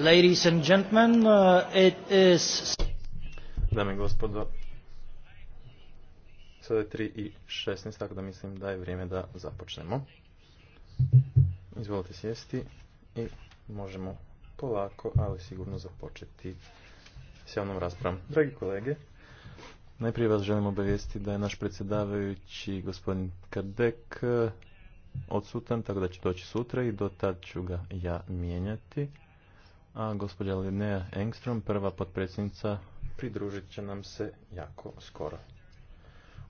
Ladies and gentlemen, uh, it is... Dame i gospodo, sada je 3 i 16, tako da mislim da je vrijeme da započnemo. Izvolite sjesti i možemo polako, ali sigurno započeti s javnom raspravom. Dragi kolege, najprije vas želim obavijestiti da je naš predsjedavajući gospodin Kardek eh, odsutan, tako da će doći sutra i do tad ću ga ja mijenjati a gospođa Linnea Engstrom, prva potpredsjednica, pridružit će nam se jako skoro.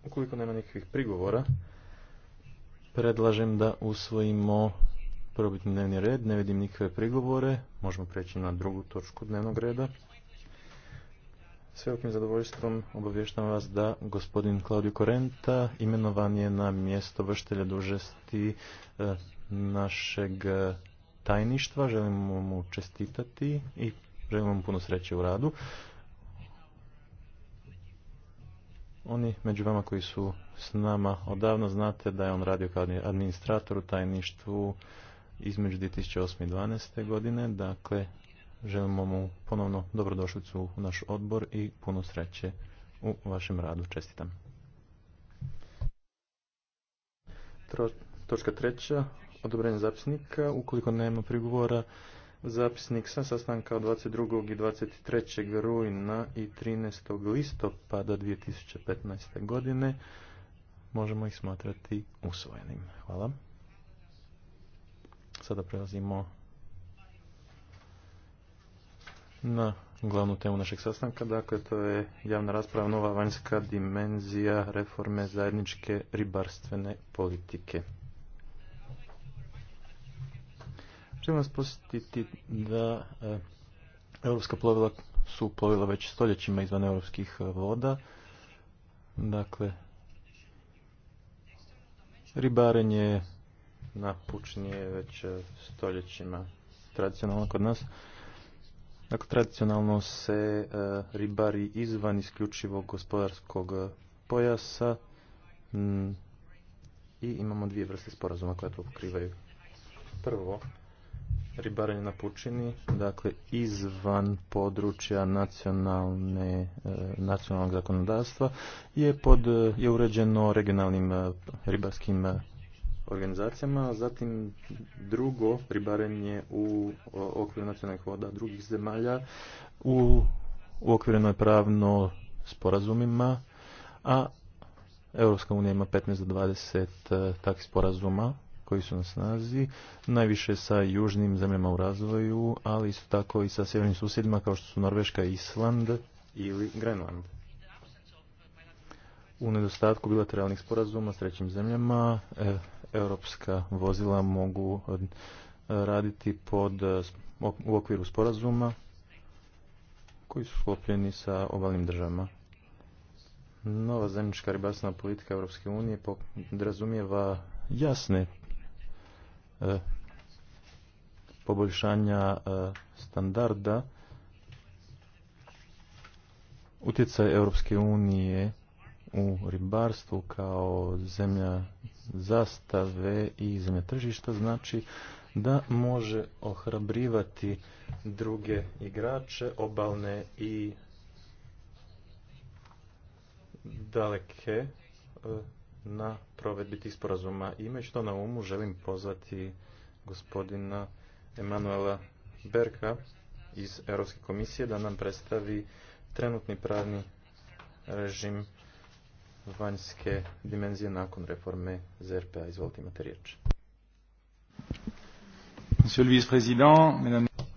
Ukoliko nema nikakvih prigovora, predlažem da usvojimo probitni dnevni red, ne vidim nikakve prigovore, možemo preći na drugu točku dnevnog reda. S velikim zadovoljstvom obavještavam vas da gospodin Claudio Korenta imenovan je na mjesto vrštelja dužesti eh, našeg eh, tajništva, želimo mu čestitati i želimo mu puno sreće u radu. Oni među vama koji su s nama odavno znate da je on radio kao administrator u tajništvu između 2008. i 2012. godine, dakle želimo mu ponovno dobrodošlicu u naš odbor i puno sreće u vašem radu. Čestitam. Točka treća, odobrenje zapisnika. Ukoliko nema prigovora, zapisnik sa sastanka od 22. i 23. rujna i 13. listopada 2015. godine možemo ih smatrati usvojenim. Hvala. Sada prelazimo na glavnu temu našeg sastanka. Dakle, to je javna rasprava, nova vanjska dimenzija reforme zajedničke ribarstvene politike. Želim vas posjetiti da e, europska plovila su plovila već stoljećima izvan europskih e, voda. Dakle, ribarenje napučnije već e, stoljećima tradicionalno kod nas. Dakle, tradicionalno se ribari izvan isključivog gospodarskog pojasa i imamo dvije vrste sporazuma koje to pokrivaju. Prvo, ribarenje na pučini, dakle izvan područja nacionalne, e, nacionalnog zakonodavstva je, pod, je uređeno regionalnim e, ribarskim e, organizacijama, zatim drugo ribarenje u okviru nacionalnih voda drugih zemalja u okvirenoj je pravno sporazumima, a Europska unija ima 15 do 20 takvih sporazuma koji su na snazi, najviše sa južnim zemljama u razvoju, ali isto tako i sa sjevernim susjedima kao što su Norveška, Island ili Grenland. U nedostatku bilateralnih sporazuma s trećim zemljama, e, europska vozila mogu e, raditi pod, e, u okviru sporazuma koji su sklopljeni sa ovalnim državama. Nova zemljička ribarstvena politika Europske unije podrazumijeva jasne E, poboljšanja e, standarda utjecaj Europske unije u ribarstvu kao zemlja zastave i zemlja tržišta znači da može ohrabrivati druge igrače obalne i daleke e, na provedbi tih sporazuma. Ime to na umu, želim pozvati gospodina Emanuela Berka iz Europske komisije da nam predstavi trenutni pravni režim vanjske dimenzije nakon reforme ZRP-a. Izvolite, imate riječ.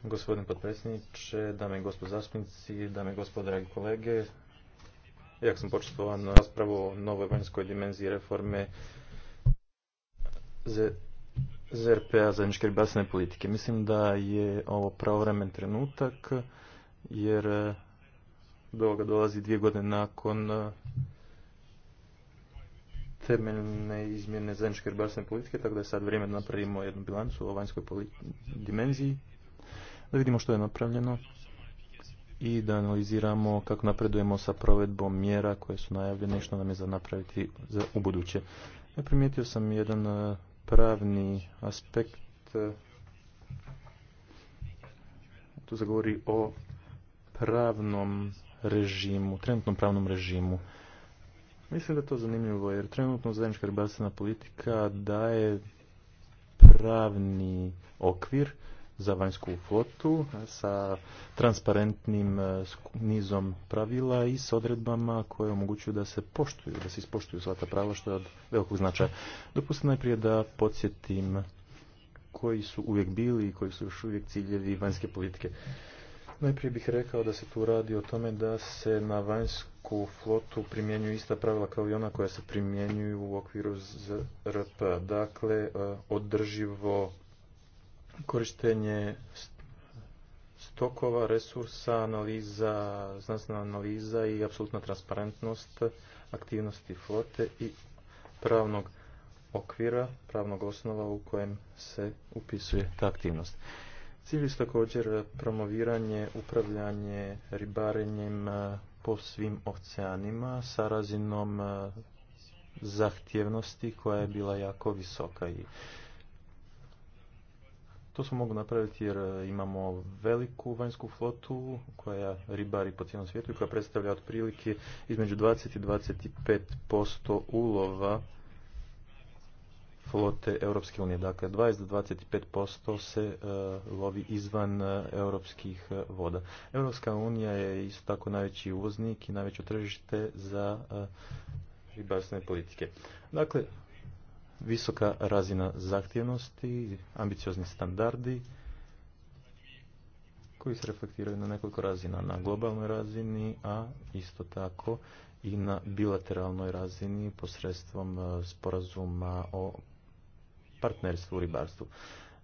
Gospodin potpredsjedniče, dame i gospod zastupnici, dame i gospod dragi kolege, jak sam početovao na raspravu o novoj vanjskoj dimenziji reforme ZRP-a zajedničke ribarstvene politike. Mislim da je ovo pravovremen trenutak jer do ovoga dolazi dvije godine nakon temeljne izmjene zajedničke ribarstvene politike, tako da je sad vrijeme da napravimo jednu bilancu o vanjskoj dimenziji, da vidimo što je napravljeno, i da analiziramo kako napredujemo sa provedbom mjera koje su najavljene i što nam je za napraviti za, u buduće. Ja e, primijetio sam jedan e, pravni aspekt, e, to se govori o pravnom režimu, trenutnom pravnom režimu. Mislim da je to zanimljivo jer trenutno zajednička ribarstvena politika daje pravni okvir za vanjsku flotu sa transparentnim e, nizom pravila i s odredbama koje omogućuju da se poštuju, da se ispoštuju sva ta prava što je od velikog značaja. Dopustite najprije da podsjetim koji su uvijek bili i koji su još uvijek ciljevi vanjske politike. Najprije bih rekao da se tu radi o tome da se na vanjsku flotu primjenjuju ista pravila kao i ona koja se primjenjuju u okviru ZRP. Dakle, e, održivo korištenje stokova, resursa, analiza, znanstvena analiza i apsolutna transparentnost aktivnosti flote i pravnog okvira, pravnog osnova u kojem se upisuje ta aktivnost. Cilj je također promoviranje, upravljanje ribarenjem po svim oceanima sa razinom eh, zahtjevnosti koja je bila jako visoka i to smo mogu napraviti jer e, imamo veliku vanjsku flotu koja ribari po cijelom svijetu i koja predstavlja otprilike između 20 i 25% ulova flote Europske unije. Dakle, 20 do 25% se e, lovi izvan e, europskih voda. Europska unija je isto tako najveći uvoznik i najveće tržište za ribarstvene politike. Dakle, visoka razina zahtjevnosti, ambiciozni standardi koji se reflektiraju na nekoliko razina, na globalnoj razini, a isto tako i na bilateralnoj razini posredstvom e, sporazuma o partnerstvu u ribarstvu.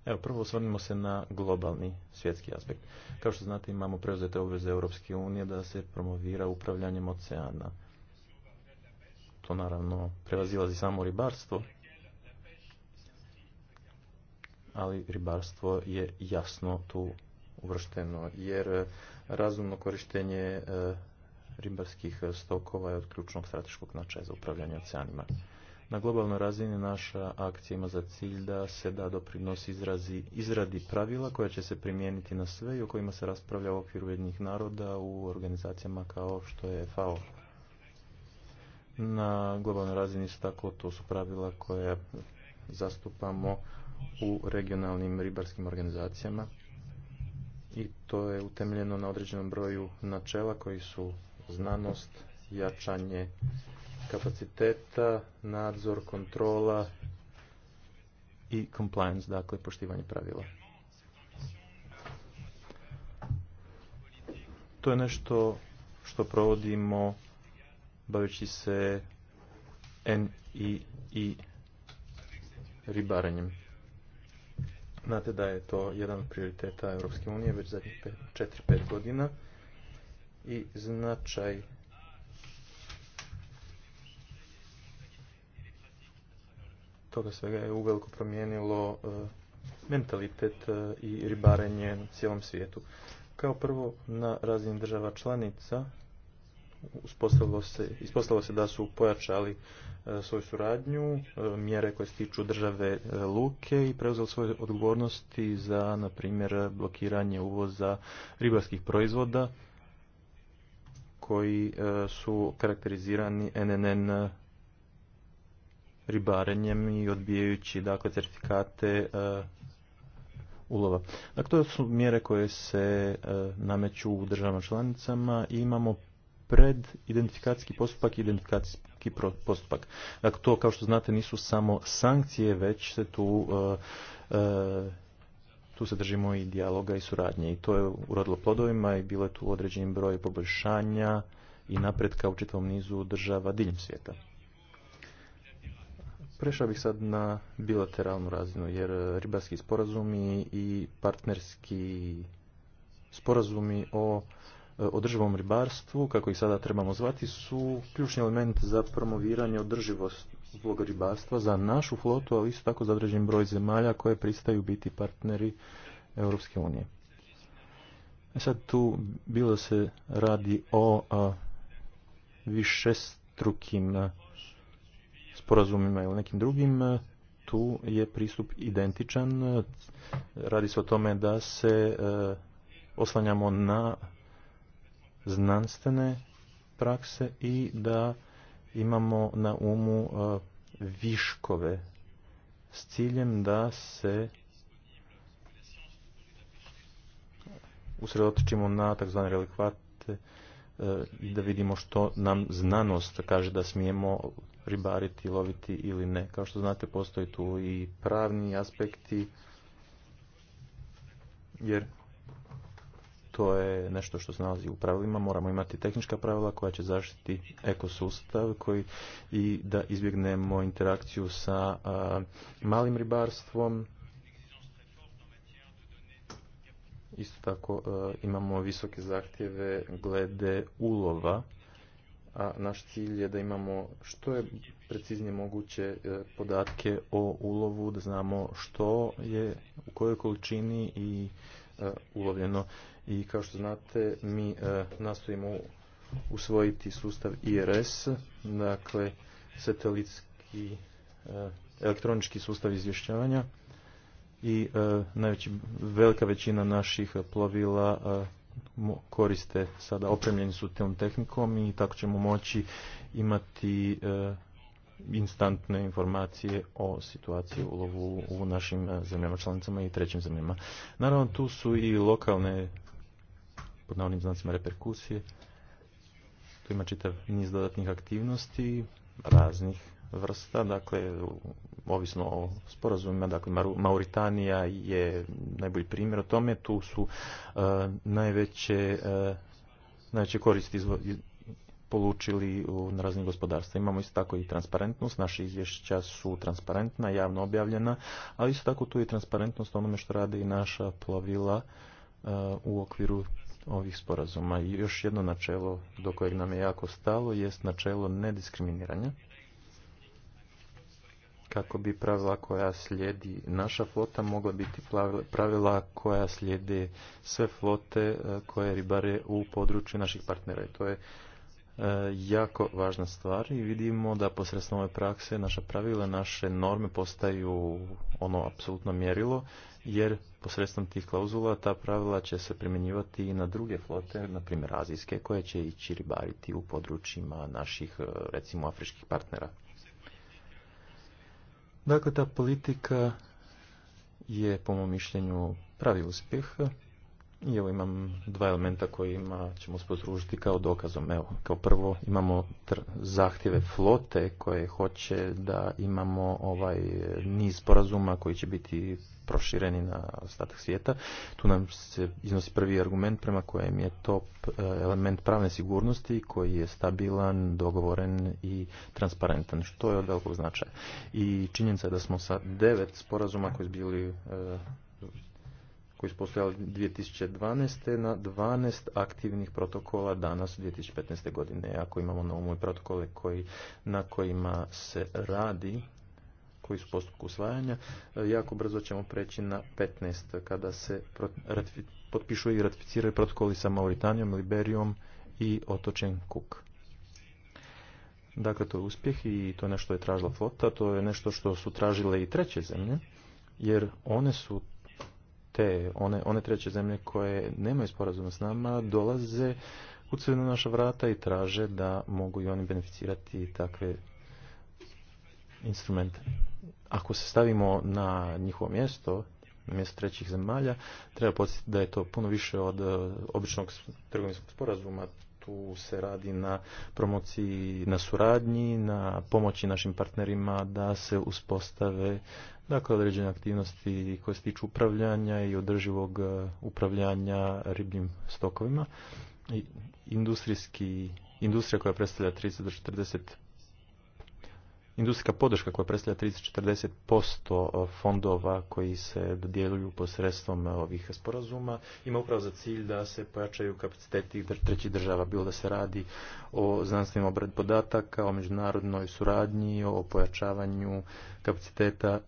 Evo, prvo osvrnimo se na globalni svjetski aspekt. Kao što znate, imamo preuzete obveze Europske unije da se promovira upravljanjem oceana. To naravno prevazilazi samo ribarstvo, ali ribarstvo je jasno tu uvršteno, jer e, razumno korištenje e, ribarskih stokova je od ključnog strateškog značaja za upravljanje oceanima. Na globalnoj razini naša akcija ima za cilj da se da doprinosi izrazi, izradi pravila koja će se primijeniti na sve i o kojima se raspravlja u okviru jednih naroda u organizacijama kao što je FAO. Na globalnoj razini su tako, to su pravila koje zastupamo u regionalnim ribarskim organizacijama i to je utemeljeno na određenom broju načela koji su znanost, jačanje kapaciteta, nadzor, kontrola i compliance, dakle poštivanje pravila. To je nešto što provodimo baveći se NII i ribarenjem. Znate da je to jedan od prioriteta Europske unije već zadnjih 4-5 godina i značaj toga svega je uveliko promijenilo e, mentalitet e, i ribarenje na cijelom svijetu. Kao prvo na razini država članica uspostavilo se, ispostavilo se da su pojačali e, svoju suradnju, e, mjere koje se tiču države e, luke i preuzeli svoje odgovornosti za, na primjer, blokiranje uvoza ribarskih proizvoda koji su karakterizirani NNN ribarenjem i odbijajući dakle, certifikate ulova. Dakle, to su mjere koje se nameću u državama članicama i imamo pred identifikacijski postupak i identifikacijski postupak. Dakle, to kao što znate nisu samo sankcije, već se tu uh, uh, tu se držimo i dijaloga i suradnje i to je urodilo plodovima i bilo je tu određen broj poboljšanja i napretka u čitavom nizu država diljem svijeta. Prešao bih sad na bilateralnu razinu jer ribarski sporazumi i partnerski sporazumi o E, održivom ribarstvu, kako ih sada trebamo zvati, su ključni element za promoviranje održivog ribarstva za našu flotu, ali isto tako za određen broj zemalja koje pristaju biti partneri Europske unije. E sad tu bilo se radi o a, višestrukim sporazumima ili nekim drugim, tu je pristup identičan. Radi se o tome da se e, oslanjamo na znanstvene prakse i da imamo na umu e, viškove s ciljem da se usredotočimo na takzvane relikvate i e, da vidimo što nam znanost kaže da smijemo ribariti, loviti ili ne. Kao što znate, postoji tu i pravni aspekti, jer to je nešto što se nalazi u pravilima. Moramo imati tehnička pravila koja će zaštiti ekosustav koji i da izbjegnemo interakciju sa malim ribarstvom. Isto tako imamo visoke zahtjeve glede ulova, a naš cilj je da imamo što je preciznije moguće e, podatke o ulovu, da znamo što je u kojoj količini i e, ulovljeno i kao što znate mi e, nastojimo usvojiti sustav IRS, dakle satelitski e, elektronički sustav izvješćavanja i e, najveći, velika većina naših plovila koriste sada opremljeni su tom tehnikom i tako ćemo moći imati instantne informacije o situaciji ulovu u našim zemljama članicama i trećim zemljama. Naravno tu su i lokalne pod navodnim znacima reperkusije. Tu ima čitav niz dodatnih aktivnosti, raznih vrsta, dakle, ovisno o sporazumima, dakle, Mauritanija je najbolji primjer o tome, tu su e, najveće, e, najveće koristi polučili u, na raznim gospodarstva. Imamo isto tako i transparentnost, naše izvješća su transparentna, javno objavljena, ali isto tako tu je transparentnost onome što rade i naša plovila e, u okviru ovih sporazuma. I još jedno načelo do kojeg nam je jako stalo jest načelo nediskriminiranja kako bi pravila koja slijedi naša flota mogla biti pravila koja slijede sve flote e, koje ribare u području naših partnera. I to je e, jako važna stvar i vidimo da posredstvom ove prakse naša pravila, naše norme postaju ono apsolutno mjerilo jer Posredstvom tih klauzula ta pravila će se primjenjivati i na druge flote, na primjer azijske, koje će ići ribariti u područjima naših, e, recimo, afričkih partnera. Dakle, ta politika je, po mom mišljenju, pravi uspjeh. I evo imam dva elementa kojima ćemo se kao dokazom. Evo, kao prvo imamo zahtjeve flote koje hoće da imamo ovaj niz sporazuma koji će biti prošireni na ostatak svijeta. Tu nam se iznosi prvi argument prema kojem je to e, element pravne sigurnosti koji je stabilan, dogovoren i transparentan, što je od velikog značaja. I činjenica je da smo sa devet sporazuma koji su bili e, koji su postojali 2012. na 12 aktivnih protokola danas 2015. godine. Ako imamo na umu protokole koji, na kojima se radi, koji su postupku usvajanja, e, jako brzo ćemo preći na 15 kada se potpišu i ratificiraju protokoli sa Mauritanijom, Liberijom i otočen Kuk. Dakle, to je uspjeh i to je nešto je tražila flota, to je nešto što su tražile i treće zemlje, jer one su te one, one treće zemlje koje nemaju sporazuma s nama dolaze u na naša vrata i traže da mogu i oni beneficirati takve instrumente. Ako se stavimo na njihovo mjesto, na mjesto trećih zemalja, treba podsjetiti da je to puno više od eh, običnog trgovinskog sporazuma. Tu se radi na promociji, na suradnji, na pomoći našim partnerima da se uspostave Dakle, određene aktivnosti koje se tiču upravljanja i održivog e, upravljanja ribljim stokovima. industrijski, industrija koja predstavlja 30 40 industrijska podrška koja predstavlja 30-40% e, fondova koji se dodjeljuju posredstvom e, ovih sporazuma ima upravo za cilj da se pojačaju kapaciteti trećih država, bilo da se radi o znanstvenim obrad podataka, o međunarodnoj suradnji, o pojačavanju kapaciteta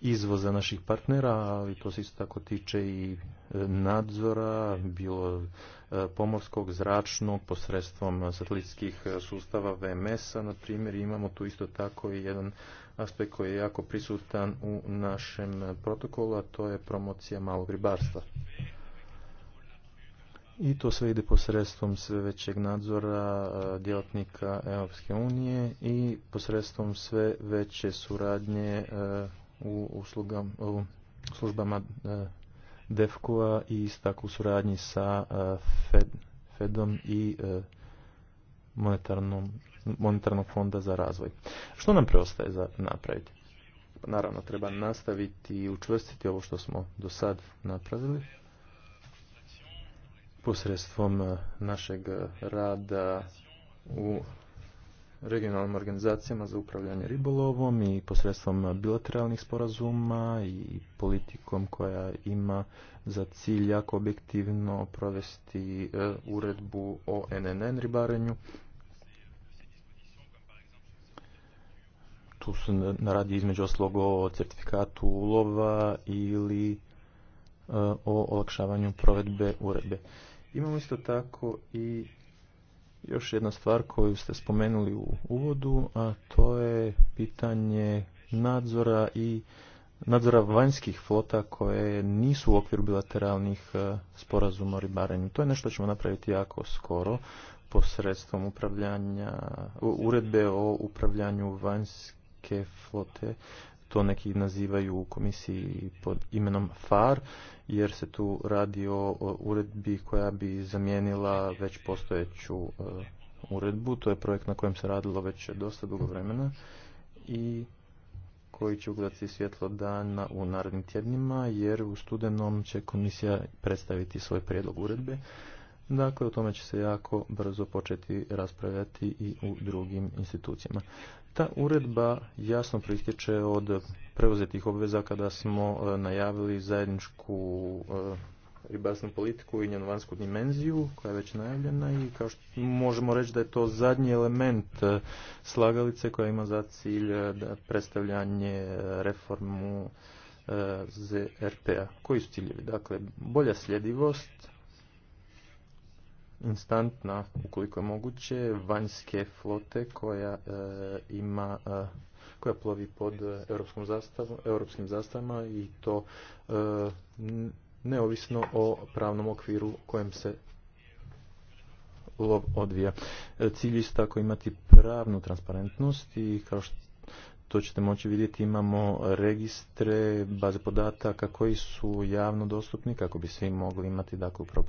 izvoza naših partnera, ali to se isto tako tiče i e, nadzora, bilo e, pomorskog, zračnog, posredstvom satelitskih e, sustava VMS-a, na primjer, imamo tu isto tako i jedan aspekt koji je jako prisutan u našem protokolu, a to je promocija malog ribarstva. I to sve ide posredstvom sve većeg nadzora djelatnika Europske unije i posredstvom sve veće suradnje u, u službama e, DEFKO-a i istak u suradnji sa e, Fed, Fedom i e, monetarnog fonda za razvoj. Što nam preostaje za napraviti? Pa naravno, treba nastaviti i učvrstiti ovo što smo do sad napravili posredstvom našeg rada u regionalnim organizacijama za upravljanje ribolovom i posredstvom bilateralnih sporazuma i politikom koja ima za cilj jako objektivno provesti e, uredbu o NNN ribarenju. Tu se radi između oslog o certifikatu ulova ili e, o olakšavanju provedbe uredbe. Imamo isto tako i još jedna stvar koju ste spomenuli u uvodu, a to je pitanje nadzora i nadzora vanjskih flota koje nisu u okviru bilateralnih e, sporazuma o ribarenju. To je nešto ćemo napraviti jako skoro posredstvom upravljanja, uredbe o upravljanju vanjske flote to neki nazivaju u komisiji pod imenom FAR, jer se tu radi o uredbi koja bi zamijenila već postojeću e, uredbu. To je projekt na kojem se radilo već dosta dugo vremena i koji će ugledati svjetlo dana u narednim tjednima, jer u studenom će komisija predstaviti svoj prijedlog uredbe. Dakle, o tome će se jako brzo početi raspravljati i u drugim institucijama. Ta uredba jasno pristječe od preuzetih obveza kada smo e, najavili zajedničku e, ribarstvenu politiku i njenu vanjsku dimenziju koja je već najavljena i kao što možemo reći da je to zadnji element e, slagalice koja ima za cilj predstavljanje reformu ZRP-a. Koji su ciljevi? Dakle, bolja sljedivost, instantna, ukoliko je moguće, vanjske flote koja e, ima e, koja plovi pod europskom zastavom, europskim zastavama i to e, neovisno o pravnom okviru kojem se lov odvija. Cilj je tako imati pravnu transparentnost i kao što to ćete moći vidjeti, imamo registre, baze podataka koji su javno dostupni kako bi svi mogli imati dakle, upravo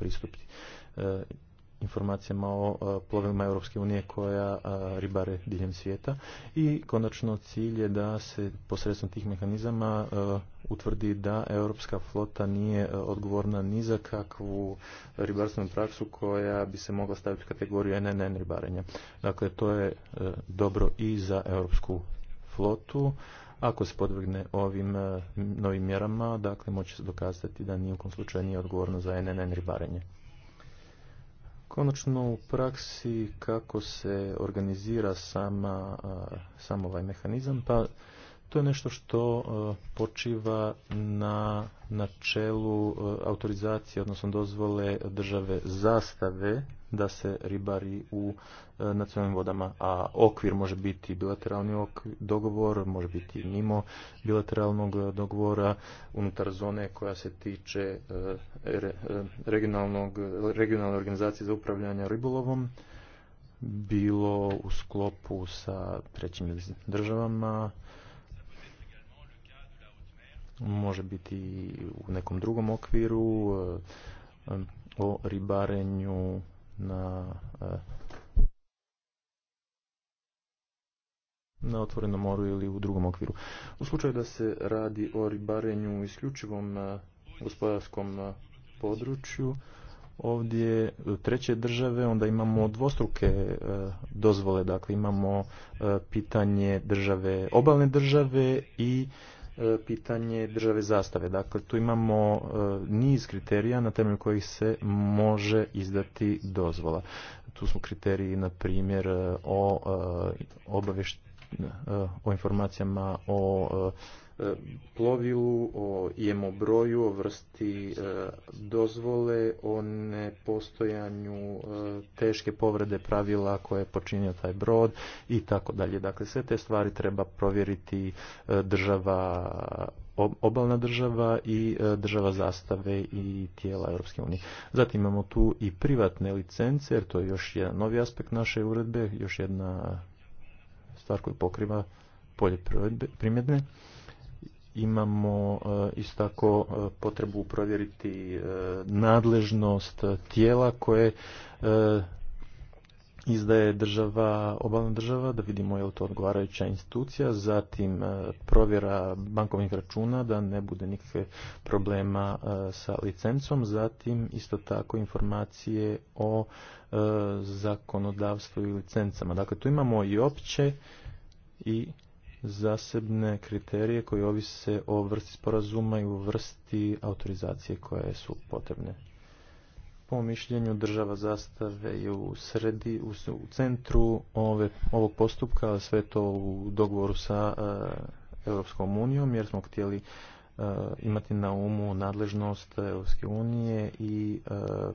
informacijama o e, plovima Europske unije koja e, ribare diljem svijeta i konačno cilj je da se posredstvom tih mehanizama e, utvrdi da europska flota nije odgovorna ni za kakvu ribarstvenu praksu koja bi se mogla staviti u kategoriju NNN ribarenja. Dakle, to je dobro i za europsku flotu. Ako se podvrgne ovim novim mjerama, dakle, moće se dokazati da kom slučaju nije odgovorno za NNN ribarenje. Konačno u praksi kako se organizira sama, sam ovaj mehanizam, pa to je nešto što počiva na načelu autorizacije, odnosno dozvole države zastave da se ribari u e, nacionalnim vodama, a okvir može biti bilateralni dogovor, može biti mimo bilateralnog e, dogovora unutar zone koja se tiče e, regionalnog, regionalne organizacije za upravljanje ribolovom, bilo u sklopu sa trećim državama, može biti u nekom drugom okviru o ribarenju na e, na otvorenom moru ili u drugom okviru. U slučaju da se radi o ribarenju u isključivom e, gospodarskom e, području, ovdje treće države, onda imamo dvostruke dozvole, dakle imamo pitanje države, obalne države i E, pitanje države zastave. Dakle, tu imamo e, niz kriterija na temelju kojih se može izdati dozvola. Tu smo kriteriji, na primjer, e, o o informacijama o E, plovilu, o jemo broju, o vrsti e, dozvole, o nepostojanju e, teške povrede pravila koje je počinio taj brod i tako dalje. Dakle, sve te stvari treba provjeriti država obalna država i država zastave i tijela Europske unije. Zatim imamo tu i privatne licence, jer to je još jedan novi aspekt naše uredbe, još jedna stvar koju pokriva polje primjedne imamo e, isto tako e, potrebu provjeriti e, nadležnost tijela koje izdaje država, obalna država, da vidimo je li to odgovarajuća institucija, zatim provjera bankovnih računa, da ne bude nikakve problema sa licencom, zatim isto tako informacije o zakonodavstvu i licencama. Dakle, tu imamo i opće i zasebne kriterije koji ovise o vrsti sporazuma i o vrsti autorizacije koje su potrebne. Po mišljenju država zastave je u, sredi, u, centru ove, ovog postupka, sve to u dogovoru sa e, Europskom unijom jer smo htjeli e, imati na umu nadležnost Europske unije i e,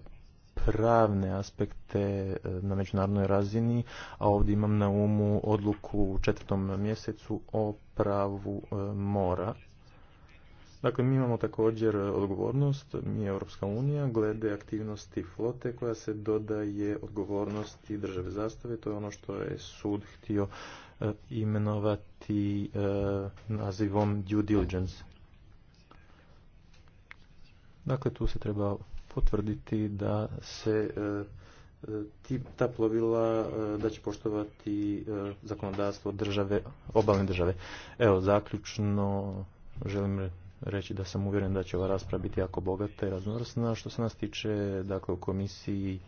pravne aspekte e, na međunarodnoj razini, a ovdje imam na umu odluku u četvrtom mjesecu o pravu e, mora. Dakle, mi imamo također odgovornost, mi je Europska unija, glede aktivnosti flote koja se dodaje odgovornosti države zastave. To je ono što je sud htio e, imenovati nazivom due diligence. Dakle, tu se treba potvrditi da se e, e, ta plovila e, da će poštovati zakonodavstvo države, obalne države. Evo, zaključno želim reći da sam uvjeren da će ova rasprava biti jako bogata i raznovrsna. Što se nas tiče, dakle, u komisiji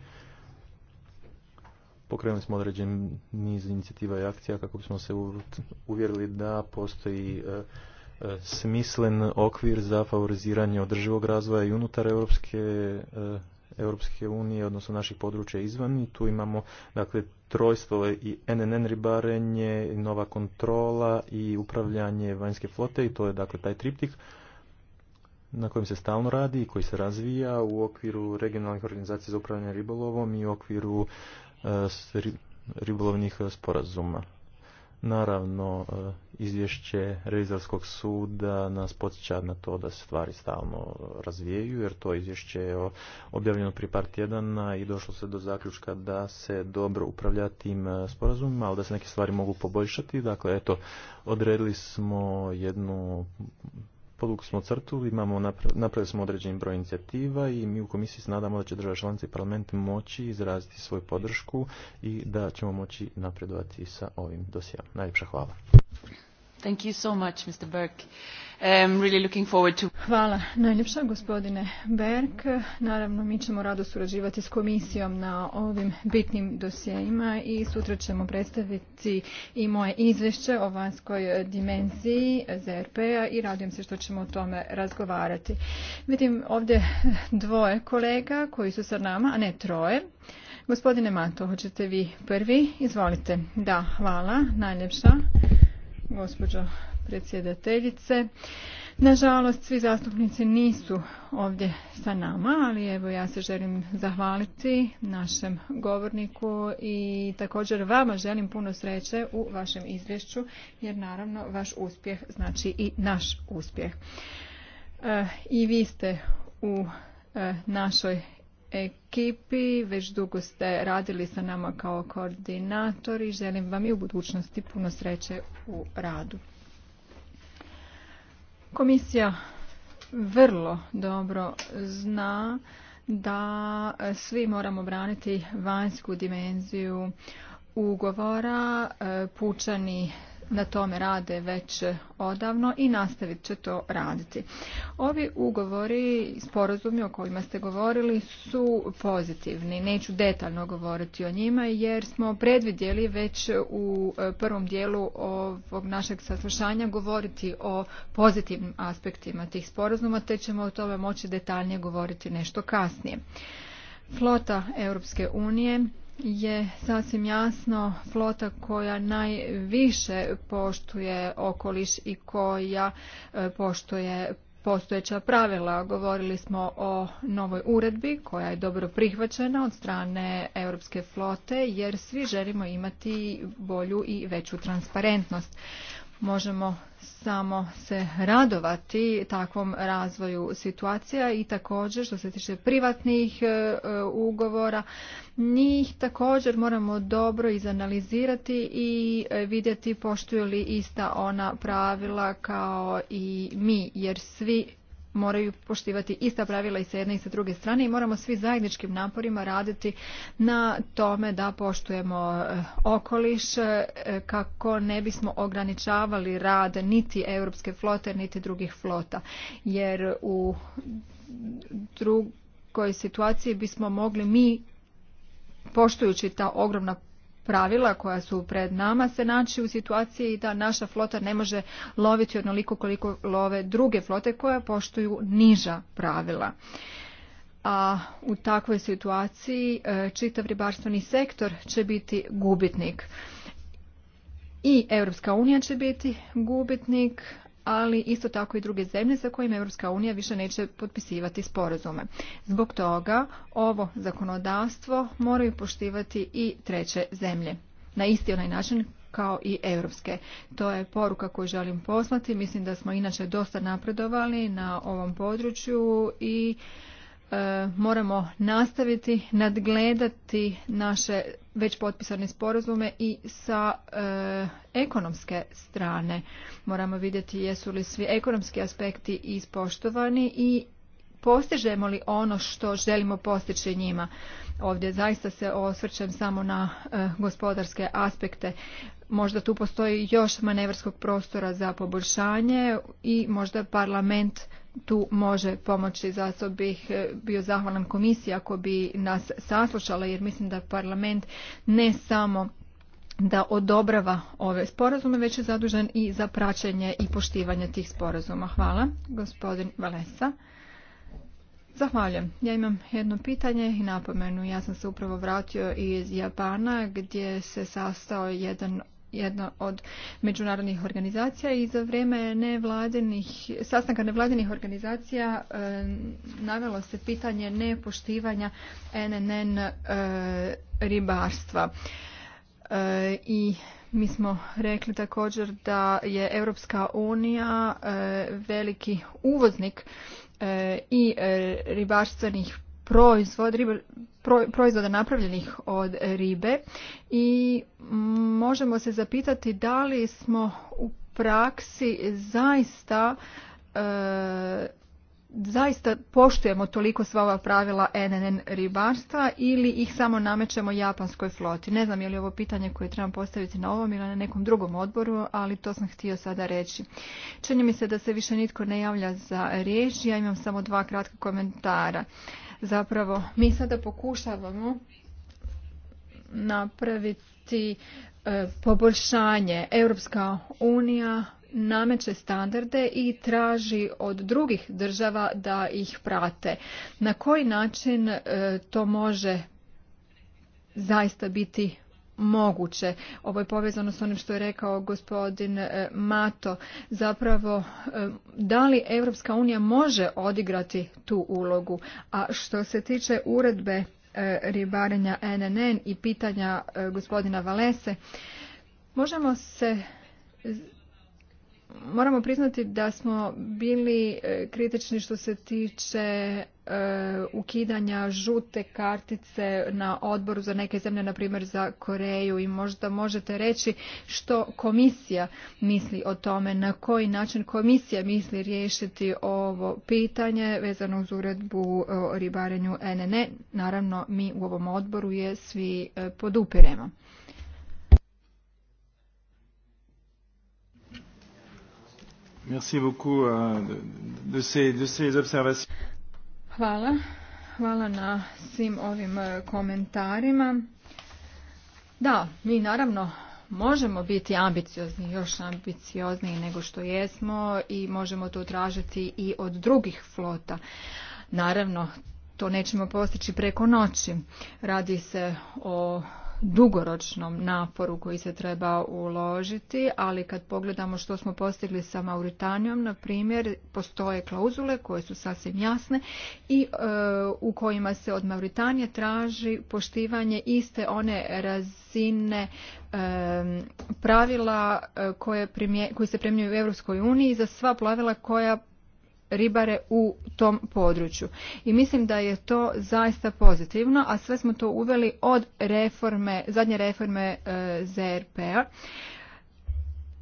pokrenuli smo određen niz inicijativa i akcija kako bismo se uvjerili da postoji E, smislen okvir za favoriziranje održivog razvoja i unutar Europske, e, Europske unije, odnosno naših područja izvan. I tu imamo dakle, trojstvo i NNN ribarenje, nova kontrola i upravljanje vanjske flote i to je dakle taj triptik na kojem se stalno radi i koji se razvija u okviru regionalnih organizacija za upravljanje ribolovom i u okviru e, ribolovnih sporazuma. Naravno, e, izvješće revizorskog suda nas podsjeća na to da se stvari stalno razvijaju, jer to izvješće je objavljeno prije par tjedana i došlo se do zaključka da se dobro upravlja tim e, sporazumima, ali da se neke stvari mogu poboljšati. Dakle, eto, odredili smo jednu podvuku smo crtu, imamo napravili smo određen broj inicijativa i mi u komisiji se nadamo da će država članica i parlament moći izraziti svoju podršku i da ćemo moći napredovati sa ovim dosijama. Najljepša hvala. Thank you so much, Mr. Burke. Um, hvala najljepša gospodine Berg. Naravno mi ćemo rado surađivati s komisijom na ovim bitnim dosjejima i sutra ćemo predstaviti i moje izvješće o vanjskoj dimenziji zrp i radujem se što ćemo o tome razgovarati. Vidim ovdje dvoje kolega koji su sa nama, a ne troje. Gospodine Mato, hoćete vi prvi? Izvolite. Da, hvala, najljepša. Gospođo predsjedateljice. Nažalost, svi zastupnici nisu ovdje sa nama, ali evo ja se želim zahvaliti našem govorniku i također vama želim puno sreće u vašem izvješću, jer naravno vaš uspjeh znači i naš uspjeh. E, I vi ste u e, našoj ekipi, već dugo ste radili sa nama kao koordinatori. Želim vam i u budućnosti puno sreće u radu. Komisija vrlo dobro zna da svi moramo braniti vanjsku dimenziju ugovora. E, pučani na tome rade već odavno i nastavit će to raditi. Ovi ugovori, sporazumi o kojima ste govorili su pozitivni. Neću detaljno govoriti o njima jer smo predvidjeli već u e, prvom dijelu ovog našeg saslušanja govoriti o pozitivnim aspektima tih sporazuma te ćemo o tome moći detaljnije govoriti nešto kasnije. Flota Europske unije je sasvim jasno flota koja najviše poštuje okoliš i koja e, poštuje postojeća pravila. Govorili smo o novoj uredbi koja je dobro prihvaćena od strane europske flote jer svi želimo imati bolju i veću transparentnost možemo samo se radovati takvom razvoju situacija i također što se tiče privatnih e, e, ugovora njih također moramo dobro izanalizirati i e, vidjeti poštuju li ista ona pravila kao i mi jer svi moraju poštivati ista pravila i sa jedne i sa druge strane i moramo svi zajedničkim naporima raditi na tome da poštujemo eh, okoliš eh, kako ne bismo ograničavali rad niti europske flote niti drugih flota jer u drugoj situaciji bismo mogli mi poštujući ta ogromna pravila koja su pred nama se naći u situaciji da naša flota ne može loviti onoliko koliko love druge flote koja poštuju niža pravila. A u takvoj situaciji e, čitav ribarstveni sektor će biti gubitnik. I Europska unija će biti gubitnik, ali isto tako i druge zemlje sa kojima Europska unija više neće potpisivati sporazume. Zbog toga ovo zakonodavstvo moraju poštivati i treće zemlje na isti onaj način kao i europske. To je poruka koju želim poslati. Mislim da smo inače dosta napredovali na ovom području i E, moramo nastaviti nadgledati naše već potpisane sporazume i sa e, ekonomske strane. Moramo vidjeti jesu li svi ekonomski aspekti ispoštovani i postižemo li ono što želimo postići njima. Ovdje zaista se osvrćem samo na e, gospodarske aspekte. Možda tu postoji još manevrskog prostora za poboljšanje i možda parlament tu može pomoći. Zato bih e, bio zahvalan komisiji ako bi nas saslušala jer mislim da parlament ne samo da odobrava ove sporazume, već je zadužen i za praćenje i poštivanje tih sporazuma. Hvala, gospodin Valesa. Zahvaljujem. Ja imam jedno pitanje i napomenu. Ja sam se upravo vratio iz Japana gdje se sastao jedan jedna od međunarodnih organizacija i za vrijeme nevladinih, sastanka nevladinih organizacija e, navelo se pitanje nepoštivanja NNN e, ribarstva. E, I mi smo rekli također da je Europska unija e, veliki uvoznik i ribarstvenih proizvod, proizvoda napravljenih od ribe i možemo se zapitati da li smo u praksi zaista e, zaista poštujemo toliko sva ova pravila NNN ribarstva ili ih samo namećemo japanskoj floti. Ne znam je li ovo pitanje koje trebam postaviti na ovom ili na nekom drugom odboru, ali to sam htio sada reći. Čini mi se da se više nitko ne javlja za riječ, ja imam samo dva kratka komentara. Zapravo, mi sada pokušavamo napraviti e, poboljšanje. Europska unija nameće standarde i traži od drugih država da ih prate. Na koji način e, to može zaista biti moguće. Ovo je povezano s onim što je rekao gospodin e, Mato. Zapravo, e, da li EU unija može odigrati tu ulogu? A što se tiče uredbe e, ribarenja NNN i pitanja gospodina Valese, možemo se moramo priznati da smo bili e, kritični što se tiče e, ukidanja žute kartice na odboru za neke zemlje, na primjer za Koreju i možda možete reći što komisija misli o tome, na koji način komisija misli riješiti ovo pitanje vezano uz uredbu o ribarenju NNE. Naravno, mi u ovom odboru je svi e, podupiremo. Merci euh, de de Hvala. Hvala na svim ovim e, komentarima. Da, mi naravno možemo biti ambiciozni, još ambiciozniji nego što jesmo i možemo to tražiti i od drugih flota. Naravno, to nećemo postići preko noći. Radi se o dugoročnom naporu koji se treba uložiti, ali kad pogledamo što smo postigli sa Mauritanijom, na primjer, postoje klauzule koje su sasvim jasne i e, u kojima se od Mauritanije traži poštivanje iste one razine e, pravila e, koje, se primjenjuju u Europskoj uniji za sva plavila koja ribare u tom području. I mislim da je to zaista pozitivno, a sve smo to uveli od reforme, zadnje reforme e, ZRP-a.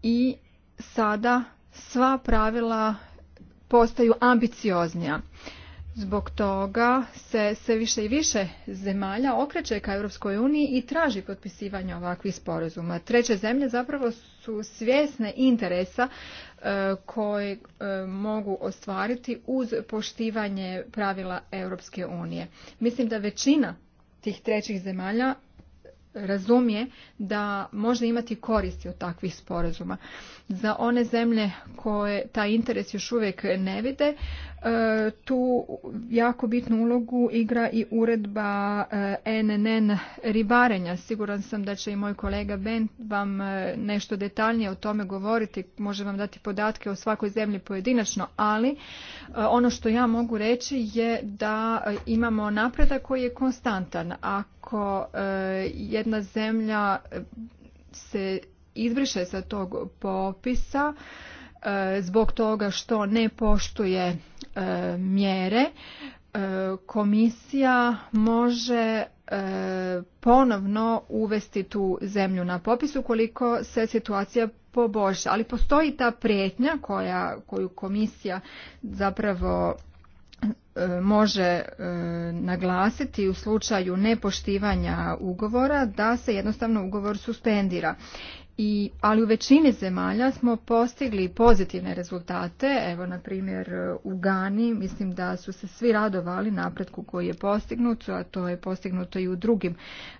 I sada sva pravila postaju ambicioznija. Zbog toga se sve više i više zemalja okreće ka Europskoj uniji i traži potpisivanje ovakvih sporazuma. Treće zemlje zapravo su svjesne interesa e, koje e, mogu ostvariti uz poštivanje pravila Europske unije. Mislim da većina tih trećih zemalja razumije da može imati koristi od takvih sporazuma. Za one zemlje koje taj interes još uvijek ne vide, e, tu jako bitnu ulogu igra i uredba NNN e, ribarenja. Siguran sam da će i moj kolega Ben vam e, nešto detaljnije o tome govoriti, može vam dati podatke o svakoj zemlji pojedinačno, ali ono što ja mogu reći je da imamo napredak koji je konstantan. Ako je jedna zemlja e, se izbriše sa tog popisa e, zbog toga što ne poštuje e, mjere, komisija može ponovno uvesti tu zemlju na popis ukoliko se situacija poboljša. Ali postoji ta prijetnja koju komisija zapravo može e, naglasiti u slučaju nepoštivanja ugovora da se jednostavno ugovor suspendira. I, ali u većini zemalja smo postigli pozitivne rezultate, evo na primjer u Gani mislim da su se svi radovali napretku koji je postignut, a to je postignuto i u drugim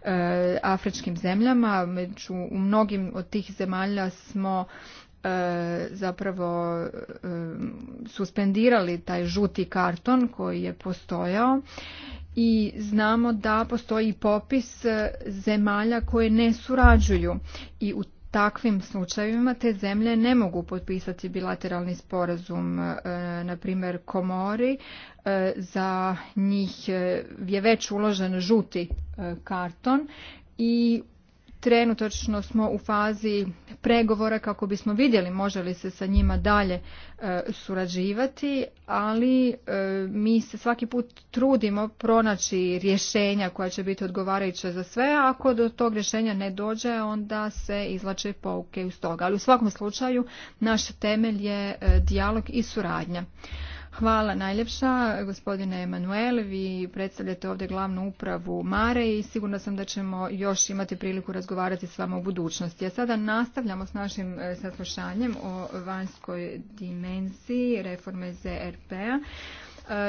e, afričkim zemljama, među u mnogim od tih zemalja smo E, zapravo e, suspendirali taj žuti karton koji je postojao i znamo da postoji popis e, zemalja koje ne surađuju i u takvim slučajevima te zemlje ne mogu potpisati bilateralni sporazum na primjer komori za njih je već uložen žuti karton i Trenutočno smo u fazi pregovora kako bismo vidjeli može li se sa njima dalje e, surađivati, ali e, mi se svaki put trudimo pronaći rješenja koja će biti odgovarajuća za sve, a ako do tog rješenja ne dođe onda se izlače pouke iz toga. Ali u svakom slučaju naš temelj je e, dijalog i suradnja. Hvala najljepša, gospodine Emanuel. Vi predstavljate ovdje glavnu upravu Mare i sigurno sam da ćemo još imati priliku razgovarati s vama u budućnosti. A sada nastavljamo s našim e, saslušanjem o vanjskoj dimenziji reforme ZRP-a.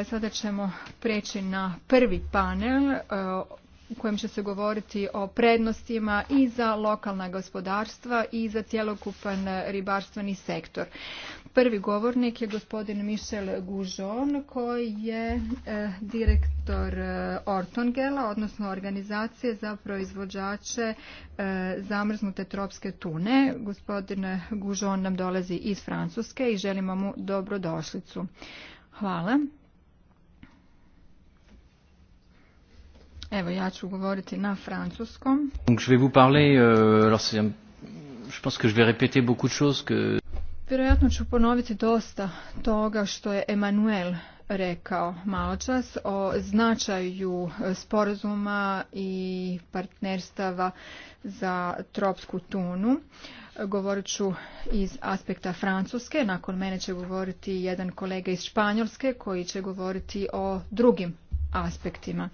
E, sada ćemo preći na prvi panel e, u kojem će se govoriti o prednostima i za lokalna gospodarstva i za cjelokupan ribarstveni sektor. Prvi govornik je gospodin Michel Gužon koji je eh, direktor eh, Ortongela, odnosno organizacije za proizvođače eh, zamrznute tropske tune. Gospodin gužon nam dolazi iz Francuske i želimo mu dobrodošlicu. Hvala. Evo ja ću govoriti na francuskom. je vous euh, je pense que je vais répéter beaucoup de choses que Vjerojatno ću ponoviti dosta toga što je Emanuel rekao čas o značaju sporazuma i partnerstava za tropsku tunu. Govorit ću iz aspekta Francuske, nakon mene će govoriti jedan kolega iz Španjolske koji će govoriti o drugim aspektima.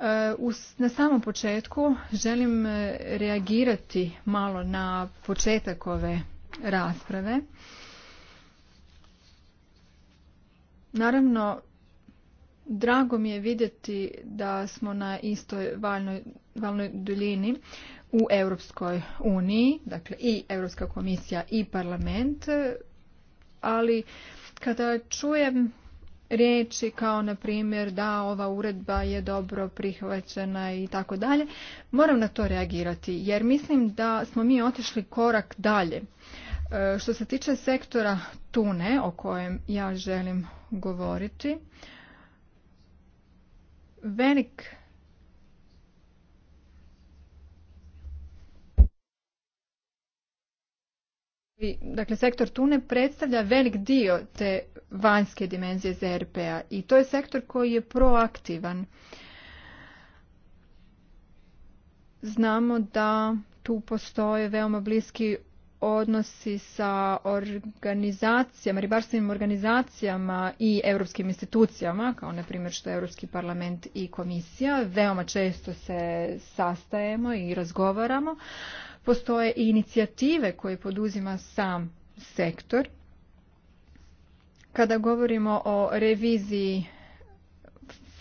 E, na samom početku želim reagirati malo na početak ove rasprave. Naravno, drago mi je vidjeti da smo na istoj valnoj, valnoj duljini u Europskoj uniji, dakle i Europska komisija i parlament, ali kada čujem riječi kao na primjer da ova uredba je dobro prihvaćena i tako dalje, moram na to reagirati jer mislim da smo mi otišli korak dalje. E, što se tiče sektora tune o kojem ja želim govoriti, velik Dakle, sektor tune predstavlja velik dio te vanjske dimenzije ZRP-a i to je sektor koji je proaktivan. Znamo da tu postoje veoma bliski odnosi sa organizacijama, ribarstvenim organizacijama i europskim institucijama, kao na primjer što je Europski parlament i komisija. Veoma često se sastajemo i razgovaramo. Postoje i inicijative koje poduzima sam sektor. Kada govorimo o reviziji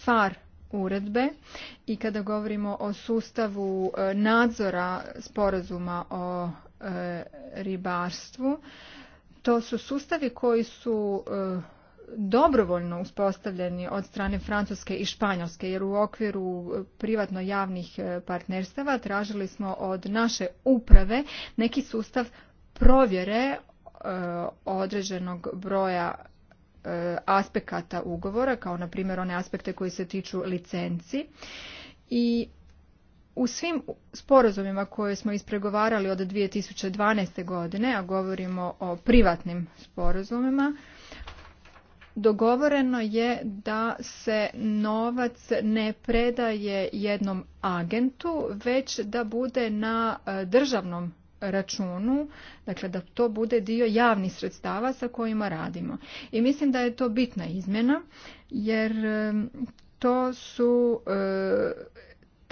FAR uredbe i kada govorimo o sustavu e, nadzora sporazuma o E, ribarstvu. To su sustavi koji su e, dobrovoljno uspostavljeni od strane Francuske i Španjolske, jer u okviru privatno-javnih e, partnerstava tražili smo od naše uprave neki sustav provjere određenog broja aspekata ugovora, kao na primjer one aspekte koji se tiču licenci. I u svim sporazumima koje smo ispregovarali od 2012. godine, a govorimo o privatnim sporazumima, dogovoreno je da se novac ne predaje jednom agentu, već da bude na e, državnom računu, dakle da to bude dio javnih sredstava sa kojima radimo. I mislim da je to bitna izmjena, jer e, to su e,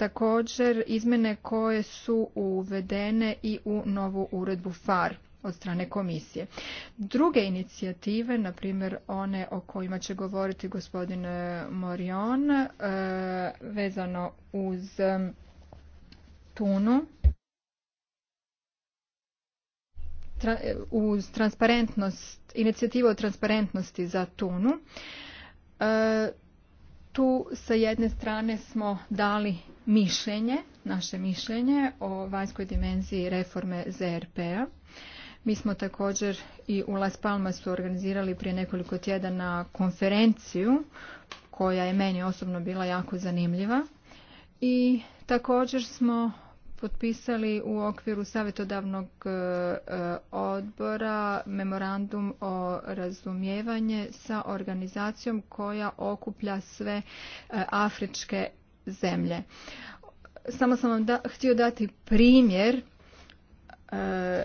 također izmjene koje su uvedene i u novu uredbu FAR od strane komisije. Druge inicijative, na primjer one o kojima će govoriti gospodin e, Morion, e, vezano uz e, tunu, uz transparentnost, inicijativu o transparentnosti za tunu, tu sa jedne strane smo dali mišljenje, naše mišljenje o vanjskoj dimenziji reforme ZRP-a. Mi smo također i u Las Palmasu organizirali prije nekoliko tjedana konferenciju koja je meni osobno bila jako zanimljiva i također smo potpisali u okviru savjetodavnog e, odbora memorandum o razumijevanje sa organizacijom koja okuplja sve e, afričke zemlje. Samo sam vam da, htio dati primjer e,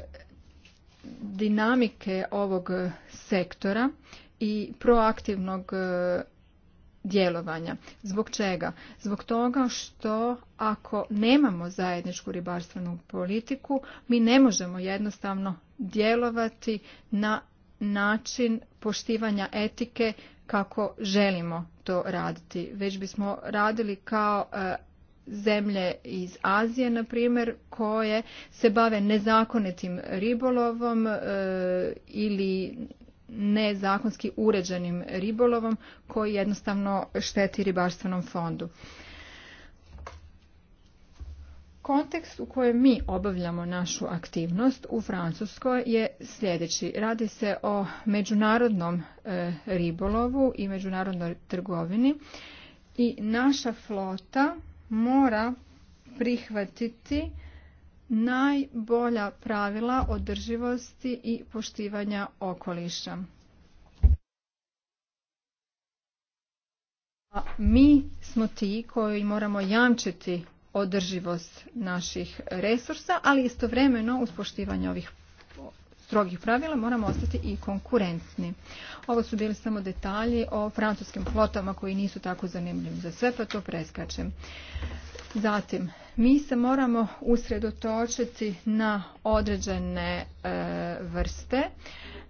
dinamike ovog sektora i proaktivnog djelovanja. Zbog čega? Zbog toga što ako nemamo zajedničku ribarstvenu politiku, mi ne možemo jednostavno djelovati na način poštivanja etike kako želimo to raditi. Već bismo radili kao e, zemlje iz Azije, na primjer, koje se bave nezakonitim ribolovom e, ili nezakonski uređenim ribolovom koji jednostavno šteti ribarstvenom fondu. Kontekst u kojem mi obavljamo našu aktivnost u Francuskoj je sljedeći. Radi se o međunarodnom e, ribolovu i međunarodnoj trgovini i naša flota mora prihvatiti najbolja pravila održivosti i poštivanja okoliša. A mi smo ti koji moramo jamčiti održivost naših resursa, ali istovremeno uz poštivanje ovih strogih pravila moramo ostati i konkurentni. Ovo su bili samo detalji o francuskim flotama koji nisu tako zanimljivi za sve, pa to preskačem. Zatim, mi se moramo usredotočiti na određene e, vrste,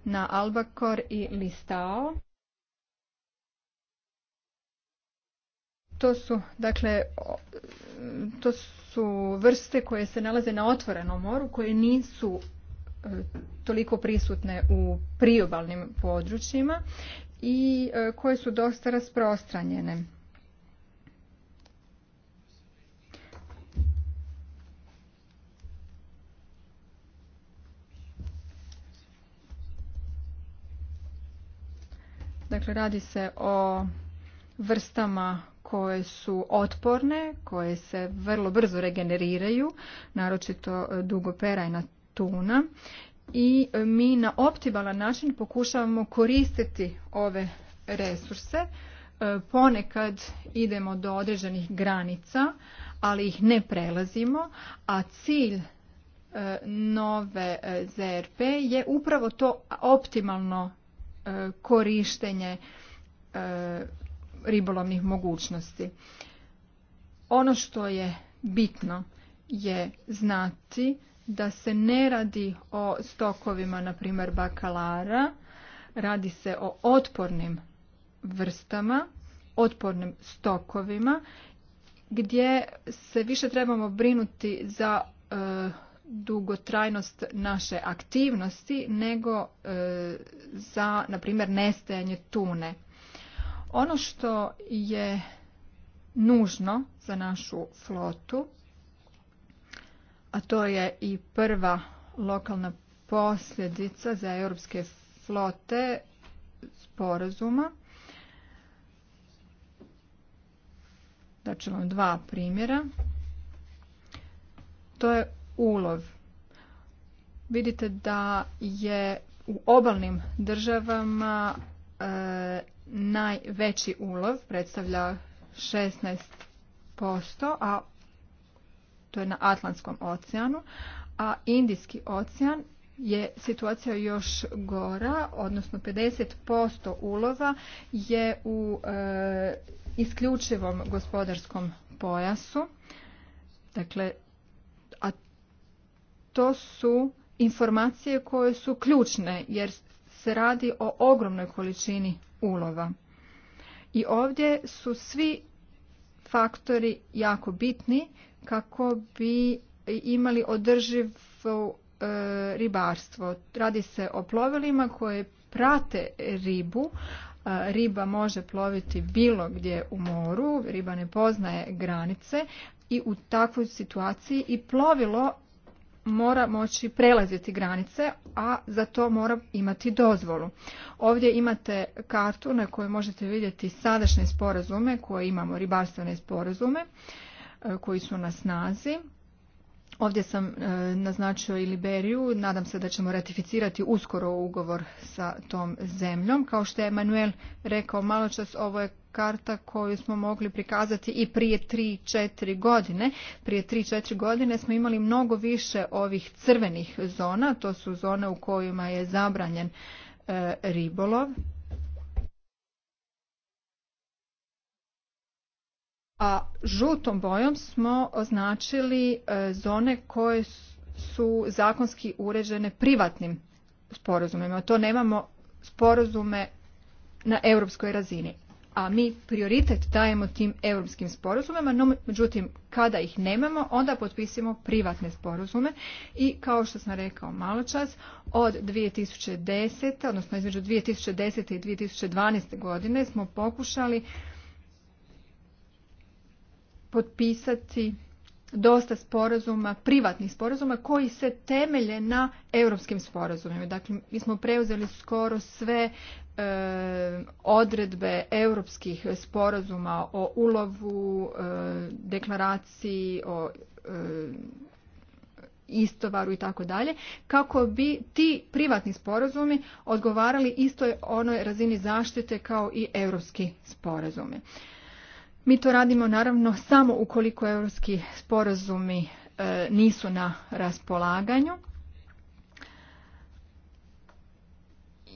na albakor i listao. To su, dakle, to su vrste koje se nalaze na otvorenom moru, koje nisu e, toliko prisutne u priobalnim područjima i e, koje su dosta rasprostranjene. Dakle, radi se o vrstama koje su otporne, koje se vrlo brzo regeneriraju, naročito e, perajna tuna. I e, mi na optimalan način pokušavamo koristiti ove resurse. E, ponekad idemo do određenih granica, ali ih ne prelazimo, a cilj nove ZRP je upravo to optimalno E, korištenje e, ribolovnih mogućnosti. Ono što je bitno je znati da se ne radi o stokovima, na primjer bakalara, radi se o otpornim vrstama, otpornim stokovima, gdje se više trebamo brinuti za e, dugotrajnost naše aktivnosti nego e, za na primjer nestajanje tune ono što je nužno za našu flotu a to je i prva lokalna posljedica za europske flote sporazuma da ću vam dva primjera to je ulov. Vidite da je u obalnim državama e, najveći ulov predstavlja 16%, a to je na Atlantskom oceanu, a Indijski ocean je situacija još gora, odnosno 50% ulova je u e, isključivom gospodarskom pojasu. Dakle, to su informacije koje su ključne jer se radi o ogromnoj količini ulova. I ovdje su svi faktori jako bitni kako bi imali održivo e, ribarstvo. Radi se o plovilima koje prate ribu. E, riba može ploviti bilo gdje u moru, riba ne poznaje granice i u takvoj situaciji i plovilo mora moći prelaziti granice, a za to mora imati dozvolu. Ovdje imate kartu na kojoj možete vidjeti sadašnje sporazume koje imamo, ribarstvene sporazume e, koji su na snazi Ovdje sam e, naznačio i Liberiju, nadam se da ćemo ratificirati uskoro ugovor sa tom zemljom. Kao što je Emanuel rekao malo čas, ovo je karta koju smo mogli prikazati i prije 3-4 godine. Prije 3-4 godine smo imali mnogo više ovih crvenih zona, to su zone u kojima je zabranjen e, ribolov a žutom bojom smo označili e, zone koje su zakonski uređene privatnim sporazumima. To nemamo sporazume na europskoj razini. A mi prioritet dajemo tim europskim sporazumima, no međutim kada ih nemamo onda potpisimo privatne sporazume i kao što sam rekao malo čas od 2010. odnosno između 2010. i 2012. godine smo pokušali potpisati dosta sporazuma, privatnih sporazuma koji se temelje na europskim sporazumima. Dakle, mi smo preuzeli skoro sve e, odredbe europskih sporazuma o ulovu, e, deklaraciji, o e, istovaru i tako dalje, kako bi ti privatni sporazumi odgovarali istoj onoj razini zaštite kao i europski sporazumi. Mi to radimo naravno samo ukoliko europski sporazumi e, nisu na raspolaganju.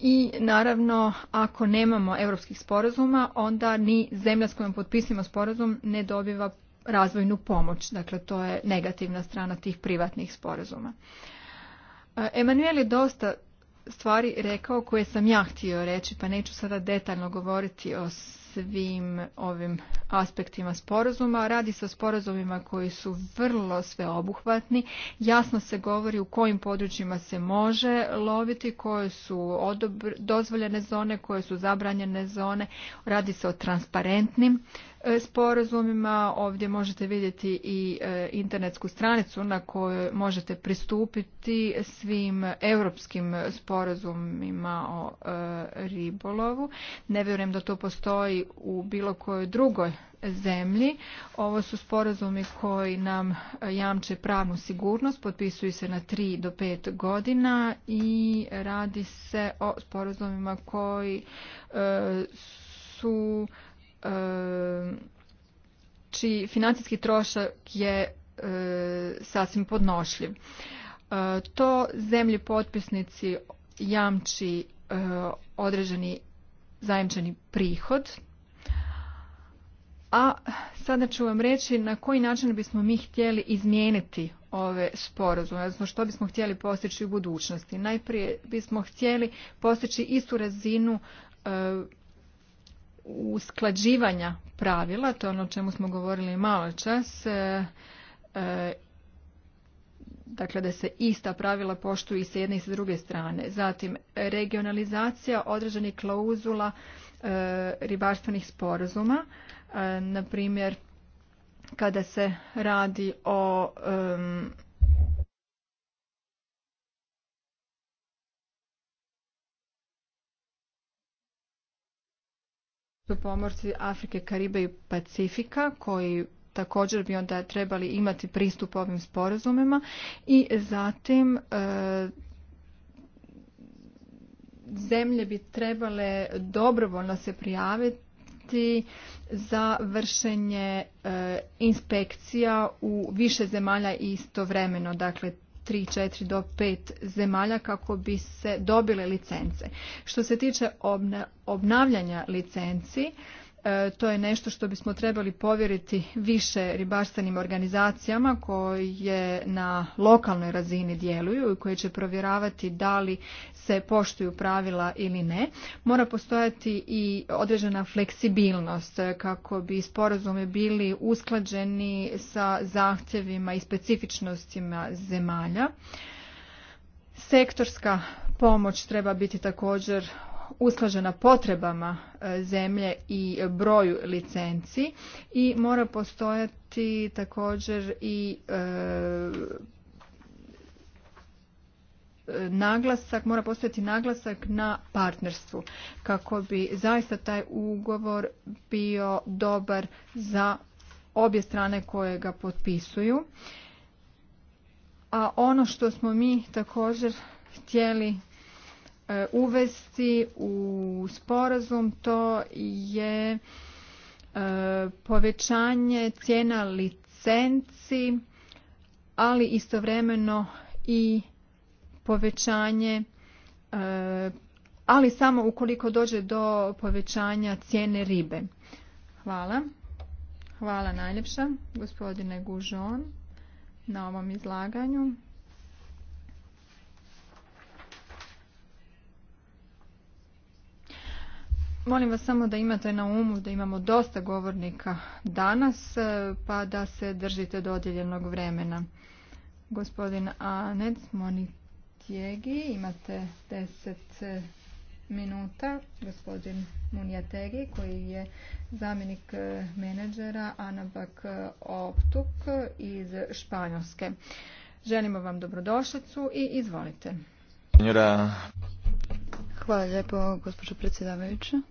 I naravno, ako nemamo europskih sporazuma, onda ni zemlja s kojom potpisimo sporazum ne dobiva razvojnu pomoć. Dakle, to je negativna strana tih privatnih sporazuma. E, Emanuel je dosta stvari rekao koje sam ja htio reći, pa neću sada detaljno govoriti o svim ovim aspektima sporazuma. Radi se o sporazumima koji su vrlo sveobuhvatni. Jasno se govori u kojim područjima se može loviti, koje su dozvoljene zone, koje su zabranjene zone. Radi se o transparentnim E, sporazumima. Ovdje možete vidjeti i e, internetsku stranicu na kojoj možete pristupiti svim europskim sporazumima o e, ribolovu. Ne vjerujem da to postoji u bilo kojoj drugoj zemlji. Ovo su sporazumi koji nam jamče pravnu sigurnost, potpisuju se na 3 do 5 godina i radi se o sporazumima koji su čiji financijski trošak je e, sasvim podnošljiv. E, to zemlje potpisnici jamči e, određeni zajamčeni prihod. A sada ću vam reći na koji način bismo mi htjeli izmijeniti ove sporazume, odnosno što bismo htjeli postići u budućnosti. Najprije bismo htjeli postići istu razinu usklađivanja pravila, to je ono o čemu smo govorili malo čas, e, e, dakle da se ista pravila poštuju i s jedne i s druge strane. Zatim regionalizacija određenih klauzula e, ribarstvenih sporazuma, na primjer kada se radi o su pomorci Afrike, Karibe i Pacifika koji također bi onda trebali imati pristup ovim sporazumima i zatim e, zemlje bi trebale dobrovoljno se prijaviti za vršenje e, inspekcija u više zemalja istovremeno. Dakle, 3, 4 do 5 zemalja kako bi se dobile licence. Što se tiče obnavljanja licenci, e, to je nešto što bismo trebali povjeriti više ribarstvenim organizacijama koje na lokalnoj razini djeluju i koje će provjeravati da li se poštuju pravila ili ne, mora postojati i određena fleksibilnost kako bi sporazumi bili usklađeni sa zahtjevima i specifičnostima zemalja. Sektorska pomoć treba biti također usklađena potrebama e, zemlje i broju licenci i mora postojati također i e, naglasak, mora postojati naglasak na partnerstvu kako bi zaista taj ugovor bio dobar za obje strane koje ga potpisuju. A ono što smo mi također htjeli e, uvesti u sporazum to je e, povećanje cijena licenci, ali istovremeno i povećanje e, ali samo ukoliko dođe do povećanja cijene ribe. Hvala. Hvala najljepša gospodine Gužon na ovom izlaganju. Molim vas samo da imate na umu da imamo dosta govornika danas, e, pa da se držite dodjeljenog vremena. Gospodin Anec, Monika Tjegi, imate 10 e, minuta, gospodin Munja Tegi, koji je zamjenik e, menadžera Anabak e, Optuk iz Španjolske. Želimo vam dobrodošlicu i izvolite. Hvala lijepo, gospođo predsjedavajuća.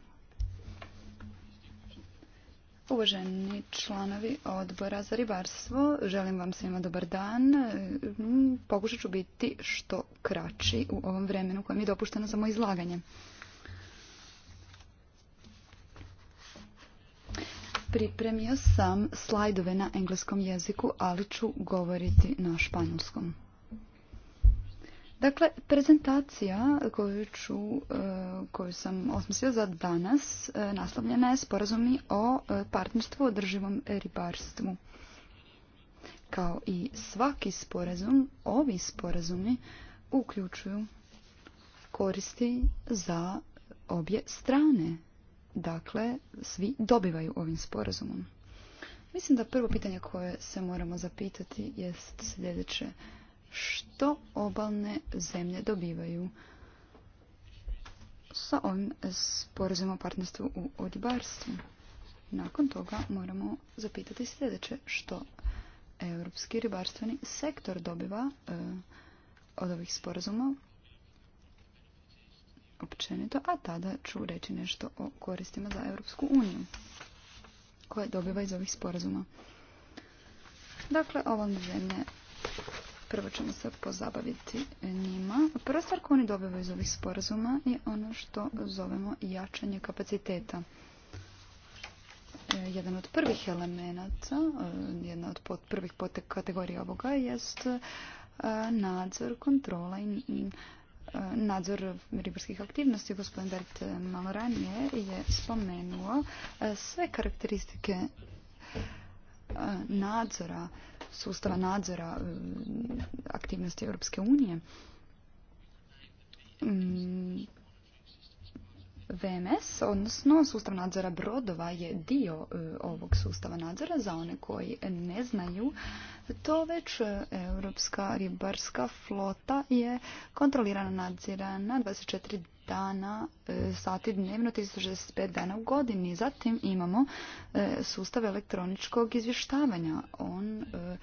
Uvaženi članovi odbora za ribarstvo, želim vam svima dobar dan. Pokušat ću biti što kraći u ovom vremenu koje mi je dopušteno za moje izlaganje. Pripremio sam slajdove na engleskom jeziku, ali ću govoriti na španjolskom. Dakle, prezentacija koju, ću, e, koju sam osmislila za danas e, naslovljena je sporazumi o e, partnerstvu održivom ribarstvu. Kao i svaki sporazum, ovi sporazumi uključuju koristi za obje strane. Dakle, svi dobivaju ovim sporazumom. Mislim da prvo pitanje koje se moramo zapitati jest sljedeće što obalne zemlje dobivaju sa ovim sporazuma o partnerstvu u ribarstvu. Nakon toga moramo zapitati sljedeće što europski ribarstveni sektor dobiva e, od ovih sporazuma općenito, a tada ću reći nešto o koristima za Europsku uniju koje dobiva iz ovih sporazuma. Dakle, ovom zemlje Prvo ćemo se pozabaviti njima. Prva stvar koju oni dobivaju iz ovih sporazuma je ono što zovemo jačanje kapaciteta. E, jedan od prvih elemenata, e, jedna od prvih kategorija ovoga jest e, nadzor, kontrola i nadzor ribarskih aktivnosti. Gospodin Bert malo ranije je spomenuo sve karakteristike nadzora sustava nadzora e, aktivnosti Europske unije. Mm, VMS, odnosno sustav nadzora brodova je dio e, ovog sustava nadzora za one koji ne znaju. To već e, Europska ribarska flota je kontrolirana nadzirana 24 dana e, sati dnevno, 365 dana u godini. Zatim imamo e, sustav elektroničkog izvještavanja. On e,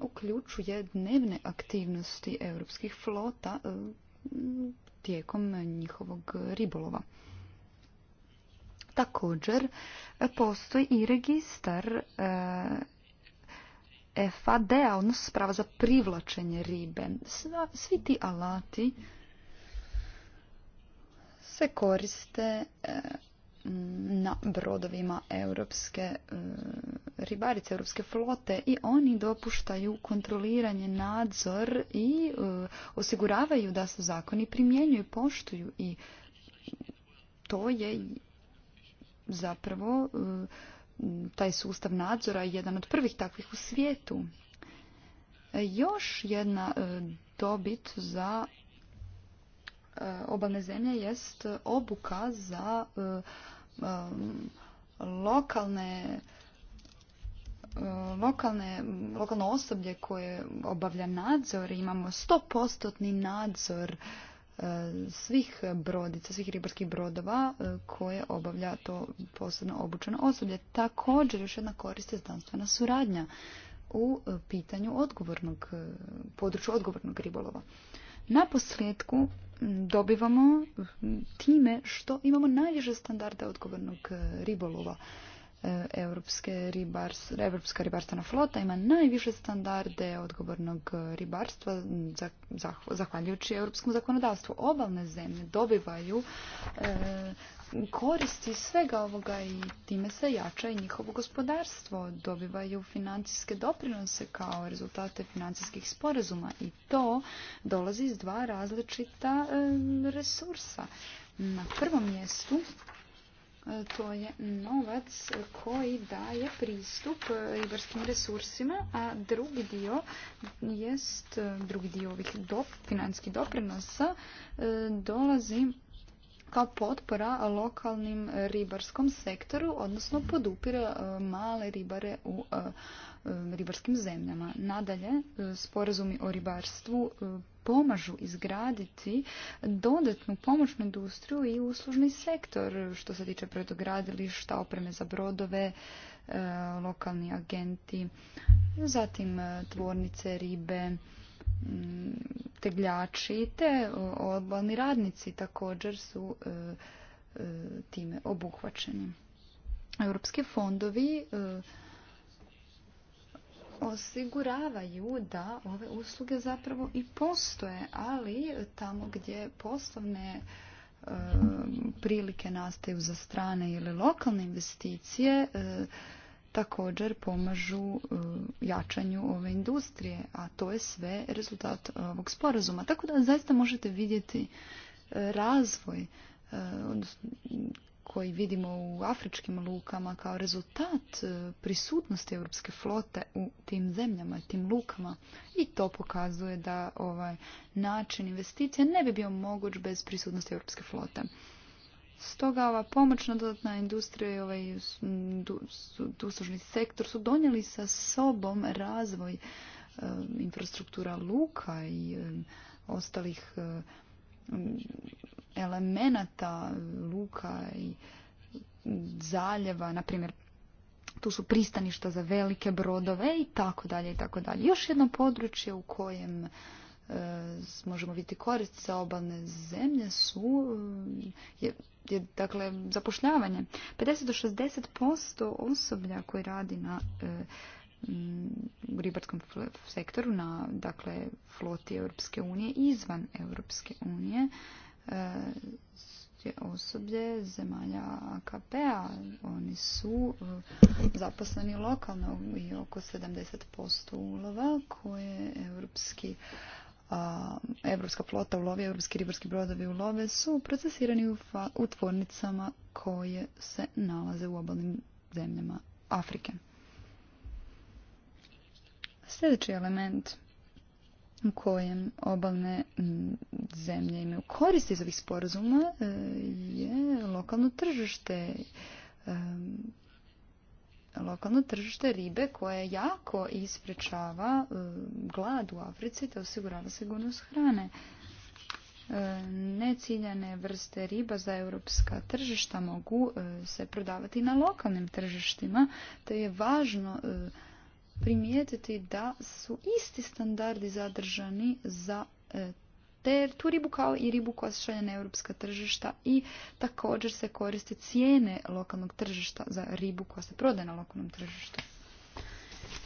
uključuje dnevne aktivnosti europskih flota tijekom njihovog ribolova. Također postoji i registar FAD-a, odnosno sprava za privlačenje ribe. Svi ti alati se koriste eh, na brodovima europske eh, ribarice, europske flote i oni dopuštaju kontroliranje, nadzor i eh, osiguravaju da se zakoni primjenjuju i poštuju i to je zapravo taj sustav nadzora jedan od prvih takvih u svijetu. Još jedna dobit za E, obalne zemlje jest obuka za e, e, lokalne lokalne, lokalno osoblje koje obavlja nadzor, imamo 100% nadzor svih brodica, svih ribarskih brodova koje obavlja to posebno obučeno osoblje. Također još jedna korist je znanstvena suradnja u pitanju odgovornog, području odgovornog ribolova. Na posljedku dobivamo time što imamo najviše standarde odgovornog e, ribolova. Europske Europska ribarstvena flota ima najviše standarde odgovornog e, ribarstva zahvaljujući europskom zakonodavstvu. Obalne zemlje dobivaju e, koristi svega ovoga i time se jača i njihovo gospodarstvo. Dobivaju financijske doprinose kao rezultate financijskih sporazuma i to dolazi iz dva različita resursa. Na prvom mjestu e, to je novac koji daje pristup e, ribarskim resursima, a drugi dio jest, e, drugi dio ovih financijskih doprinosa dolazi kao potpora lokalnim ribarskom sektoru, odnosno podupira e, male ribare u e, e, ribarskim zemljama. Nadalje, sporazumi o ribarstvu pomažu izgraditi dodatnu pomoćnu industriju i uslužni sektor što se tiče predogradilišta, opreme za brodove, lokalni agenti, zatim tvornice ribe, tegljači te e, obalni radnici također su e, e, time obuhvaćeni. Europski fondovi osiguravaju da ove usluge zapravo i postoje, ali tamo gdje poslovne prilike nastaju za strane ili lokalne investicije, također pomažu e, jačanju ove industrije, a to je sve rezultat e, ovog sporazuma. Tako da zaista možete vidjeti e, razvoj koji vidimo u afričkim lukama kao rezultat prisutnosti europske flote u tim zemljama, tim lukama. I to pokazuje da ovaj način investicije ne bi bio moguć bez prisutnosti europske flote. Stoga ova pomoćna dodatna industrija i ovaj uslužni sektor su donijeli sa sobom razvoj e, infrastruktura luka i e, ostalih e, elemenata luka i zaljeva, na primjer tu su pristaništa za velike brodove i tako dalje i tako dalje. Još jedno područje u kojem možemo vidjeti korist obalne zemlje su eh, je, dakle zapošljavanje. 50 do 60% osoblja koji radi na eh, ribarskom sektoru na dakle floti Europske unije izvan Europske unije eh, je osoblje zemalja AKP-a. Oni su zaposleni lokalno i oko 70% ulova koje europski a evropska flota ulovi, evropski ribarski brodovi ulove su procesirani u, tvornicama koje se nalaze u obalnim zemljama Afrike. Sljedeći element u kojem obalne zemlje imaju korist iz ovih sporazuma e, je lokalno tržište e, lokalno tržište ribe koje jako isprečava e, glad u Africi te osigurava sigurnost hrane. E, neciljane vrste riba za europska tržišta mogu e, se prodavati na lokalnim tržištima, te je važno primijetiti da su isti standardi zadržani za te tu ribu kao i ribu koja se šalje na europska tržišta i također se koriste cijene lokalnog tržišta za ribu koja se prodaje na lokalnom tržištu.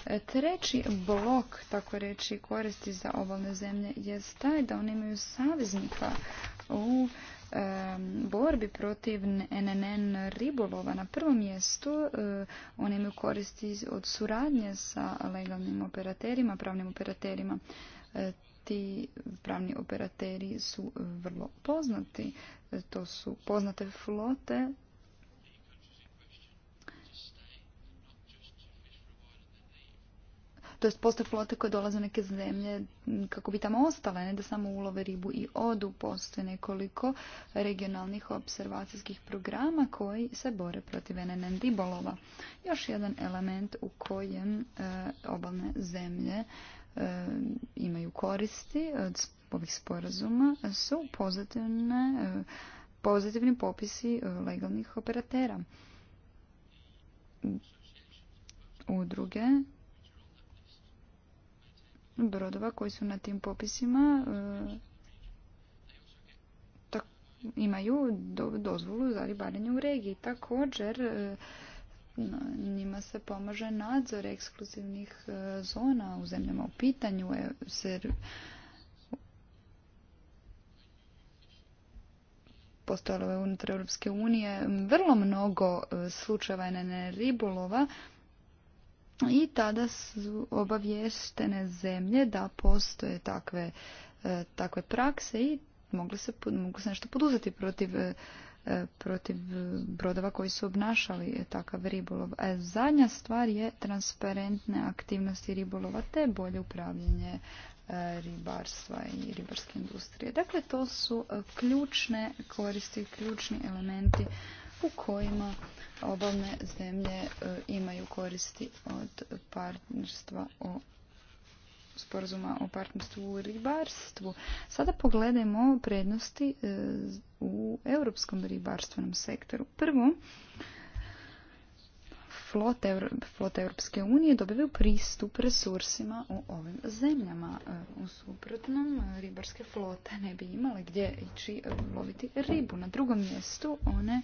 E, treći blok, tako reći, koristi za obalne zemlje je taj da one imaju saveznika u e, borbi protiv NNN ribolova. Na prvom mjestu e, one imaju koristi od suradnje sa legalnim operaterima, pravnim operaterima ti pravni operateri su vrlo poznati. To su poznate flote to je postoje flote koje dolaze neke zemlje kako bi tamo ostale, ne da samo ulove ribu i odu, postoje nekoliko regionalnih observacijskih programa koji se bore protiv NNN ribolova. Još jedan element u kojem e, obalne zemlje E, imaju koristi od ovih sporazuma su e, pozitivni popisi e, legalnih operatera. Udruge brodova koji su na tim popisima imaju dozvolu za ribarenje u regiji. Također njima se pomaže nadzor ekskluzivnih e, zona u zemljama u pitanju se postojalo je unutar Europske unije vrlo mnogo e, slučajeva ne i tada su obavještene zemlje da postoje takve, e, takve prakse i mogli se, mogu se nešto poduzeti protiv E, protiv brodova koji su obnašali takav ribolov. E, zadnja stvar je transparentne aktivnosti ribolova te bolje upravljanje e, ribarstva i ribarske industrije. Dakle, to su ključne koristi, ključni elementi u kojima obalne zemlje imaju koristi od partnerstva o sporazuma o partnerstvu u ribarstvu. Sada pogledajmo prednosti e, u europskom ribarstvenom sektoru. Prvo, flote, flote Europske unije dobivaju pristup resursima u ovim zemljama. E, u suprotnom, ribarske flote ne bi imale gdje ići loviti ribu. Na drugom mjestu one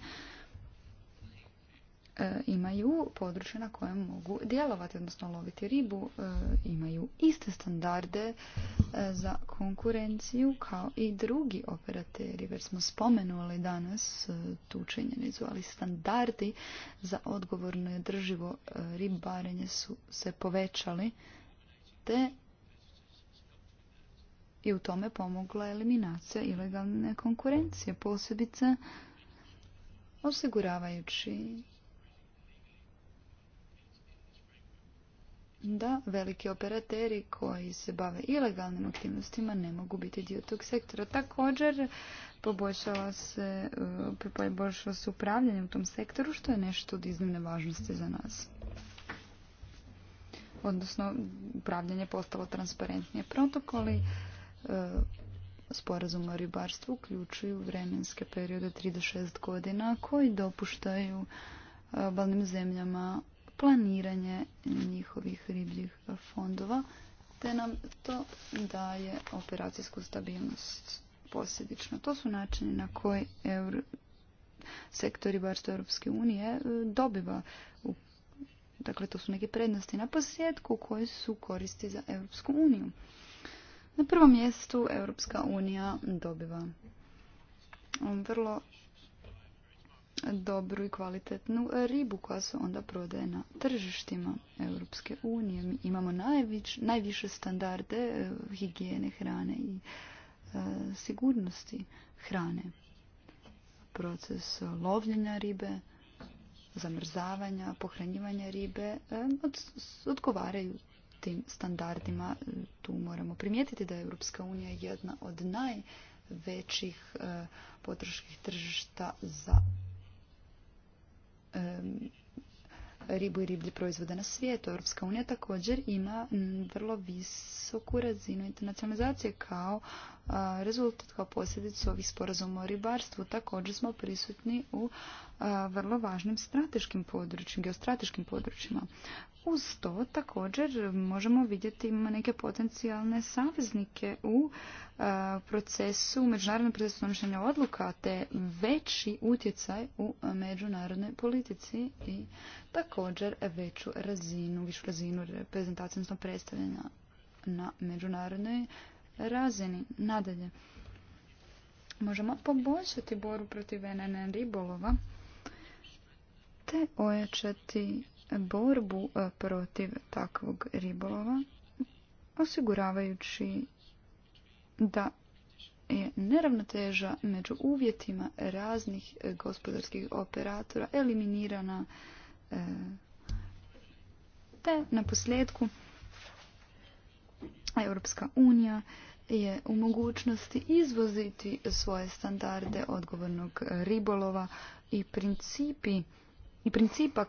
E, imaju područje na kojem mogu djelovati, odnosno loviti ribu, e, imaju iste standarde e, za konkurenciju kao i drugi operateri. Već smo spomenuli danas tu činjenicu, ali standardi za odgovorno i drživo ribarenje su se povećali te i u tome pomogla eliminacija ilegalne konkurencije, posebice osiguravajući da veliki operateri koji se bave ilegalnim aktivnostima ne mogu biti dio tog sektora. Također poboljšava se, e, upravljanje u tom sektoru što je nešto od iznimne važnosti za nas. Odnosno, upravljanje postalo transparentnije protokoli, e, sporazum o ribarstvu uključuju vremenske periode 3 do 6 godina koji dopuštaju obalnim e, zemljama planiranje njihovih ribljih fondova, te nam to daje operacijsku stabilnost posljedično. To su načini na koji Euro... sektor ribarstva Europske unije e, dobiva Dakle, to su neke prednosti na posjetku koje su koristi za Europsku uniju. Na prvom mjestu Europska unija dobiva vrlo dobru i kvalitetnu ribu koja se onda prodaje na tržištima Europske unije. Mi imamo najvič, najviše standarde e, higijene hrane i e, sigurnosti hrane. Proces lovljenja ribe, zamrzavanja, pohranjivanja ribe e, odgovaraju tim standardima. Tu moramo primijetiti da je Europska unija jedna od najvećih e, potroških tržišta za ribu i riblje proizvoda na svijetu. Europska unija također ima vrlo visoku razinu internacionalizacije kao rezultat kao posljedicu ovih sporazuma o ribarstvu. Također smo prisutni u vrlo važnim strateškim područjima, geostrateškim područjima. Uz to također možemo vidjeti neke potencijalne saveznike u procesu, u međunarodnom procesu donošenja odluka, te veći utjecaj u međunarodnoj politici i također veću razinu, višu razinu reprezentacijnog predstavljanja na međunarodnoj razini. Nadalje, možemo poboljšati borbu protiv NN ribolova te ojačati borbu e, protiv takvog ribolova osiguravajući da je neravnoteža među uvjetima raznih e, gospodarskih operatora eliminirana e, te na posljedku Europska unija je u mogućnosti izvoziti svoje standarde odgovornog ribolova i principi i principa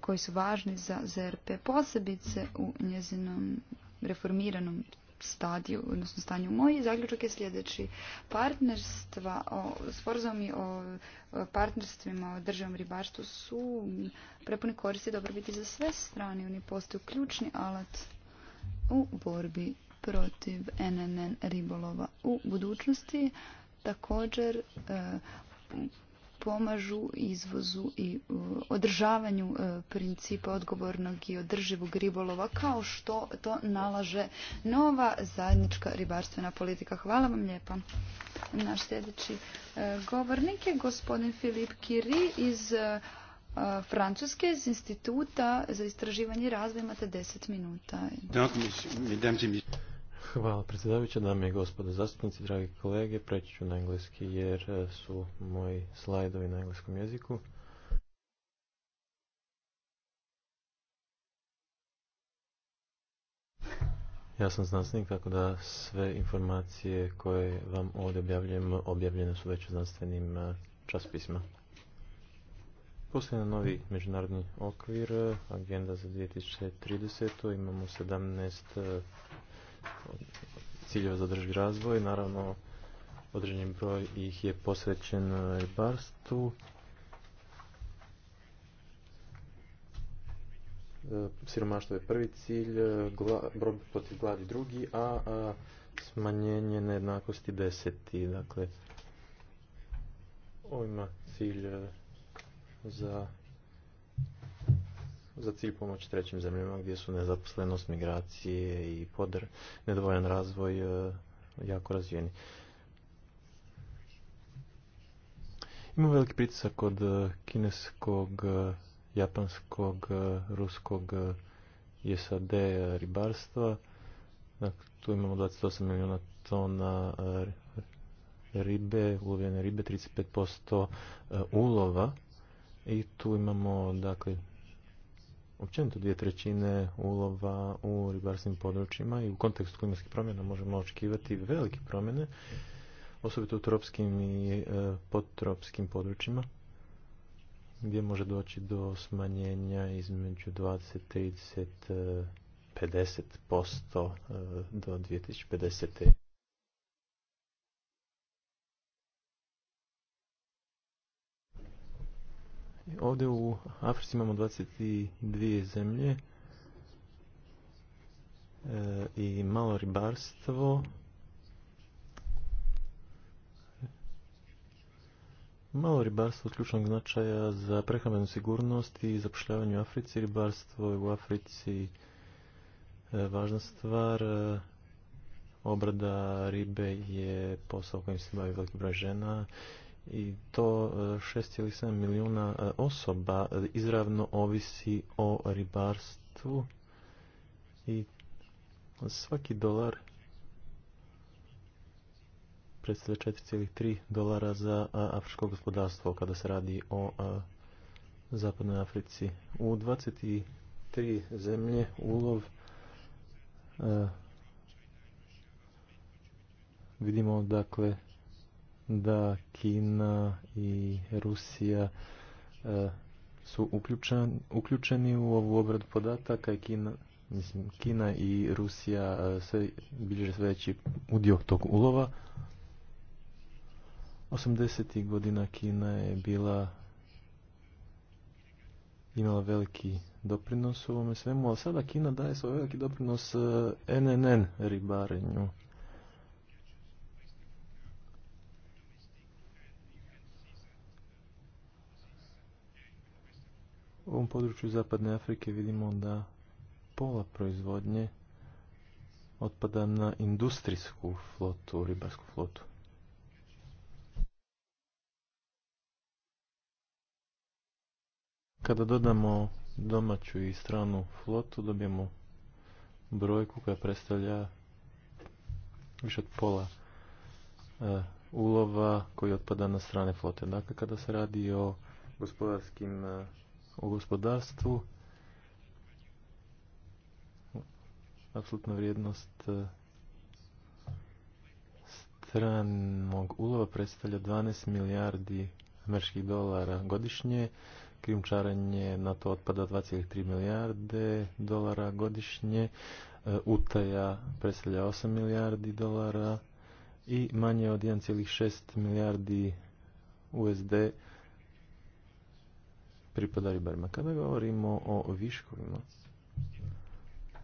koji su važni za ZRP posebice u njezinom reformiranom stadiju, odnosno stanju. moji. zaključak je sljedeći. Partnerstva, o, o partnerstvima o državom ribarstvu su prepuni koristi dobrobiti biti za sve strane. Oni postaju ključni alat u borbi protiv NNN ribolova u budućnosti. Također, e, pomažu izvozu i e, održavanju e, principa odgovornog i održivog ribolova kao što to nalaže nova zajednička ribarstvena politika. Hvala vam lijepa. Naš sljedeći e, govornik je gospodin Filip Kiri iz Francuske iz Instituta za istraživanje i razvoj imate 10 minuta. Hvala predsjedavajući dame i gospodo zastupnici, dragi kolege. Preći ću na engleski jer e, su moji slajdovi na engleskom jeziku. Ja sam znanstvenik, tako da sve informacije koje vam ovdje objavljujem, objavljene su već u znanstvenim e, časpisima. Poslije na novi međunarodni okvir, e, agenda za 2030. Imamo 17 ciljeva za održivi razvoj. Naravno, određeni broj ih je posvećen e, ribarstvu. E, siromaštvo je prvi cilj, e, broj protiv gladi drugi, a, a smanjenje nejednakosti deseti. Dakle, ovima cilj za za cilj pomoć trećim zemljama gdje su nezaposlenost, migracije i podr, nedovoljan razvoj e, jako razvijeni. Imamo veliki pritisak od e, kineskog, e, japanskog, ruskog i SAD ribarstva. tu imamo 28 milijuna tona ribe, ulovljene ribe, 35% ulova i tu imamo dakle općenito dvije trećine ulova u ribarskim područjima i u kontekstu klimatskih promjena možemo očekivati velike promjene, osobito u tropskim i e, podtropskim područjima gdje može doći do smanjenja između 20, 30, 50% do 2050. Ovdje u Africi imamo 22 zemlje e, i malo ribarstvo. Malo ribarstvo od ključnog značaja za prehrambenu sigurnost i zapošljavanje u Africi. Ribarstvo je u Africi e, važna stvar. obrada ribe je posao kojim se bavi veliki broj žena i to 6,7 e, milijuna e, osoba e, izravno ovisi o ribarstvu i svaki dolar predstavlja 4,3 dolara za afričko gospodarstvo kada se radi o zapadnoj Africi. U 23 zemlje ulov vidimo dakle da Kina i Rusija e, su uključeni u ovu obradu podataka i Kina, mislim, Kina i Rusija e, sve, bilježe sve veći udio tog ulova. 80. godina Kina je bila imala veliki doprinos u ovome svemu, ali sada Kina daje svoj veliki doprinos NNN e, ribarenju. ovom području Zapadne Afrike vidimo da pola proizvodnje otpada na industrijsku flotu, ribarsku flotu. Kada dodamo domaću i stranu flotu, dobijemo brojku koja predstavlja više od pola e, ulova koji otpada na strane flote. Dakle, kada se radi o gospodarskim e, o gospodarstvu, apsolutna vrijednost e, stranog ulova predstavlja 12 milijardi američkih dolara godišnje, krimčaranje na to otpada 2,3 milijarde dolara godišnje, e, utaja predstavlja 8 milijardi dolara i manje od 1,6 milijardi USD pripada ribarima. Kada govorimo o viškovima,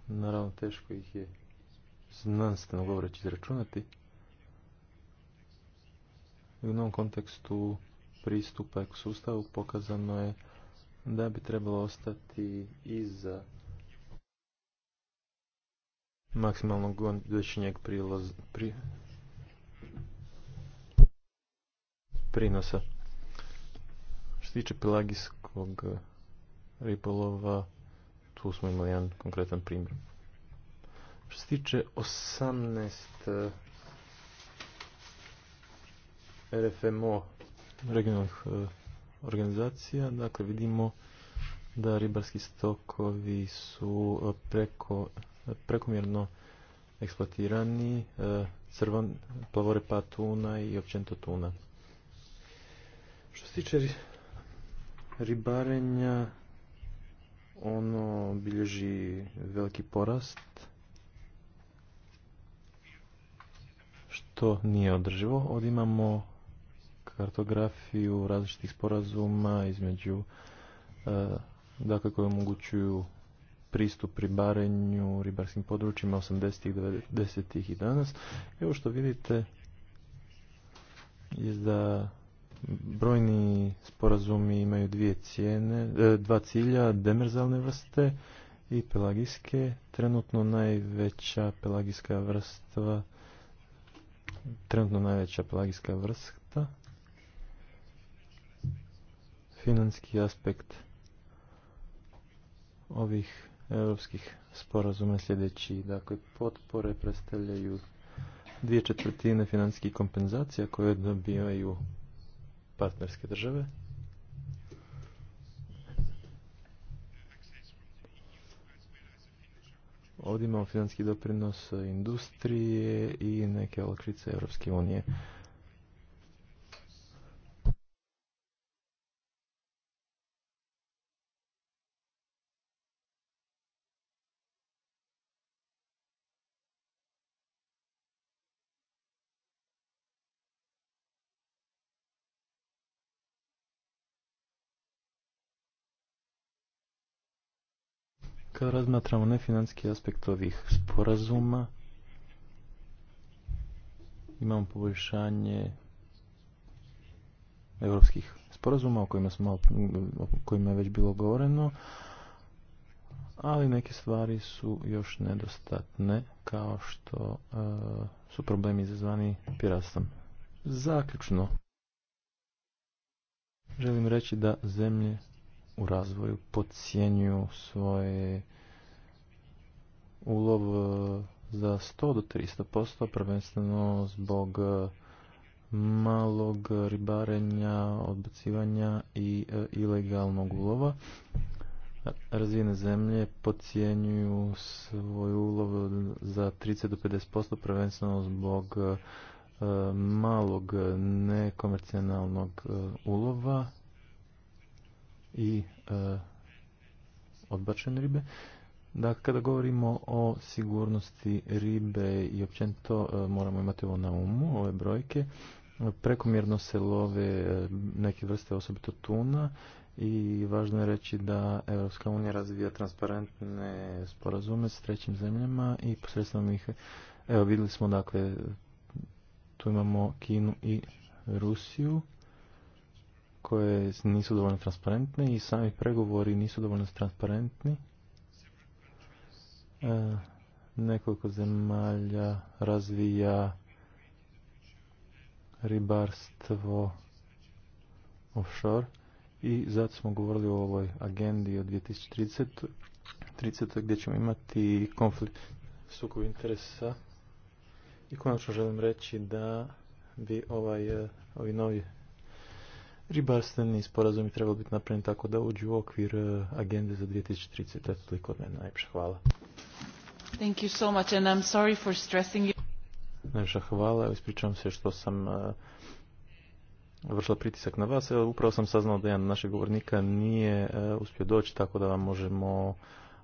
naravno teško ih je znanstveno govoreći izračunati. u novom kontekstu pristupa sustavu pokazano je da bi trebalo ostati iza maksimalnog godišnjeg pri, prinosa. Što se tiče pelagijskog ovog eh, ripolova, Tu smo imali jedan konkretan primjer. Što se tiče 18 eh, RFMO regionalnih eh, organizacija, dakle vidimo da ribarski stokovi su prekomjerno eksploatirani, crvan, plavore tuna i općenito tuna. Što se tiče ribarenja ono bilježi veliki porast što nije održivo. Ovdje imamo kartografiju različitih sporazuma između eh, dakle koje omogućuju pristup ribarenju, ribarskim područjima 80-ih, 90-ih i danas. Evo što vidite je da brojni sporazumi imaju dvije cijene, e, dva cilja, demerzalne vrste i pelagijske. Trenutno najveća pelagijska vrsta trenutno najveća pelagijska vrsta financijski aspekt ovih europskih sporazuma sljedeći. Dakle, potpore predstavljaju dvije četvrtine financijskih kompenzacija koje dobivaju partnerske države. Ovdje imamo financijski doprinos industrije i neke olakšice Europske unije. kada razmatramo nefinanski aspekt ovih sporazuma, imamo poboljšanje europskih sporazuma o kojima, smo, kojima je već bilo govoreno, ali neke stvari su još nedostatne kao što e, su problemi izazvani piratstvom. Zaključno, želim reći da zemlje u razvoju podcijenjuju svoje ulov e, za 100 do 300 posto, prvenstveno zbog e, malog ribarenja, odbacivanja i e, ilegalnog ulova. Razvijene zemlje podcjenjuju svoj ulov za 30 do 50% prvenstveno zbog malog nekomercionalnog ulova i e, odbačene ribe. Dakle, kada govorimo o sigurnosti ribe i općenito e, moramo imati ovo na umu, ove brojke. Prekomjerno se love e, neke vrste, osobito tuna, i važno je reći da Europska unija razvija transparentne sporazume s trećim zemljama i posredstvom ih, evo vidjeli smo dakle, tu imamo Kinu i Rusiju koje nisu dovoljno transparentne i sami pregovori nisu dovoljno transparentni. E, nekoliko zemalja razvija ribarstvo offshore i zato smo govorili o ovoj agendi od 2030. 30. gdje ćemo imati konflikt sukob interesa i konačno želim reći da bi ovaj, e, ovi novi ribarstveni sporazumi bi trebalo biti napravljen tako da uđu u okvir e, agende za 2030. Eto toliko od mene. hvala. Thank you so much and I'm sorry for stressing you. hvala. Ispričavam se što sam e, vršila pritisak na vas. upravo sam saznao da jedan našeg govornika nije e, uspio doći, tako da vam možemo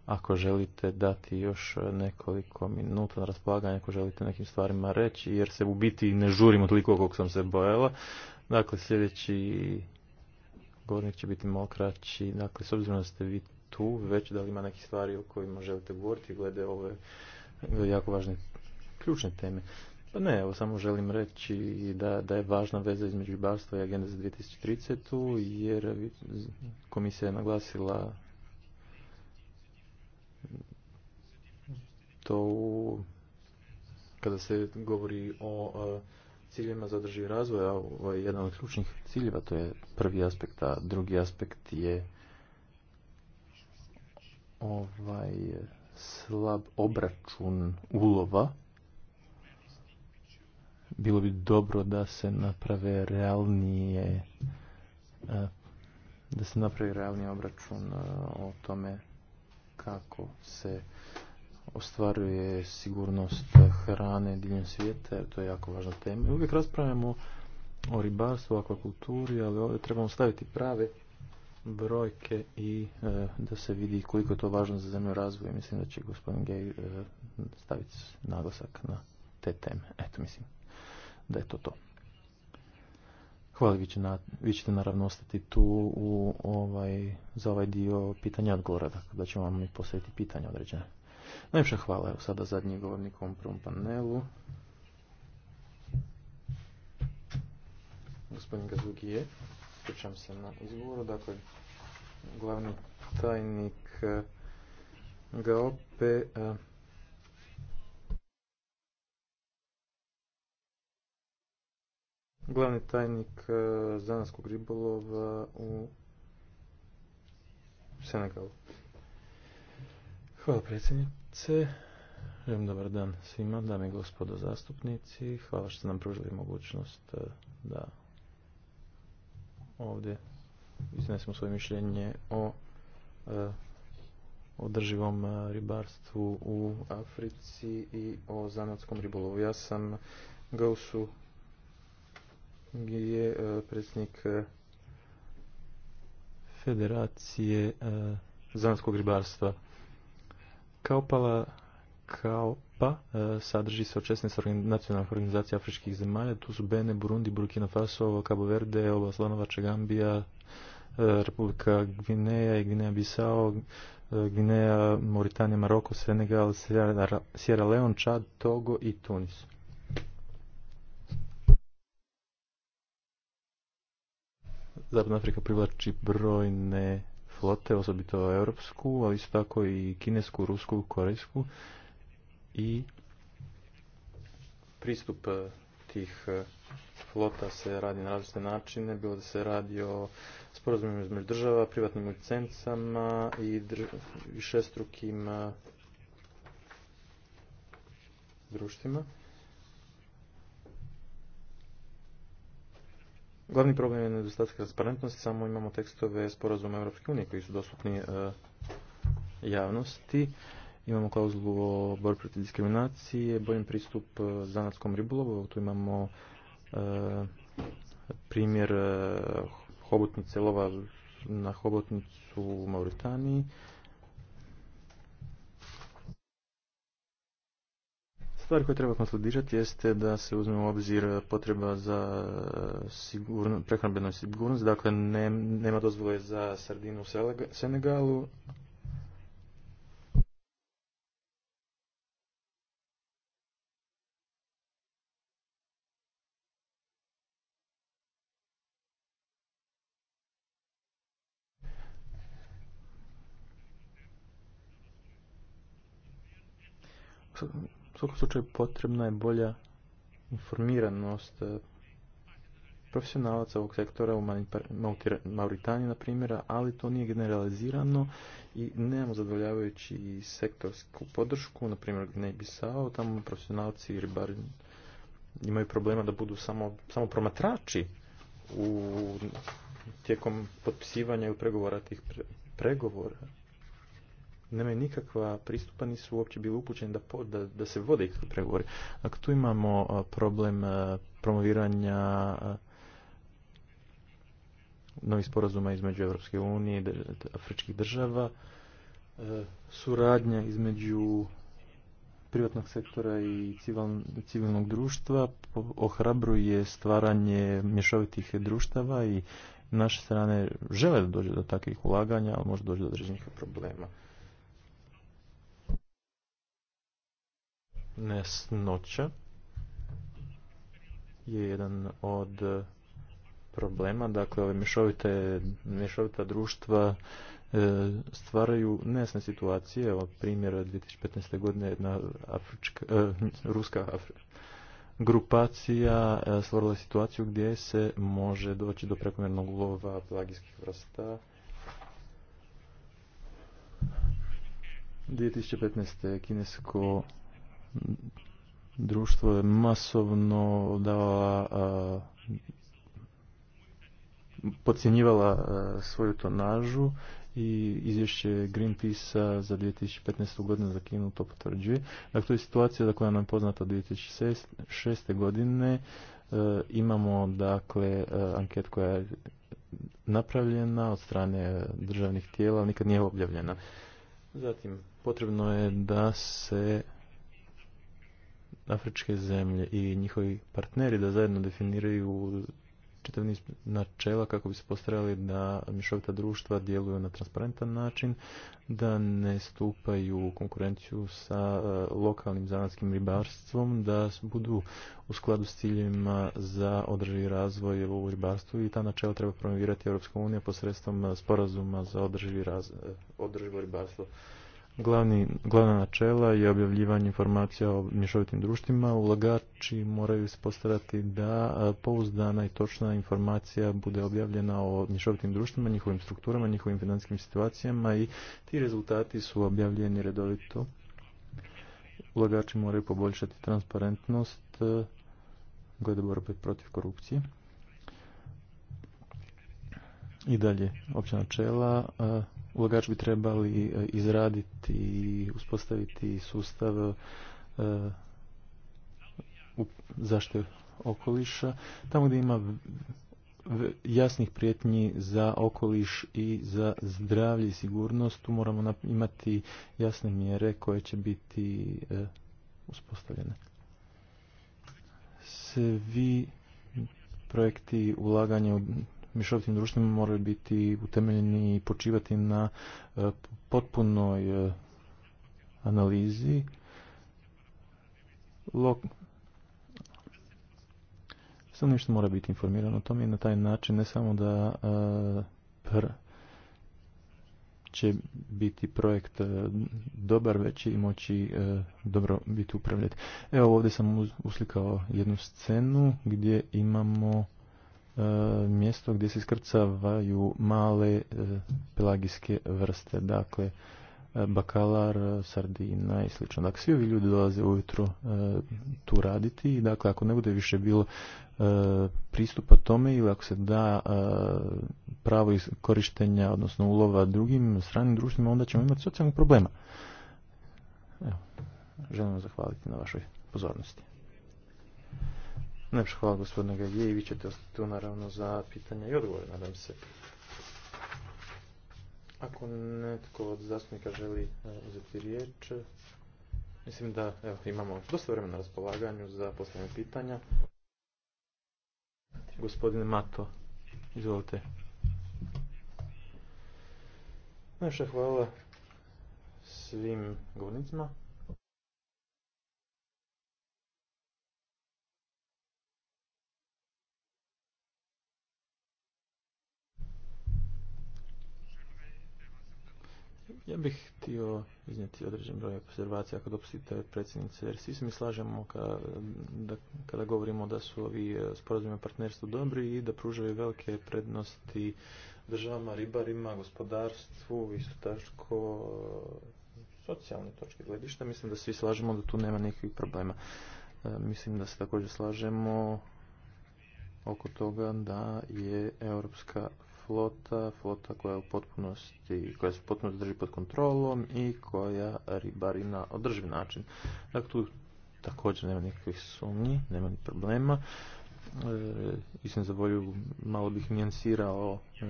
ako želite dati još nekoliko minuta na raspolaganje, ako želite nekim stvarima reći, jer se u biti ne žurimo toliko koliko sam se bojala. Dakle, sljedeći govornik će biti malo kraći. Dakle, s obzirom da ste vi tu, već da li ima nekih stvari o kojima želite govoriti glede ove jako važne ključne teme. Pa ne, evo samo želim reći da, da je važna veza između ribarstva i agenda za 2030. jer komisija je naglasila to kada se govori o ciljima za održivi razvoj, a ovo jedan od ključnih ciljeva, to je prvi aspekt, a drugi aspekt je ovaj slab obračun ulova. Bilo bi dobro da se naprave realnije da se napravi realni obračun o tome kako se ostvaruje sigurnost hrane diljem svijeta, to je jako važna tema. Uvijek raspravljamo o ribarstvu, akvakulturi, ali ovdje trebamo staviti prave brojke i e, da se vidi koliko je to važno za zemlju razvoja. Mislim da će gospodin Gej e, staviti naglasak na te teme. Eto, mislim da je to to. Hvala, vi, će ćete naravno ostati tu u ovaj, za ovaj dio pitanja odgovora, tako da ćemo vam i postaviti pitanja određene. Najviše hvala. Evo sada zadnji govornik u ovom prvom panelu. Gospodin Gazugije, pričam se na izgovoru, dakle, glavni tajnik eh, GAOPE, eh, glavni tajnik eh, Zanaskog ribolova u Senegalu. Hvala predsjednik. Želim dobar dan svima, dame i gospodo zastupnici. Hvala što ste nam pružili mogućnost eh, da ovdje iznesemo svoje mišljenje o eh, održivom eh, ribarstvu u Africi i o zanatskom ribolovu. Ja sam Gausu je predsjednik Federacije zanatskog ribarstva. Kaupala, Kaupa e, sadrži se od 16 nacionalnih organizacija afričkih zemalja. Tu su Bene, Burundi, Burkina Faso, Cabo Verde, Oba Slanova, Gambija, e, Republika Gvineja i Gvineja Bisao, e, Gvineja, Mauritanija, Maroko, Senegal, Sierra Leone, Čad, Togo i Tunis. Zapadna Afrika privlači brojne flote, osobito europsku, ali isto tako i kinesku, rusku, korejsku i pristup e, tih e, flota se radi na različite načine, bilo da se radi o sporazumima između država, privatnim licencama i šestrukim e, društvima. Glavni problem je nedostatak transparentnosti, samo imamo tekstove sporazuma Europske unije koji su dostupni e, javnosti. Imamo klauzulu o borbi protiv diskriminacije, boljem pristup e, zanatskom ribolovu, tu imamo e, primjer hobotnice lova na hobotnicu u Mauritaniji. Stvar koju treba konsolidirati jeste da se uzme u obzir potreba za sigurno, prehranbenu sigurnost, dakle ne, nema dozvole za sardinu u Senegalu, U svakom slučaju potrebna je bolja informiranost eh, profesionalaca ovog sektora u Mauritaniji, na primjer, ali to nije generalizirano i nemamo zadovoljavajući sektorsku podršku, na primjer ne Bisao, tamo profesionalci ribari imaju problema da budu samo, samo promatrači u tijekom potpisivanja i pregovora tih pre, pregovora nemaju nikakva pristupa, nisu uopće bili upućeni da, da, da se vode ikakve pregovori. Dakle, tu imamo problem promoviranja novih sporazuma između Europske unije i afričkih država, suradnja između privatnog sektora i civilnog društva ohrabruje stvaranje mješovitih društava i naše strane žele da dođe do takvih ulaganja, ali može doći do određenih problema. nesnoća je jedan od problema. Dakle, ove mješovite, mješovita društva e, stvaraju nesne situacije. Evo primjera 2015. godine jedna afrička, e, ruska Afri... grupacija e, stvorila situaciju gdje se može doći do prekomjernog lova plagijskih vrsta. 2015. kinesko društvo je masovno davala podcjenjivala svoju tonažu i izvješće Greenpeace-a za 2015. godinu za Kinu to potvrđuje. Dakle, to je situacija koja nam je poznata od 2006. godine. E, imamo, dakle, e, anket koja je napravljena od strane državnih tijela, nikad nije objavljena. Zatim, potrebno je da se afričke zemlje i njihovi partneri da zajedno definiraju čitav niz načela kako bi se postarali da mišovita društva djeluju na transparentan način, da ne stupaju u konkurenciju sa e, lokalnim zanatskim ribarstvom, da budu u skladu s ciljevima za održivi razvoj u ribarstvu i ta načela treba promovirati Europska unija posredstvom e, sporazuma za e, održivo ribarstvo. Glavni, glavna načela je objavljivanje informacija o mješovitim društvima. Ulagači moraju postarati da pouzdana i točna informacija bude objavljena o mješovitim društvima, njihovim strukturama, njihovim financijskim situacijama i ti rezultati su objavljeni redovito. Ulagači moraju poboljšati transparentnost glede borbe protiv korupcije. I dalje, opća načela, Ulagač bi trebali e, izraditi i uspostaviti sustav e, zaštite okoliša, tamo gdje ima jasnih prijetnji za okoliš i za zdravlje i sigurnost, tu moramo imati jasne mjere koje će biti e, uspostavljene. Svi projekti ulaganja u mišovitim društvima moraju biti utemeljeni i počivati na e, potpunoj e, analizi Lok... nešto mora biti informirano o tome i na taj način ne samo da e, pr će biti projekt dobar, već i moći dobro biti upravljati. Evo ovdje sam uslikao jednu scenu gdje imamo E, mjesto gdje se iskrcavaju male e, pelagijske vrste, dakle e, bakalar, sardina i sl. Dakle, svi ovi ljudi dolaze ujutro tu raditi i dakle, ako ne bude više bilo pristupa tome ili ako se da pravo korištenja, odnosno ulova drugim stranim društvima, onda ćemo imati socijalnog problema. Evo, želim vam zahvaliti na vašoj pozornosti. Najpšu hvala gospodine Gavije i vi ćete tu naravno za pitanja i odgovore, nadam se. Ako netko od zastupnika želi e, uzeti riječ, mislim da evo, imamo dosta vremena na raspolaganju za postavljanje pitanja. Gospodine Mato, izvolite. Najpšu hvala svim govornicima. Ja bih htio iznijeti određen broj observacija ako dopustite predsjednice, jer svi se mi slažemo kada govorimo da su ovi e, sporazumi o partnerstvu dobri i da pružaju velike prednosti državama, ribarima, gospodarstvu, isto tako e, socijalne točke gledišta. Mislim da svi slažemo da tu nema nekih problema. E, mislim da se također slažemo oko toga da je Europska flota, flota koja je u potpunosti, koja se potpuno drži pod kontrolom i koja ribari na održiv način. Dakle, tu također nema nikakvih sumnji, nema ni problema. E, istim za volju malo bih nijansirao e,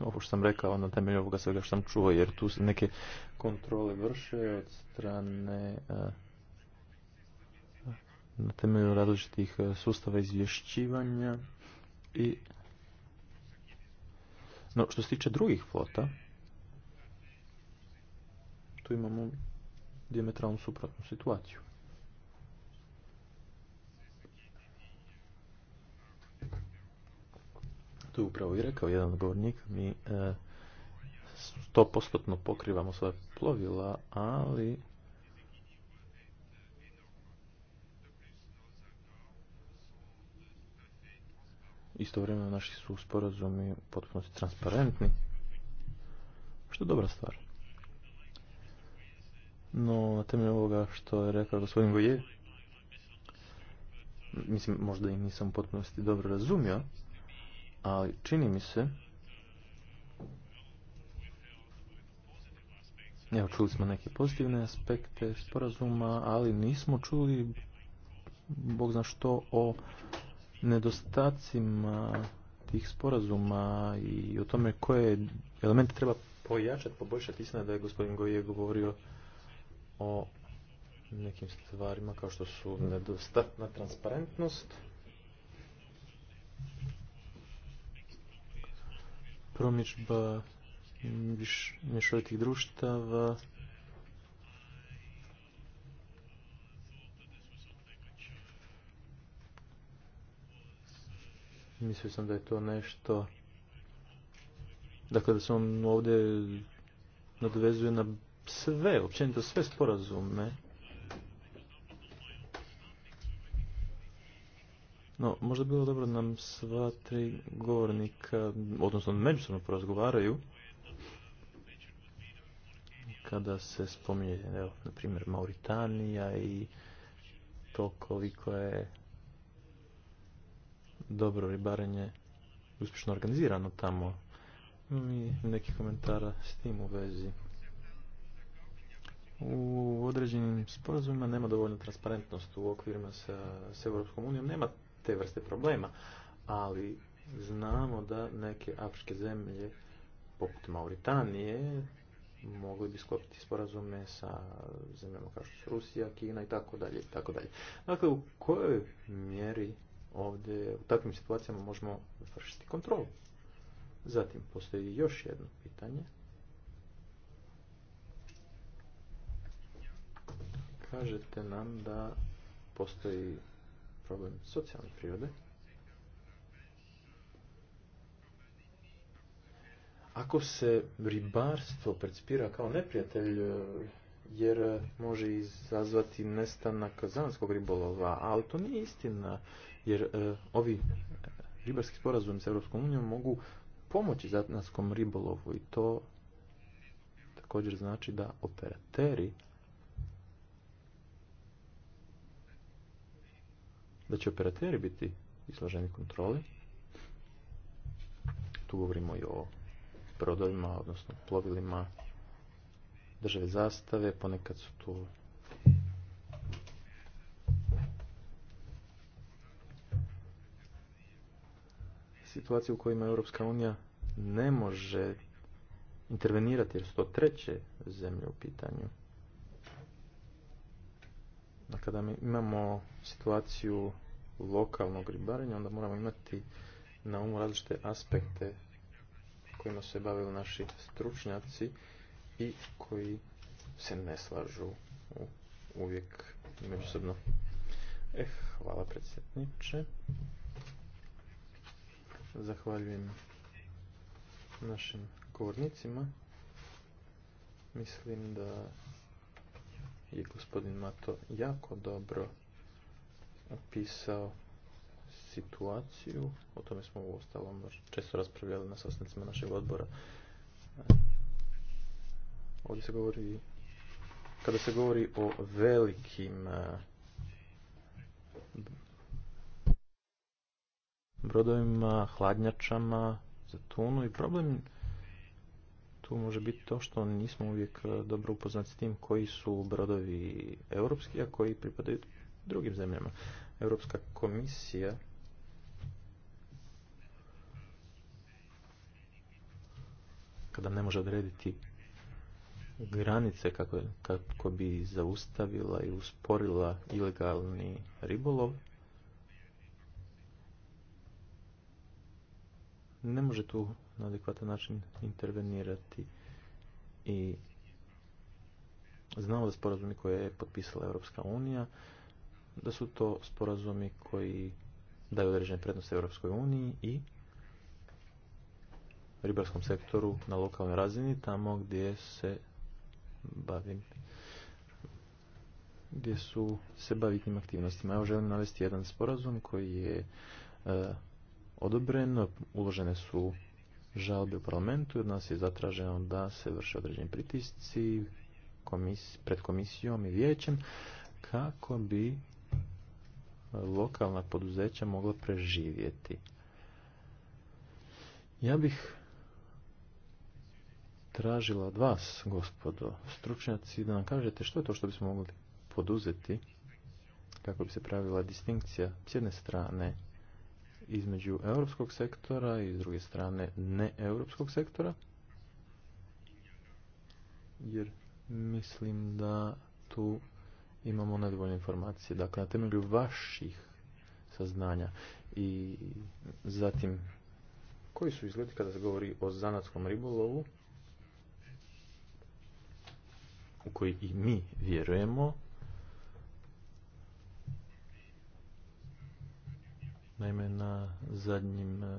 ovo što sam rekao na temelju ovoga svega što sam čuo, jer tu se neke kontrole vrše od strane e, na temelju različitih e, sustava izvješćivanja i no, što se tiče drugih flota, tu imamo diametralno suprotnu situaciju. Tu je upravo i rekao jedan govornik, Mi e, sto postotno pokrivamo svoje plovila, ali istovremeno naši su sporazumi potpuno transparentni, što je dobra stvar. No, na temelju ovoga što je rekao gospodin Goje, mislim, možda i nisam potpuno potpunosti dobro razumio, ali čini mi se, evo čuli smo neke pozitivne aspekte sporazuma, ali nismo čuli, bog zna što, o nedostacima tih sporazuma i o tome koje elemente treba pojačati, poboljšati. Istina da je gospodin je govorio o nekim stvarima kao što su nedostatna transparentnost, promičba mješovitih društava, Mislio sam da je to nešto... Dakle, da se on ovdje nadovezuje na sve, općenito sve sporazume. No, možda bi bilo dobro da nam sva tri govornika, odnosno međusobno porazgovaraju, kada se spominje, na primjer, Mauritanija i to koliko je dobro ribarenje uspješno organizirano tamo. i neki komentara s tim u vezi. U određenim sporazumima nema dovoljno transparentnost u okvirima sa, s Europskom unijom, nema te vrste problema, ali znamo da neke afričke zemlje, poput Mauritanije, mogli bi sklopiti sporazume sa zemljama kao što su Rusija, Kina i tako dalje i tako dalje. Dakle, u kojoj mjeri ovdje u takvim situacijama možemo vršiti kontrolu. Zatim postoji još jedno pitanje. Kažete nam da postoji problem socijalne prirode. Ako se ribarstvo percipira kao neprijatelj jer može izazvati nestanak zanskog ribolova, ali to nije istina jer e, ovi ribarski sporazumi s Europskom unijom mogu pomoći zatnarskom ribolovu i to također znači da operateri da će operateri biti izloženi kontroli. Tu govorimo i o brodovima, odnosno plovilima države zastave, ponekad su tu situacije u kojima Europska unija ne može intervenirati jer su to treće zemlje u pitanju. A kada mi imamo situaciju lokalnog ribarenja, onda moramo imati na umu različite aspekte kojima se bavili naši stručnjaci i koji se ne slažu uvijek međusobno. Eh, hvala predsjedniče. Zahvaljujem našim govornicima. Mislim da je gospodin Mato jako dobro opisao situaciju. O tome smo u ostalom često raspravljali na sastancima našeg odbora. Ovdje se govori, kada se govori o velikim brodovima, hladnjačama za tunu i problem tu može biti to što nismo uvijek e, dobro upoznati s tim koji su brodovi europski, a koji pripadaju drugim zemljama. Europska komisija kada ne može odrediti granice kako, kako bi zaustavila i usporila ilegalni ribolov, ne može tu na adekvatan način intervenirati i znamo da sporazumi koje je potpisala Europska unija, da su to sporazumi koji daju određene prednosti Europskoj uniji i ribarskom sektoru na lokalnoj razini, tamo gdje se bavim gdje su se bavitnim aktivnostima. Evo želim navesti jedan sporazum koji je e, odobreno, uložene su žalbe u parlamentu i od nas je zatraženo da se vrše određeni pritisci komis, pred komisijom i vijećem kako bi lokalna poduzeća mogla preživjeti. Ja bih tražila od vas, gospodo stručnjaci, da nam kažete što je to što bismo mogli poduzeti kako bi se pravila distinkcija s jedne strane između europskog sektora i s druge strane ne europskog sektora jer mislim da tu imamo nedovoljne informacije. Dakle, na temelju vaših saznanja i zatim koji su izgledi kada se govori o zanatskom ribolovu u koji i mi vjerujemo Naime, na zadnjim eh,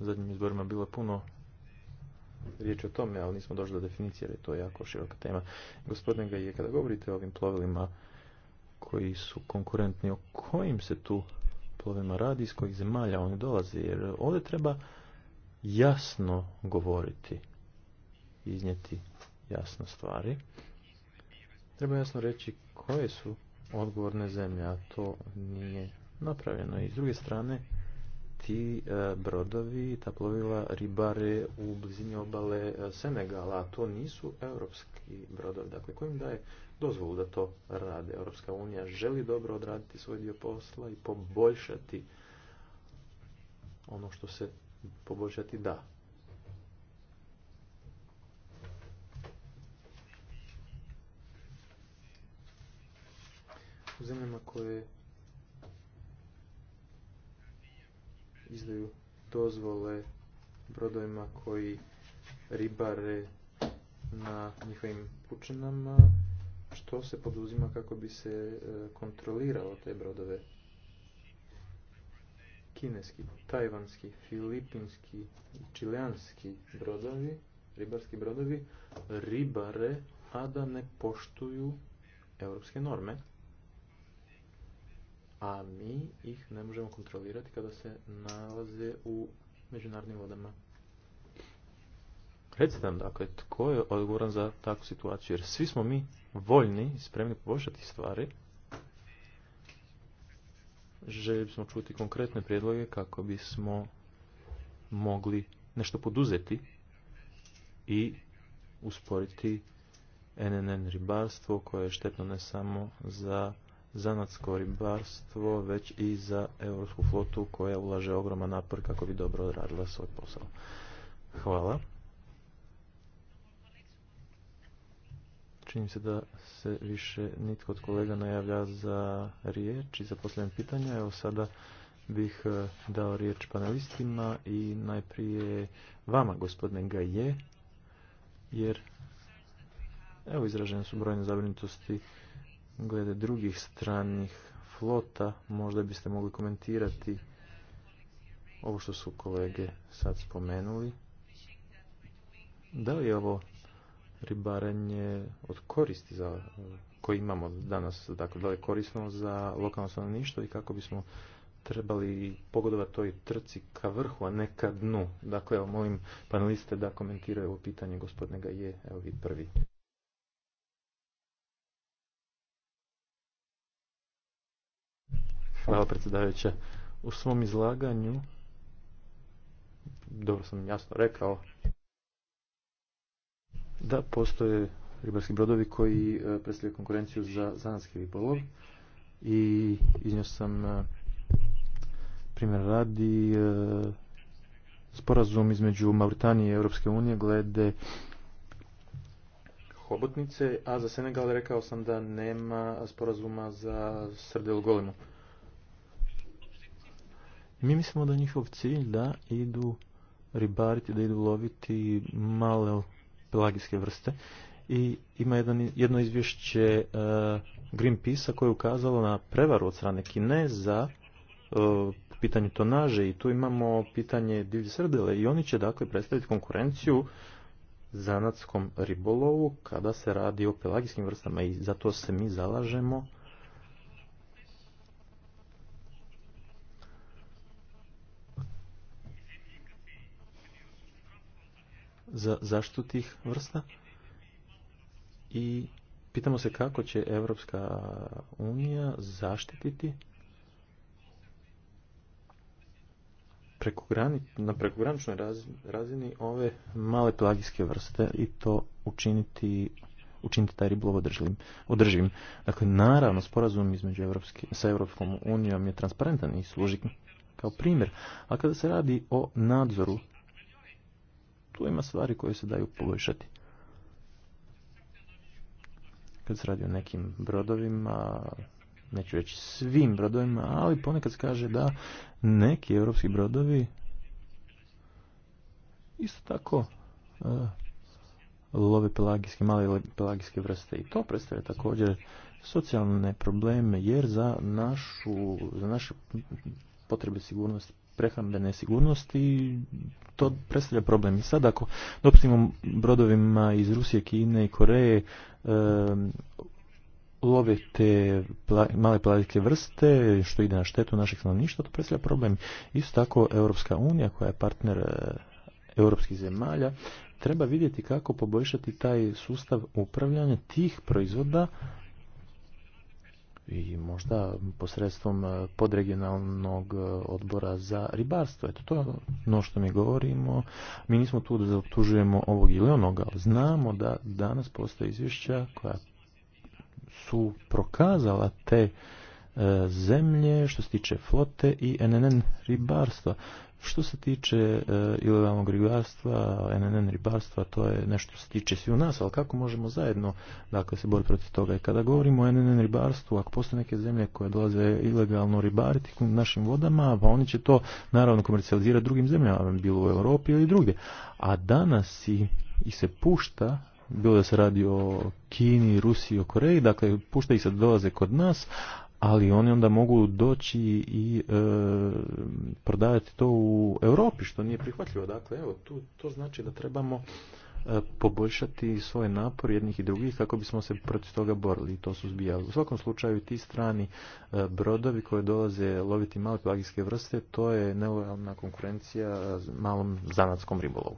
zadnjim izborima bilo puno riječi o tome, ali nismo došli do definicije, jer je to jako široka tema. Gospodine je kada govorite o ovim plovilima koji su konkurentni, o kojim se tu plovilima radi, iz kojih zemalja oni dolaze, jer ovdje treba jasno govoriti, iznijeti jasno stvari. Treba jasno reći koje su odgovorne zemlje, a to nije napravljeno. I s druge strane, ti e, brodovi, ta plovila ribare u blizini obale e, Senegala, a to nisu europski brodovi. Dakle, kojim daje dozvolu da to rade? Europska unija želi dobro odraditi svoj dio posla i poboljšati ono što se poboljšati da. u zemljama koje izdaju dozvole brodovima koji ribare na njihovim pučinama, što se poduzima kako bi se e, kontroliralo te brodove. Kineski, tajvanski, filipinski i čileanski brodovi, ribarski brodovi, ribare, a da ne poštuju europske norme a mi ih ne možemo kontrolirati kada se nalaze u međunarodnim vodama. Recite nam, dakle, tko je odgovoran za takvu situaciju? Jer svi smo mi voljni i spremni poboljšati stvari. Željeli bismo čuti konkretne prijedloge kako bismo mogli nešto poduzeti i usporiti NNN ribarstvo koje je štetno ne samo za zanatsko ribarstvo, već i za europsku flotu koja ulaže ogroman napor kako bi dobro odradila svoj posao. Hvala. Činim se da se više nitko od kolega najavlja za riječ i za posljednje pitanje. Evo sada bih e, dao riječ panelistima i najprije vama, gospodine Gaje, jer evo izražene su brojne zabrinutosti glede drugih stranih flota, možda biste mogli komentirati ovo što su kolege sad spomenuli. Da li je ovo ribarenje od koristi za, koji imamo danas, dakle, da li je korisno za lokalno stanovništvo i kako bismo trebali pogodovati toj trci ka vrhu, a ne ka dnu. Dakle, evo, molim paneliste da komentiraju ovo pitanje gospodnega je, evo vi prvi. Hvala predsjedavajuća. U svom izlaganju, dobro sam jasno rekao, da postoje ribarski brodovi koji e, predstavljaju konkurenciju za zanatski ribolov i iznio sam e, primjer radi e, sporazum između Mauritanije i Europske unije glede hobotnice, a za Senegal rekao sam da nema sporazuma za srdelu golemu mi mislimo da je njihov cilj da idu ribariti, da idu loviti male pelagijske vrste. I ima jedno izvješće uh, Greenpeace-a koje je ukazalo na prevaru od strane Kineza uh, e, pitanju tonaže i tu imamo pitanje divlje srdele i oni će dakle predstaviti konkurenciju zanatskom ribolovu kada se radi o pelagijskim vrstama i zato se mi zalažemo za zaštitu tih vrsta i pitamo se kako će Europska unija zaštititi na prekograničnoj razini ove male plagijske vrste i to učiniti učiniti taj ribolov održivim. održivim. Dakle, naravno, sporazum između Evropske, sa Evropskom unijom je transparentan i služi kao primjer. A kada se radi o nadzoru tu ima stvari koje se daju poboljšati. Kad se radi o nekim brodovima, neću reći svim brodovima, ali ponekad se kaže da neki europski brodovi isto tako e, love pelagijske, male pelagijske vrste. I to predstavlja također socijalne probleme, jer za našu, za naše potrebe sigurnosti prehrambene sigurnosti i to predstavlja problem. I sad ako dopustimo brodovima iz Rusije, Kine i Koreje e, love te male plavijske vrste što ide na štetu našeg stanovništva, to predstavlja problem. Isto tako Europska unija koja je partner e, europskih zemalja treba vidjeti kako poboljšati taj sustav upravljanja tih proizvoda i možda posredstvom e, podregionalnog e, odbora za ribarstvo. Eto to je ono što mi govorimo. Mi nismo tu da optužujemo ovog ili onoga, ali znamo da danas postoje izvješća koja su prokazala te e, zemlje što se tiče flote i NNN ribarstva. Što se tiče e, ilegalnog ribarstva, NNN ribarstva, to je nešto što se tiče svi u nas, ali kako možemo zajedno dakle, se boriti protiv toga? I kada govorimo o NNN ribarstvu, ako postoje neke zemlje koje dolaze ilegalno ribariti u našim vodama, pa oni će to naravno komercijalizirati drugim zemljama, bilo u Europi ili drugdje. A danas i, i se pušta bilo da se radi o Kini, Rusiji, o Koreji, dakle pušta ih se dolaze kod nas, ali oni onda mogu doći i e, prodavati to u Europi što nije prihvatljivo. Dakle, evo, tu, to znači da trebamo e, poboljšati svoj napor jednih i drugih kako bismo se protiv toga borili i to suzbijali. U svakom slučaju ti strani e, brodovi koje dolaze loviti male plagijske vrste, to je nelojalna konkurencija malom zanatskom ribolovu.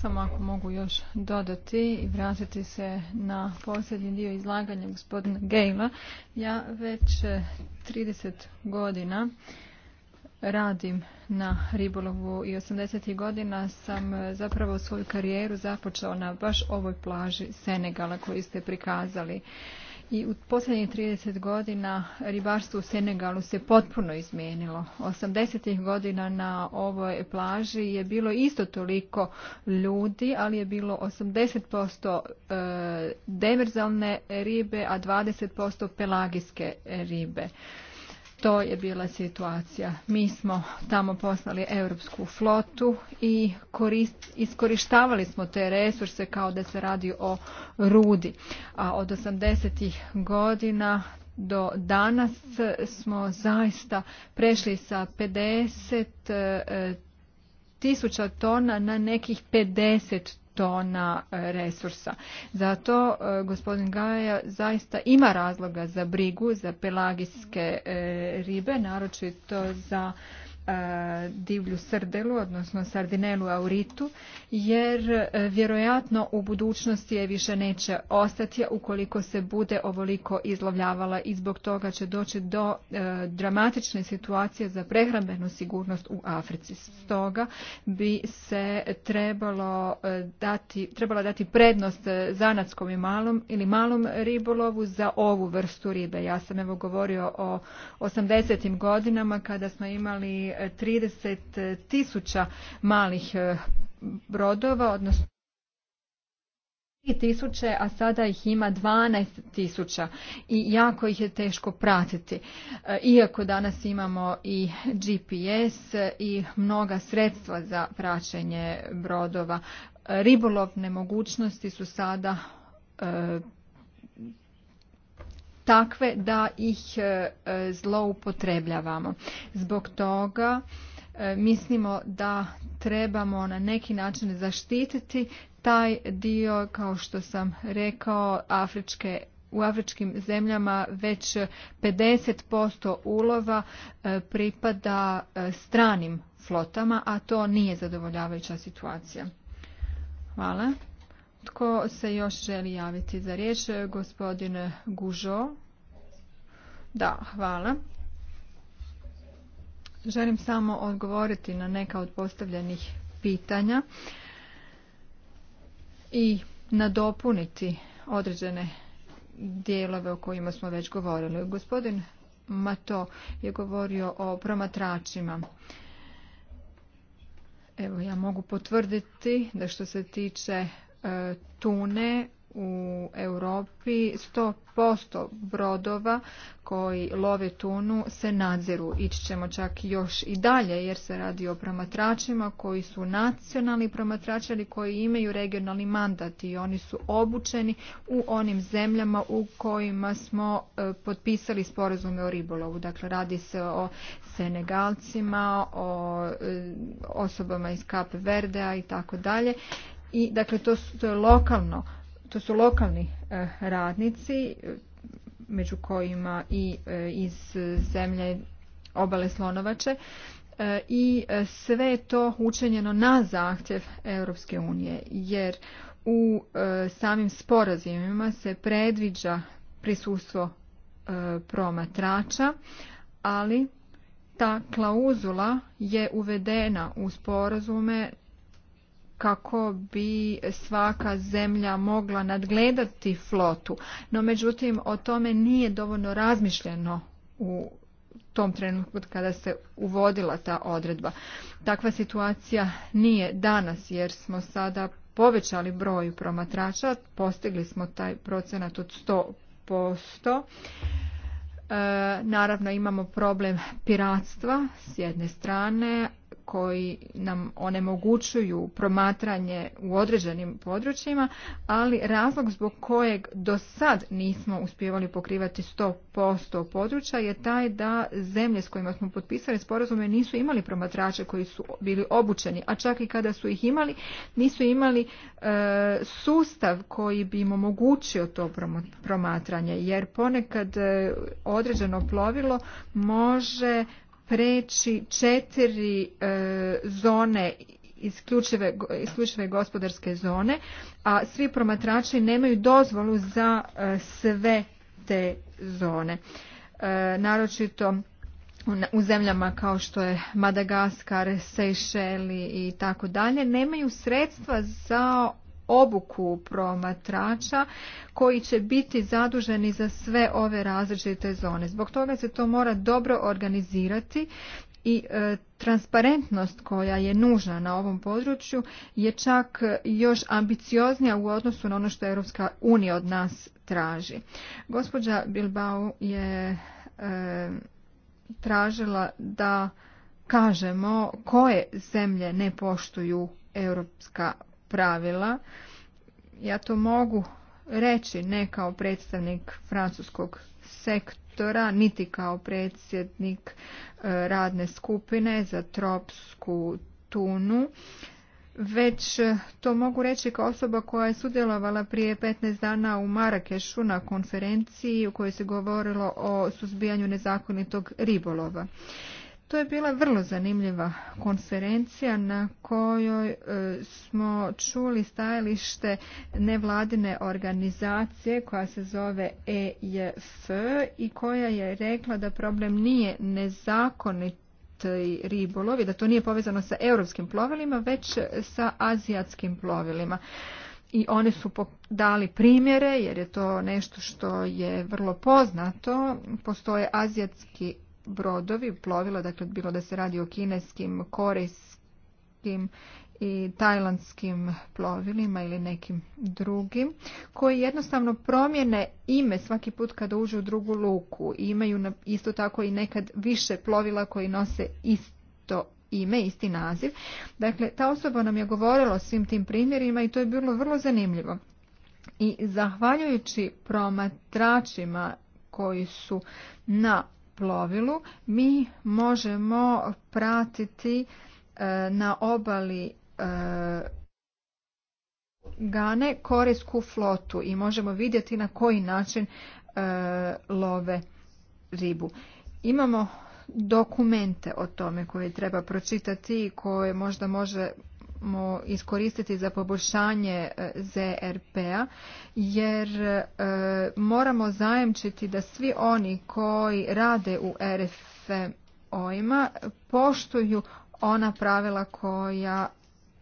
Samo ako mogu još dodati i vratiti se na posljednji dio izlaganja gospodina Gejla. Ja već 30 e, godina radim na ribolovu i 80. godina sam e, zapravo svoju karijeru započeo na baš ovoj plaži Senegala koju ste prikazali. I u posljednjih 30 godina ribarstvo u Senegalu se potpuno izmijenilo. 80. godina na ovoj plaži je bilo isto toliko ljudi, ali je bilo 80% e, demerzalne ribe, a 20% pelagijske ribe. To je bila situacija. Mi smo tamo poslali europsku flotu i korist, iskorištavali smo te resurse kao da se radi o rudi. A od 80. godina do danas smo zaista prešli sa 50 e, tisuća tona na nekih 50 tona e, resursa. Zato e, gospodin Gaja zaista ima razloga za brigu za pelagijske e, ribe, naročito za divlju srdelu, odnosno sardinelu auritu, jer e, vjerojatno u budućnosti je više neće ostati ukoliko se bude ovoliko izlovljavala i zbog toga će doći do e, dramatične situacije za prehrambenu sigurnost u Africi. Stoga bi se trebalo e, dati, trebala dati prednost zanatskom i malom ili malom ribolovu za ovu vrstu ribe. Ja sam evo govorio o 80. godinama kada smo imali 30 tisuća malih e, brodova, odnosno tisuće, a sada ih ima 12 tisuća i jako ih je teško pratiti. E, iako danas imamo i GPS i mnoga sredstva za praćenje brodova, e, ribolovne mogućnosti su sada takve da ih e, e, zloupotrebljavamo. Zbog toga e, mislimo da trebamo na neki način zaštititi taj dio kao što sam rekao afričke u afričkim zemljama već 50% ulova pripada stranim flotama, a to nije zadovoljavajuća situacija. Hvala. Tko se još želi javiti za riječ? Gospodin Gužo. Da, hvala. Želim samo odgovoriti na neka od postavljenih pitanja i nadopuniti određene dijelove o kojima smo već govorili. Gospodin Mato je govorio o promatračima. Evo, ja mogu potvrditi da što se tiče E, tune u Europi 100% brodova koji love tunu se nadziru. Ići ćemo čak još i dalje jer se radi o promatračima koji su nacionalni promatrači ali koji imaju regionalni mandat i oni su obučeni u onim zemljama u kojima smo e, potpisali sporazume o ribolovu. Dakle, radi se o Senegalcima, o e, osobama iz Cape Verdea i tako dalje i dakle to, su, to je lokalno to su lokalni e, radnici e, među kojima i e, iz zemlje obale slonovače i sve je to učinjeno na zahtjev Europske unije jer u samim sporazumima se predviđa prisustvo promatrača ali ta klauzula je uvedena u sporazume kako bi svaka zemlja mogla nadgledati flotu. No međutim, o tome nije dovoljno razmišljeno u tom trenutku kada se uvodila ta odredba. Takva situacija nije danas jer smo sada povećali broj promatrača, postigli smo taj procenat od 100%. E, naravno imamo problem piratstva s jedne strane, koji nam onemogućuju promatranje u određenim područjima, ali razlog zbog kojeg do sad nismo uspjevali pokrivati 100% područja je taj da zemlje s kojima smo potpisali sporazume nisu imali promatrače koji su bili obučeni, a čak i kada su ih imali, nisu imali e, sustav koji bi im omogućio to promatranje, jer ponekad e, određeno plovilo može preći četiri e, zone isključive, isključive gospodarske zone, a svi promatrači nemaju dozvolu za e, sve te zone. E, naročito u zemljama kao što je Madagaskar, Sejšeli i tako dalje, nemaju sredstva za obuku promatrača koji će biti zaduženi za sve ove različite zone. Zbog toga se to mora dobro organizirati i e, transparentnost koja je nužna na ovom području je čak još ambicioznija u odnosu na ono što Europska unija od nas traži. Gospođa Bilbao je e, tražila da kažemo koje zemlje ne poštuju europska pravila. Ja to mogu reći ne kao predstavnik francuskog sektora, niti kao predsjednik e, radne skupine za tropsku tunu, već e, to mogu reći kao osoba koja je sudjelovala prije 15 dana u Marakešu na konferenciji u kojoj se govorilo o suzbijanju nezakonitog ribolova. To je bila vrlo zanimljiva konferencija na kojoj e, smo čuli stajalište nevladine organizacije koja se zove EJF i koja je rekla da problem nije nezakonit ribolov da to nije povezano sa europskim plovilima već sa azijatskim plovilima i oni su dali primjere jer je to nešto što je vrlo poznato. Postoje azijatski brodovi, plovila, dakle bilo da se radi o kineskim, korejskim i tajlandskim plovilima ili nekim drugim, koji jednostavno promjene ime svaki put kada uđu u drugu luku i imaju isto tako i nekad više plovila koji nose isto ime, isti naziv. Dakle, ta osoba nam je govorila o svim tim primjerima i to je bilo vrlo zanimljivo. I zahvaljujući promatračima koji su na plovilu mi možemo pratiti e, na obali e, Gane korejsku flotu i možemo vidjeti na koji način e, love ribu. Imamo dokumente o tome koje treba pročitati i koje možda može ćemo iskoristiti za poboljšanje e, ZRP-a jer e, moramo zajemčiti da svi oni koji rade u RFM-ovima poštuju ona pravila koja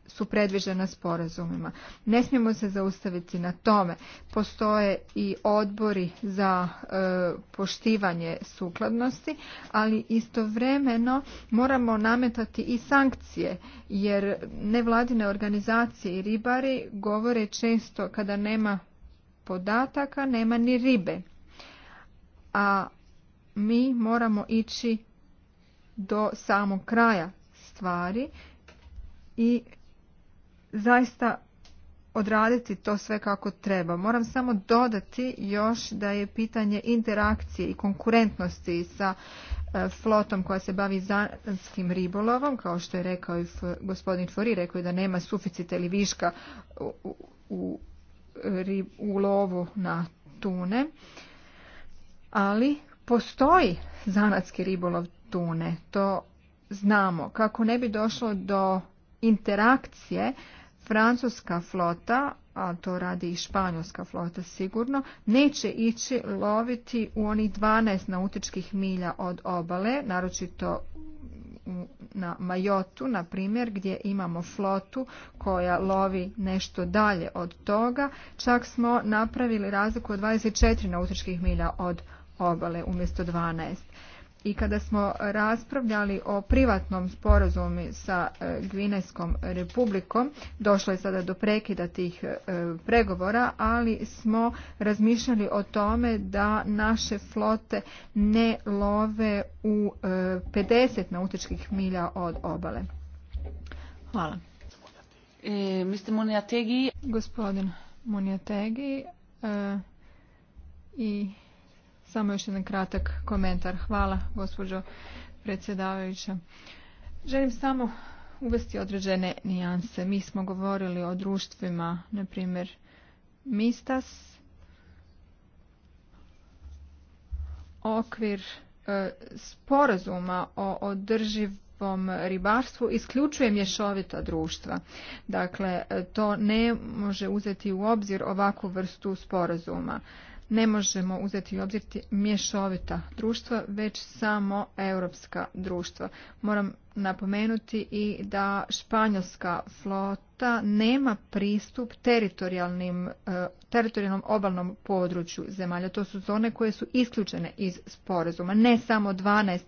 su predviđena sporazumima. Ne smijemo se zaustaviti na tome. Postoje i odbori za e, poštivanje sukladnosti, ali istovremeno moramo nametati i sankcije, jer nevladine organizacije i ribari govore često kada nema podataka, nema ni ribe. A mi moramo ići do samog kraja stvari i zaista odraditi to sve kako treba. Moram samo dodati još da je pitanje interakcije i konkurentnosti sa e, flotom koja se bavi zanatskim ribolovom, kao što je rekao i gospodin Fori, rekao je da nema suficita ili viška u, u, u lovu na tune, ali postoji zanatski ribolov tune, to znamo. Kako ne bi došlo do interakcije francuska flota, a to radi i španjolska flota sigurno, neće ići loviti u onih 12 nautičkih milja od obale, naročito na Majotu, na primjer, gdje imamo flotu koja lovi nešto dalje od toga. Čak smo napravili razliku od 24 nautičkih milja od obale umjesto 12 i kada smo raspravljali o privatnom sporazumu sa e, Gvinejskom republikom, došlo je sada do prekida tih e, pregovora, ali smo razmišljali o tome da naše flote ne love u 50 e, nautičkih milja od obale. Hvala. Mr. Gospodin moniategi i samo još jedan kratak komentar. Hvala, gospođo predsjedavajuća. Želim samo uvesti određene nijanse. Mi smo govorili o društvima, na primjer, Mistas, okvir e, sporazuma o održivom ribarstvu isključuje mješovita društva. Dakle, e, to ne može uzeti u obzir ovakvu vrstu sporazuma ne možemo uzeti u obzir mješovita društva, već samo europska društva. Moram napomenuti i da španjolska flota nema pristup teritorijalnim, e, teritorijalnom obalnom području zemalja. To su zone koje su isključene iz sporazuma. Ne samo 12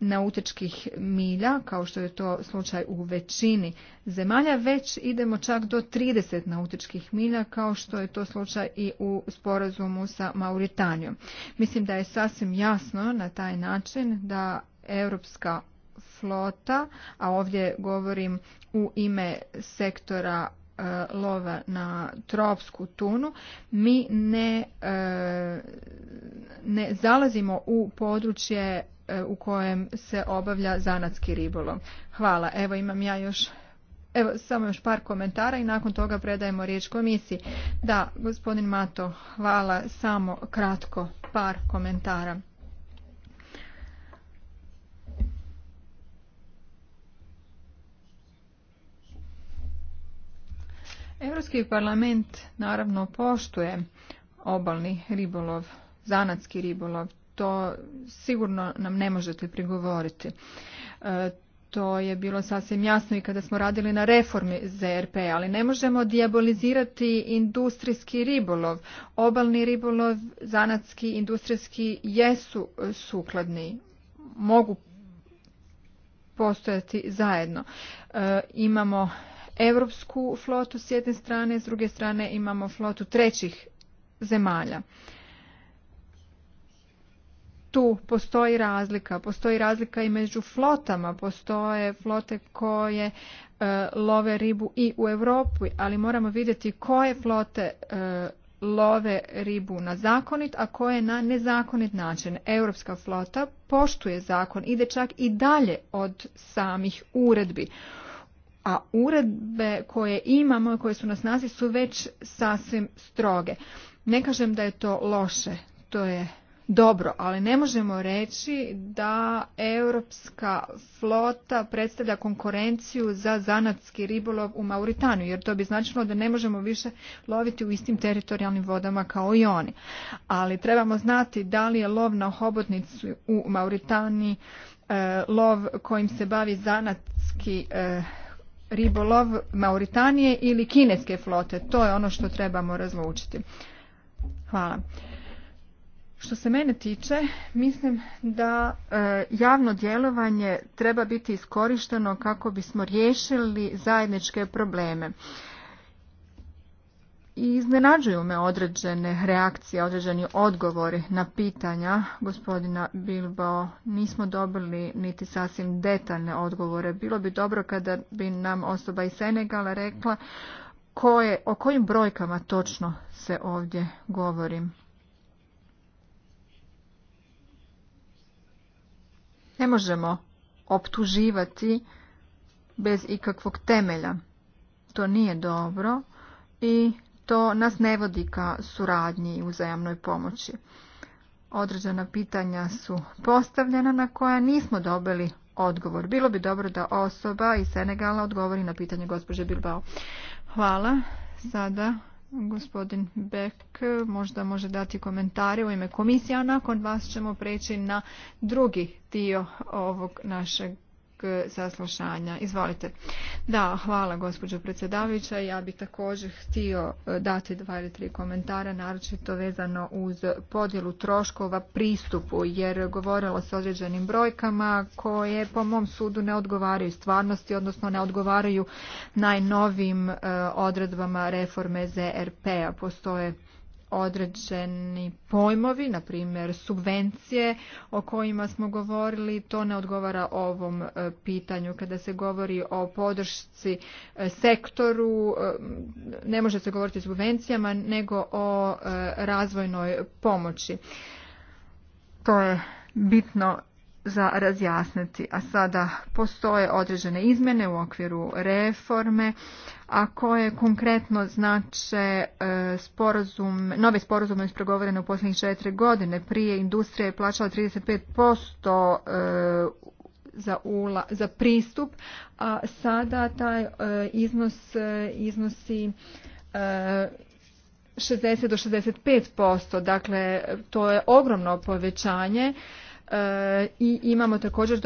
nautičkih milja, kao što je to slučaj u većini zemalja, već idemo čak do 30 nautičkih milja, kao što je to slučaj i u sporazumu sa Mauritanijom. Mislim da je sasvim jasno na taj način da europska flota, a ovdje govorim u ime sektora e, lova na tropsku tunu, mi ne, e, ne zalazimo u područje E, u kojem se obavlja zanatski ribolov. Hvala. Evo imam ja još Evo, samo još par komentara i nakon toga predajemo riječ komisiji. Da, gospodin Mato, hvala, samo kratko, par komentara. Europski parlament naravno poštuje obalni ribolov, zanatski ribolov to sigurno nam ne možete prigovoriti. E, to je bilo sasvim jasno i kada smo radili na reformi ZRP, ali ne možemo diabolizirati industrijski ribolov. Obalni ribolov, zanatski, industrijski jesu e, sukladni, mogu postojati zajedno. E, imamo europsku flotu s jedne strane, s druge strane imamo flotu trećih zemalja tu postoji razlika. Postoji razlika i među flotama. Postoje flote koje e, love ribu i u Europi, ali moramo vidjeti koje flote e, love ribu na zakonit, a koje na nezakonit način. Europska flota poštuje zakon, ide čak i dalje od samih uredbi. A uredbe koje imamo i koje su na snazi su već sasvim stroge. Ne kažem da je to loše, to je dobro, ali ne možemo reći da europska flota predstavlja konkurenciju za zanatski ribolov u Mauritaniju, jer to bi značilo da ne možemo više loviti u istim teritorijalnim vodama kao i oni. Ali trebamo znati da li je lov na hobotnicu u Mauritaniji e, lov kojim se bavi zanatski e, ribolov Mauritanije ili kineske flote. To je ono što trebamo razlučiti. Hvala. Što se mene tiče, mislim da e, javno djelovanje treba biti iskorišteno kako bismo riješili zajedničke probleme. I iznenađuju me određene reakcije, određeni odgovori na pitanja gospodina Bilbao. Nismo dobili niti sasvim detaljne odgovore. Bilo bi dobro kada bi nam osoba iz Senegala rekla koje, o kojim brojkama točno se ovdje govorim. ne možemo optuživati bez ikakvog temelja. To nije dobro i to nas ne vodi ka suradnji i uzajamnoj pomoći. Određena pitanja su postavljena na koja nismo dobili odgovor. Bilo bi dobro da osoba iz Senegala odgovori na pitanje gospođe Bilbao. Hvala. Sada Gospodin Beck možda može dati komentare u ime komisije, a nakon vas ćemo preći na drugi dio ovog našeg E, saslušanja. Izvolite. Da, hvala gospođo predsjedavajuća. Ja bih također htio e, dati dva ili tri komentara, naročito vezano uz podjelu troškova pristupu, jer govorilo se o određenim brojkama koje po mom sudu ne odgovaraju stvarnosti, odnosno ne odgovaraju najnovim e, odredbama reforme ZRP-a. Postoje određeni pojmovi, na primjer subvencije o kojima smo govorili, to ne odgovara ovom e, pitanju. Kada se govori o podršci e, sektoru, e, ne može se govoriti o subvencijama, nego o razvojnoj pomoći. To je bitno za razjasniti. A sada postoje određene izmjene u okviru reforme, a koje konkretno znače e, sporazum, nove sporazume ispregovorene u posljednjih četiri godine. Prije industrija je plaćala 35% e, za, ula, za pristup, a sada taj e, iznos iznosi 60 do 65%, dakle to je ogromno povećanje E, i imamo također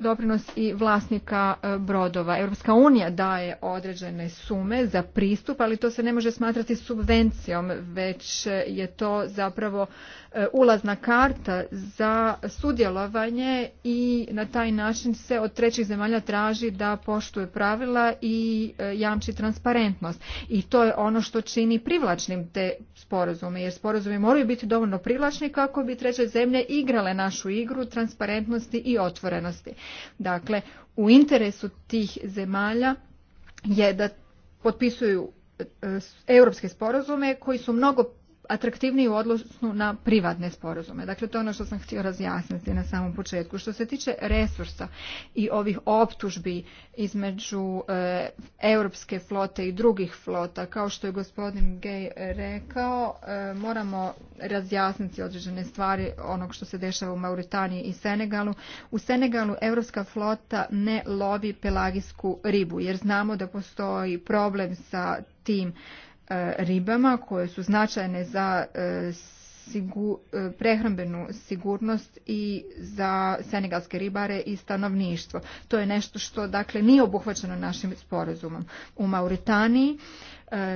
doprinos, i vlasnika e, brodova. Europska unija daje određene sume za pristup, ali to se ne može smatrati subvencijom, već je to zapravo E, ulazna karta za sudjelovanje i na taj način se od trećih zemalja traži da poštuje pravila i e, jamči transparentnost. I to je ono što čini privlačnim te sporazume, jer sporazumi moraju biti dovoljno privlačni kako bi treće zemlje igrale našu igru transparentnosti i otvorenosti. Dakle, u interesu tih zemalja je da potpisuju e, europske sporazume koji su mnogo atraktivniji u odnosu na privatne sporazume. Dakle, to je ono što sam htio razjasniti na samom početku. Što se tiče resursa i ovih optužbi između e, europske flote i drugih flota, kao što je gospodin Gay rekao, e, moramo razjasniti određene stvari onog što se dešava u Mauritaniji i Senegalu. U Senegalu europska flota ne lovi pelagijsku ribu, jer znamo da postoji problem sa tim E, ribama koje su značajne za e, e, prehrambenu sigurnost i za senegalske ribare i stanovništvo. To je nešto što dakle nije obuhvaćeno našim sporazumom. U Mauritaniji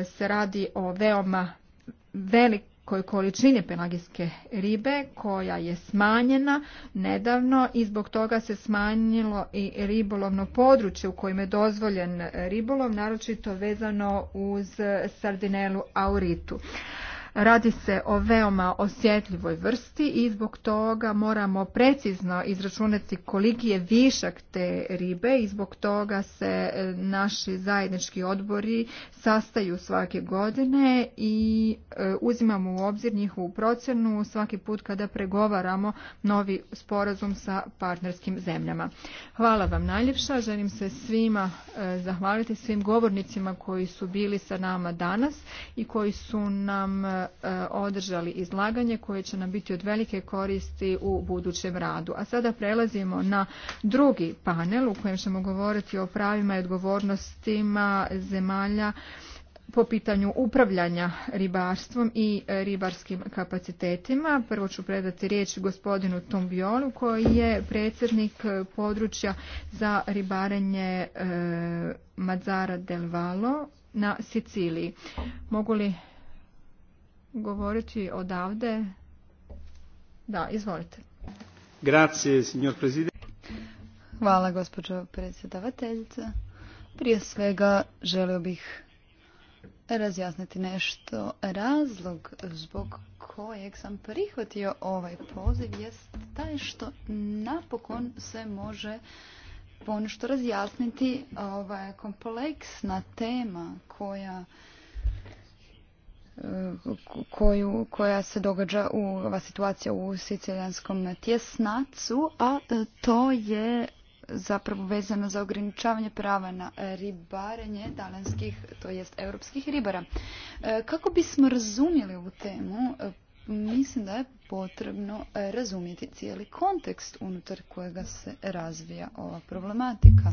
se radi o veoma velik koje količine pelagijske ribe koja je smanjena nedavno i zbog toga se smanjilo i ribolovno područje u kojem je dozvoljen ribolov, naročito vezano uz sardinelu auritu. Radi se o veoma osjetljivoj vrsti i zbog toga moramo precizno izračunati koliki je višak te ribe i zbog toga se e, naši zajednički odbori sastaju svake godine i e, uzimamo u obzir njihovu procjenu svaki put kada pregovaramo novi sporazum sa partnerskim zemljama. Hvala vam najljepša, želim se svima e, zahvaliti svim govornicima koji su bili sa nama danas i koji su nam E, održali izlaganje koje će nam biti od velike koristi u budućem radu. A sada prelazimo na drugi panel u kojem ćemo govoriti o pravima i odgovornostima zemalja po pitanju upravljanja ribarstvom i ribarskim kapacitetima. Prvo ću predati riječ gospodinu Tombiolu koji je predsjednik područja za ribarenje e, Mazara del Valo na Siciliji. Mogu li govoriti odavde? Da, izvolite. Grazie, signor presidente. Hvala, gospođo predsjedavateljica. Prije svega želio bih razjasniti nešto. Razlog zbog kojeg sam prihvatio ovaj poziv jest taj što napokon se može ponešto razjasniti kompleksna tema koja koju, koja se događa u ova situacija u sicilijanskom tjesnacu, a e, to je zapravo vezano za ograničavanje prava na ribarenje talijanskih, to jest europskih ribara. E, kako bismo razumjeli ovu temu, e, mislim da je potrebno razumjeti cijeli kontekst unutar kojega se razvija ova problematika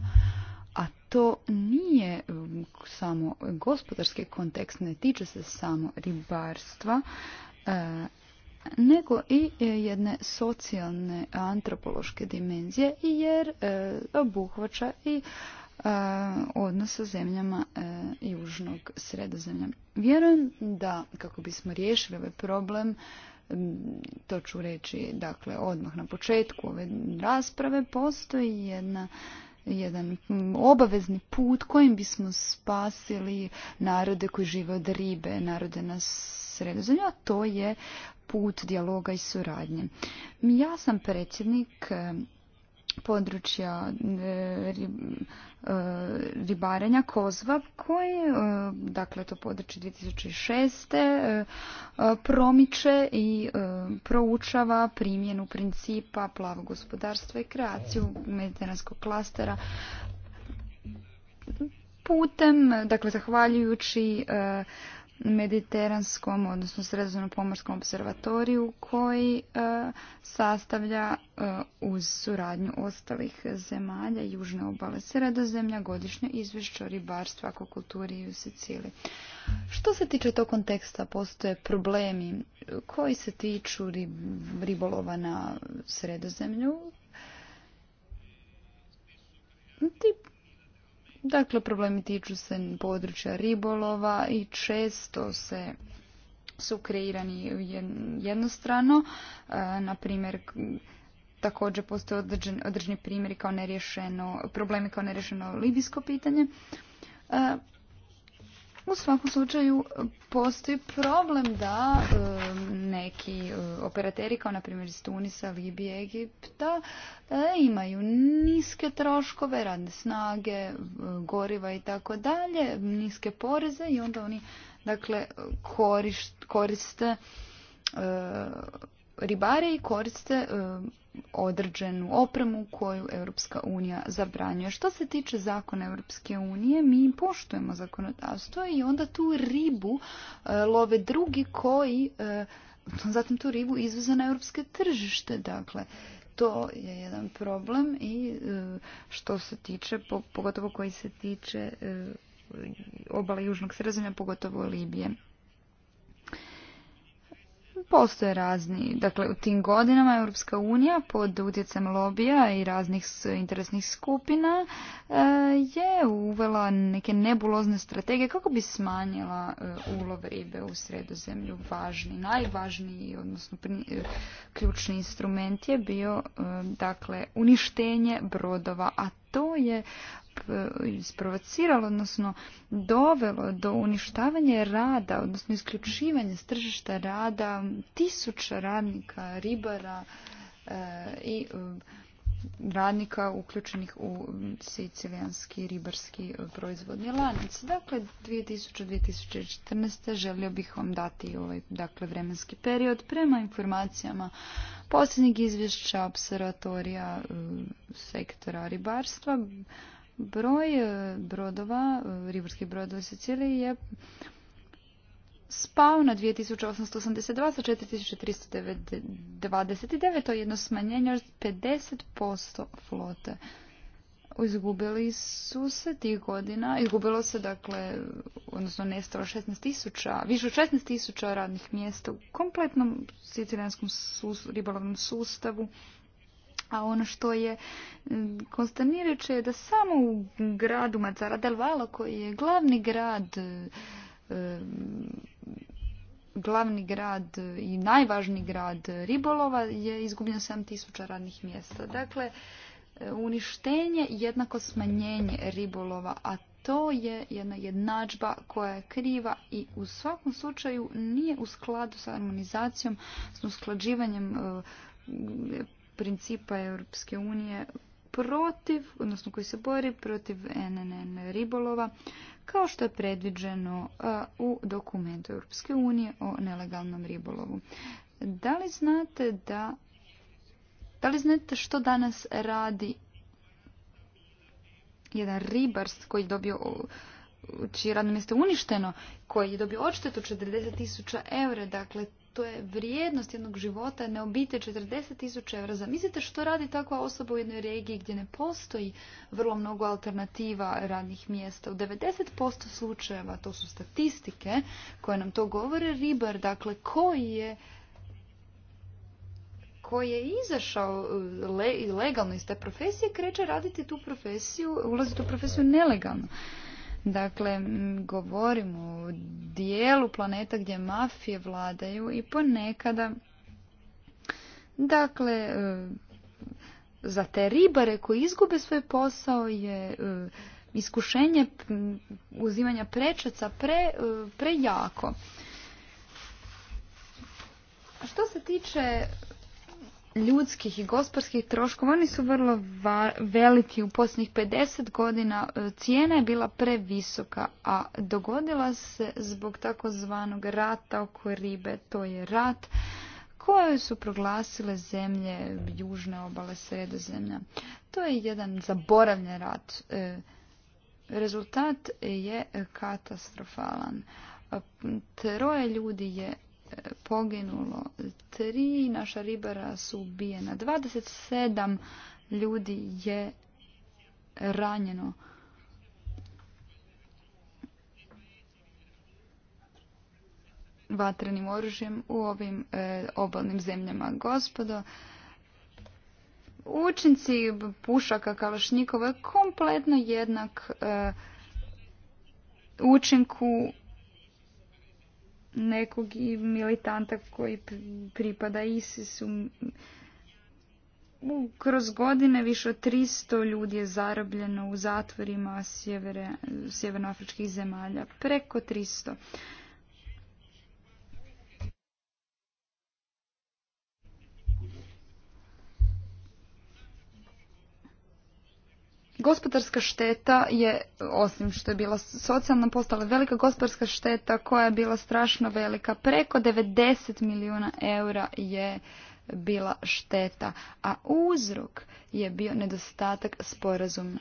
a to nije um, samo gospodarski kontekst, ne tiče se samo ribarstva, e, nego i e, jedne socijalne antropološke dimenzije jer e, obuhvaća i odnos sa zemljama južnog sredozemlja. Vjerujem da kako bismo riješili ovaj problem, to ću reći dakle odmah na početku ove rasprave, postoji jedna jedan obavezni put kojim bismo spasili narode koji žive od ribe, narode na sredozemlju, a to je put dijaloga i suradnje. Ja sam predsjednik područja e, e, ribarenja Kozva, koji, e, dakle to područje 2006. promiče i proučava primjenu principa plavog gospodarstva i kreaciju mediteranskog klastera putem, dakle zahvaljujući mediteranskom, odnosno sredozemnom pomorskom observatoriju koji e, sastavlja e, uz suradnju ostalih zemalja južne obale sredozemlja godišnje izvješće o ribarstvu, akvakulturi i u Sicili. Što se tiče tog konteksta, postoje problemi koji se tiču ribolova na sredozemlju. Ti Dakle, problemi tiču se područja ribolova i često se su kreirani jednostrano. E, na primjer, također postoje određeni primjeri kao nerješeno, problemi kao nerješeno libijsko pitanje. E, u svakom slučaju e, postoji problem da e, neki e, operateri kao na primjer iz Tunisa, Libije, Egipta imaju niske troškove, radne snage, goriva i tako dalje, niske poreze i onda oni dakle koriste ribare i koriste e, određenu opremu koju Europska unija zabranjuje. Što se tiče zakona Europske unije, mi poštujemo zakonodavstvo i onda tu ribu e, love drugi koji e, zatim tu ribu izveze na europske tržište. Dakle, to je jedan problem i što se tiče, pogotovo koji se tiče obale Južnog sredozemlja, pogotovo Libije postoje razni, dakle u tim godinama Europska unija pod utjecajem lobija i raznih interesnih skupina e, je uvela neke nebulozne strategije kako bi smanjila e, ulov ribe u sredozemlju. Važni, najvažniji, odnosno e, ključni instrument je bio dakle uništenje brodova, a to je Eh, isprovociralo, odnosno dovelo do uništavanja rada, odnosno isključivanja s tržišta rada tisuća radnika, ribara eh, i eh, radnika uključenih u sicilijanski ribarski proizvodni lanac. Dakle, 2000-2014. želio bih vam dati ovaj dakle, vremenski period prema informacijama posljednjeg izvješća observatorija sektora ribarstva. Broj e, brodova, e, ribarskih brodova Sicilije je spao na 2882 sa 4329. To je jedno smanjenje od 50% flote. Izgubili su se tih godina, izgubilo se dakle, odnosno nestalo 16 tisuća, više od 16 tisuća radnih mjesta u kompletnom sicilijanskom ribolovnom sustavu. A ono što je konsternirajuće je da samo u gradu Mazara del koji je glavni grad glavni grad i najvažniji grad ribolova je izgubljeno 7000 radnih mjesta. Dakle, uništenje jednako smanjenje ribolova, a to je jedna jednadžba koja je kriva i u svakom slučaju nije u skladu sa harmonizacijom, s usklađivanjem principa Europske unije protiv, odnosno koji se bori protiv NNN ribolova, kao što je predviđeno u dokumentu Europske unije o nelegalnom ribolovu. Da li znate da da li znate što danas radi jedan ribarst koji je dobio čije radno mjesto uništeno, koji je dobio odštetu 40.000 tisuća eura, dakle je vrijednost jednog života ne obite 40.000 evra. Zamislite što radi takva osoba u jednoj regiji gdje ne postoji vrlo mnogo alternativa radnih mjesta. U 90% slučajeva, to su statistike koje nam to govore, ribar, dakle, koji je koji je izašao uh, legalno iz te profesije, kreće raditi tu profesiju, ulaziti u profesiju nelegalno. Dakle, govorimo o dijelu planeta gdje mafije vladaju i ponekada dakle e, za te ribare koji izgube svoj posao je e, iskušenje uzimanja prečaca pre, e, prejako. Što se tiče ljudskih i gospodarskih troškova, oni su vrlo veliki u posljednjih 50 godina. E, cijena je bila previsoka, a dogodila se zbog takozvanog rata oko ribe. To je rat koje su proglasile zemlje južne obale sredozemlja. To je jedan zaboravljen rat. E, rezultat je katastrofalan. E, troje ljudi je poginulo tri, naša ribara su ubijena. 27 ljudi je ranjeno. vatrenim oružjem u ovim e, obalnim zemljama. Gospodo, učinci pušaka kalašnjikova je kompletno jednak e, učinku nekog militanta koji pripada ISIS-u. Kroz godine više od 300 ljudi je zarobljeno u zatvorima sjevernoafričkih zemalja. Preko 300. Gospodarska šteta je, osim što je bila socijalna, postala velika gospodarska šteta koja je bila strašno velika. Preko 90 milijuna eura je bila šteta, a uzrok je bio nedostatak sporazuma.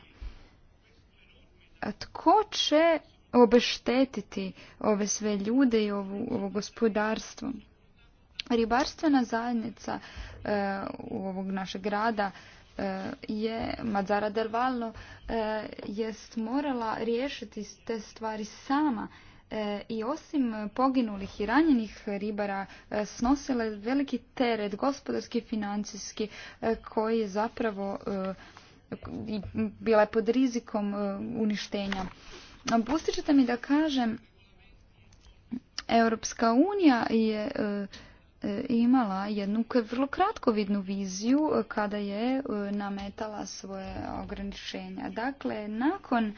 A tko će obeštetiti ove sve ljude i ovo, ovo gospodarstvo? Ribarstvena zajednica e, u ovog našeg grada E, je Madzara Dervalno e, jest morala riješiti te stvari sama e, i osim poginulih i ranjenih ribara snosila je veliki teret gospodarski i financijski koji je zapravo bila je pod rizikom uništenja. Pustit ćete mi da kažem Europska unija je E, imala jednu vrlo kratkovidnu viziju e, kada je e, nametala svoje ograničenja. Dakle, nakon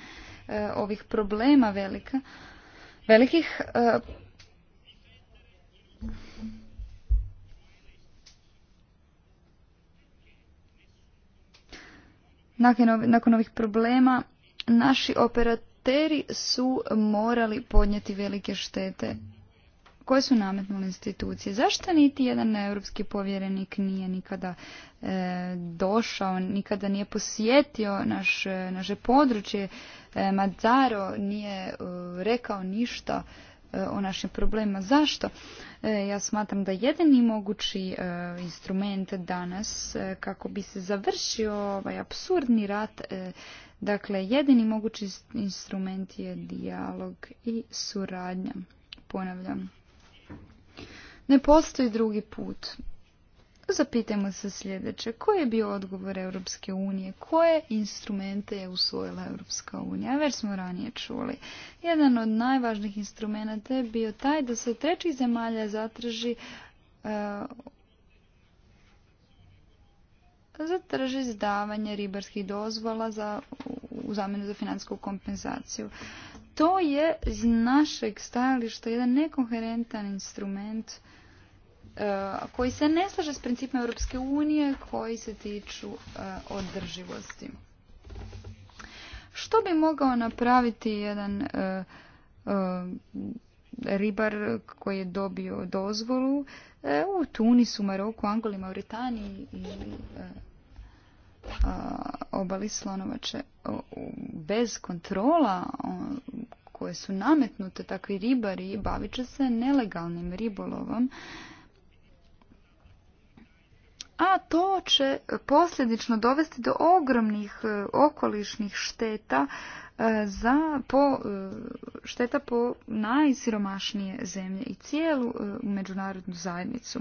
ovih problema velika, velikih nakon ovih problema naši operateri su morali podnijeti velike štete koje su nametnule institucije. Zašto niti jedan europski povjerenik nije nikada e, došao, nikada nije posjetio naš, e, naše područje, e, Mazzaro nije e, rekao ništa o našim problemima. Zašto? Ja smatram da jedini mogući instrument danas kako bi se završio ovaj absurdni rat, dakle jedini mogući instrument je dijalog i suradnja. Ponavljam. Ne postoji drugi put. Zapitajmo se sljedeće. Koji je bio odgovor Europske unije? Koje instrumente je usvojila Europska unija? Već smo ranije čuli. Jedan od najvažnijih instrumenta je bio taj da se trećih zemalja zatraži uh, zatraži izdavanje ribarskih dozvola za, u zamjenu za financijsku kompenzaciju. To je iz našeg stajališta jedan nekoherentan instrument E, koji se ne slaže s principima Europske unije koji se tiču e, održivosti. Što bi mogao napraviti jedan e, ribar koji je dobio dozvolu u Tunisu, Maroku, Angoli, Mauritaniji i obali slonovače bez kontrola koje su nametnute takvi ribari bavit će se nelegalnim ribolovom a to će posljedično dovesti do ogromnih e, okolišnih šteta e, za po, e, šteta po najsiromašnije zemlje i cijelu međunarodnu zajednicu.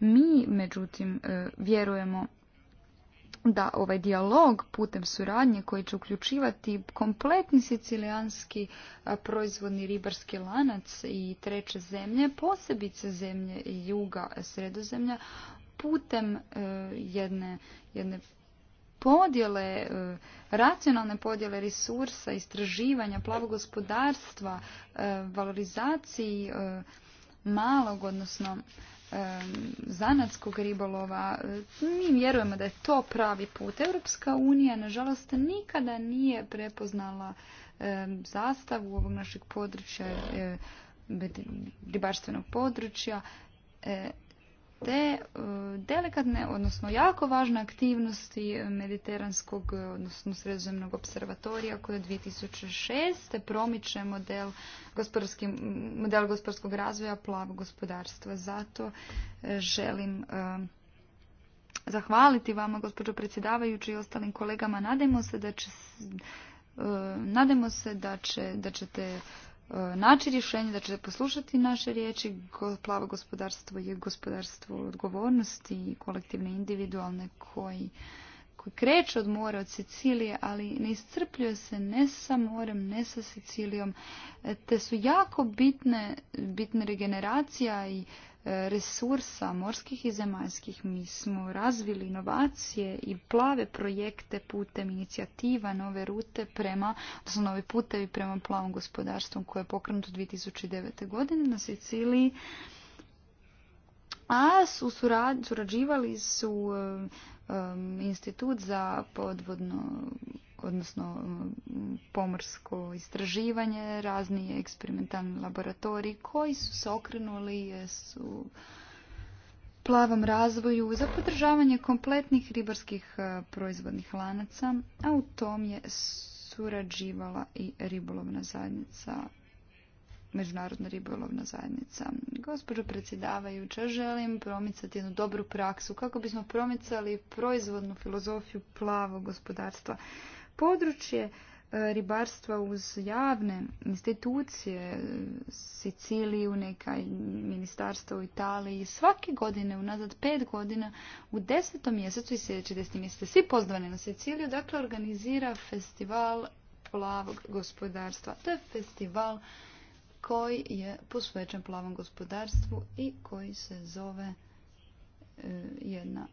Mi, međutim, vjerujemo da ovaj dijalog putem suradnje koji će uključivati kompletni sicilijanski proizvodni ribarski lanac i treće zemlje, posebice zemlje juga sredozemlja, putem e, jedne, jedne podjele, e, racionalne podjele resursa, istraživanja, plavog gospodarstva, e, valorizaciji malog, odnosno zanatskog ribolova. Mi vjerujemo da je to pravi put. Europska unija, nažalost, nikada nije prepoznala zastavu ovog našeg područja, ribarstvenog područja, te e, delikatne, odnosno jako važne aktivnosti mediteranskog, e, odnosno sredozemnog observatorija koje je 2006. promiče model, model gospodarskog razvoja plavog gospodarstva. Zato e, želim zahvaliti vama, gospođo predsjedavajući i ostalim kolegama. Nadajmo se da će nadajmo se da, će, da ćete E, naći rješenje, da će poslušati naše riječi. Plavo gospodarstvo je gospodarstvo odgovornosti i kolektivne individualne koji koji kreće od mora, od Sicilije, ali ne iscrpljuje se ne sa morem, ne sa Sicilijom, e, te su jako bitne, bitne regeneracija i resursa morskih i zemaljskih. Mi smo razvili inovacije i plave projekte putem inicijativa, nove rute prema, odnosno novi putevi prema plavom gospodarstvom koje je pokrenuto 2009. godine na Siciliji. A su surađivali su um, um, institut za podvodno odnosno mm, pomorsko istraživanje, razni eksperimentalni laboratoriji koji su se okrenuli su plavom razvoju za podržavanje kompletnih ribarskih e, proizvodnih lanaca, a u tom je surađivala i ribolovna zajednica Međunarodna ribolovna zajednica. Gospođo predsjedavajuća, želim promicati jednu dobru praksu kako bismo promicali proizvodnu filozofiju plavog gospodarstva. Područje e, ribarstva uz javne institucije, Siciliju, neka ministarstva u Italiji, svake godine, unazad pet godina, u desetom mjesecu i sljedeći deseti mjesec, svi pozvani na Siciliju, dakle, organizira festival plavog gospodarstva. To je festival koji je posvećen plavom gospodarstvu i koji se zove e, jedna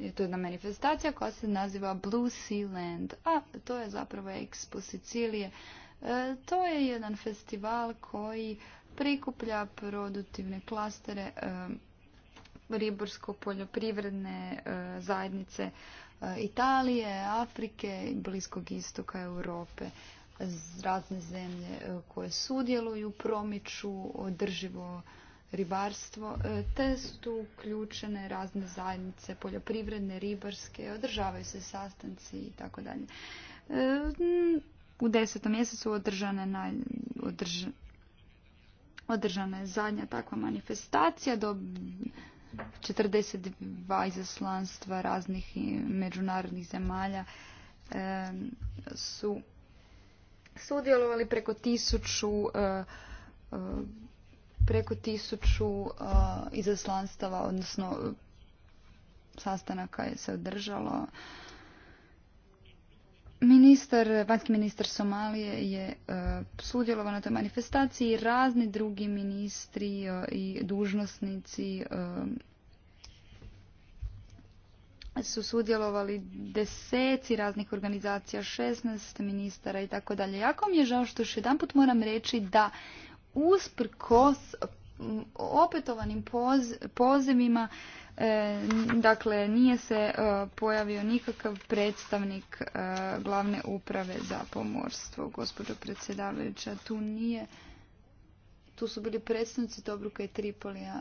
to je jedna manifestacija koja se naziva Blue Sea Land, a to je zapravo Expo Sicilije. E, to je jedan festival koji prikuplja produktivne klastere e, riborsko-poljoprivredne e, zajednice e, Italije, Afrike, i Bliskog istoka Europe razne zemlje koje sudjeluju, promiču održivo ribarstvo, e, te su uključene razne zajednice, poljoprivredne, ribarske, održavaju se sastanci i tako dalje. E, u desetom mjesecu održane održana je zadnja takva manifestacija do 42 izaslanstva raznih međunarodnih zemalja e, su sudjelovali preko tisuću preko tisuću izaslanstava, odnosno sastanaka je se održalo. Ministar, vanjski ministar Somalije je sudjelovao na toj manifestaciji, razni drugi ministri i dužnosnici su sudjelovali deseci raznih organizacija, 16 ministara i tako dalje. Jako mi je žao što još jedan put moram reći da usprkos opetovanim pozivima e, dakle nije se e, pojavio nikakav predstavnik e, glavne uprave za pomorstvo gospođo predsjedavajuća tu nije tu su bili predstavnici Dobruka i Tripolija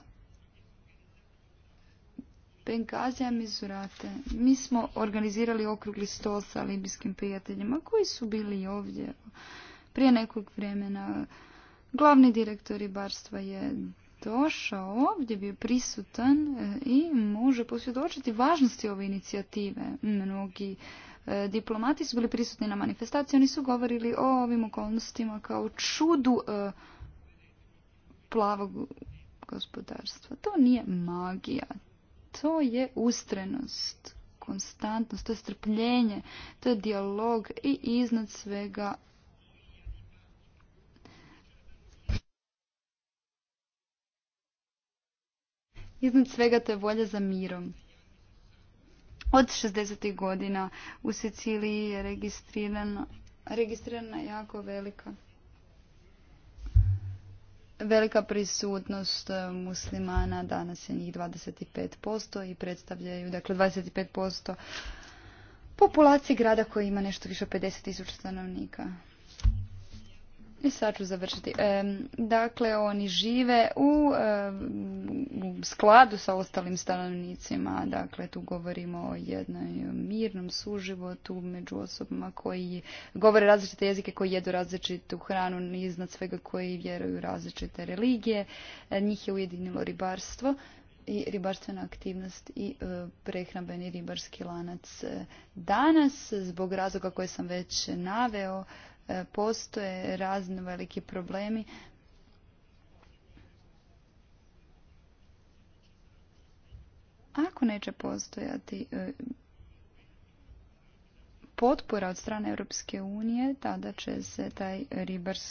Bengazija Mizurate. Mi smo organizirali okrugli stol sa libijskim prijateljima koji su bili ovdje prije nekog vremena. Glavni direktor ribarstva je došao ovdje, bio prisutan e, i može posvjedočiti važnosti ove inicijative. Mnogi e, diplomati su bili prisutni na manifestaciji, oni su govorili o ovim okolnostima kao čudu e, plavog gospodarstva. To nije magija, to je ustrenost, konstantnost, to je strpljenje, to je dijalog i iznad svega Iznad svega te je volja za mirom. Od 60. godina u Siciliji je registrirana, jako velika velika prisutnost e, muslimana, danas je njih 25% i predstavljaju dakle 25% populacije grada koji ima nešto više od 50.000 stanovnika. I sad ću završiti. dakle, oni žive u skladu sa ostalim stanovnicima. Dakle, tu govorimo o jednom mirnom suživotu među osobama koji govore različite jezike, koji jedu različitu hranu, iznad svega koji vjeruju različite religije. njih je ujedinilo ribarstvo i ribarstvena aktivnost i e, prehrambeni ribarski lanac. Danas, zbog razloga koje sam već naveo, E, postoje razni veliki problemi ako neće postojati e, potpora od strane Europske unije, tada će se taj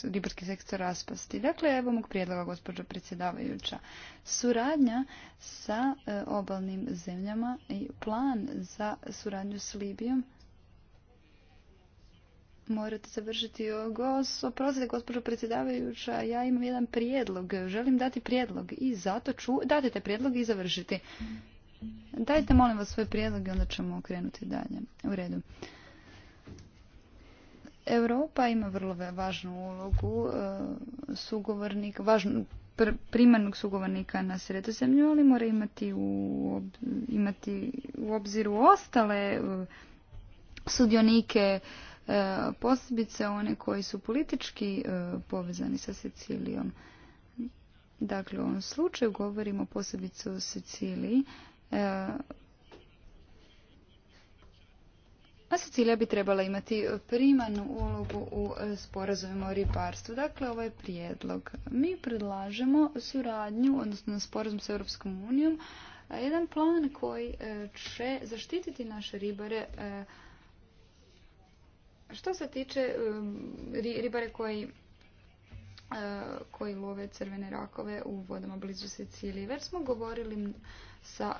ribarski sektor raspasti. Dakle, evo mog prijedloga, gospođo predsjedavajuća. Suradnja sa e, obalnim zemljama i plan za suradnju s Libijom Morate završiti gos. Oprostite, gospođo predsjedavajuća, ja imam jedan prijedlog. Želim dati prijedlog i zato ću dati te prijedlog i završiti. Dajte, molim vas, svoje prijedlog i onda ćemo krenuti dalje. U redu. Europa ima vrlo važnu ulogu e, sugovornika, primarnog sugovornika na sredozemlju, ali mora imati u, imati u obziru ostale e, sudionike E, posebice one koji su politički e, povezani sa Sicilijom. Dakle, u ovom slučaju govorimo posebice o Siciliji, e, a Sicilija bi trebala imati primanu ulogu u sporazumima o ribarstvu. Dakle, ovo je prijedlog. Mi predlažemo suradnju, odnosno sporazum sa Europskom unijom, jedan plan koji će zaštititi naše ribare što se tiče um, ribare koji uh, koji love crvene rakove u vodama blizu Sicilije. Već smo govorili sa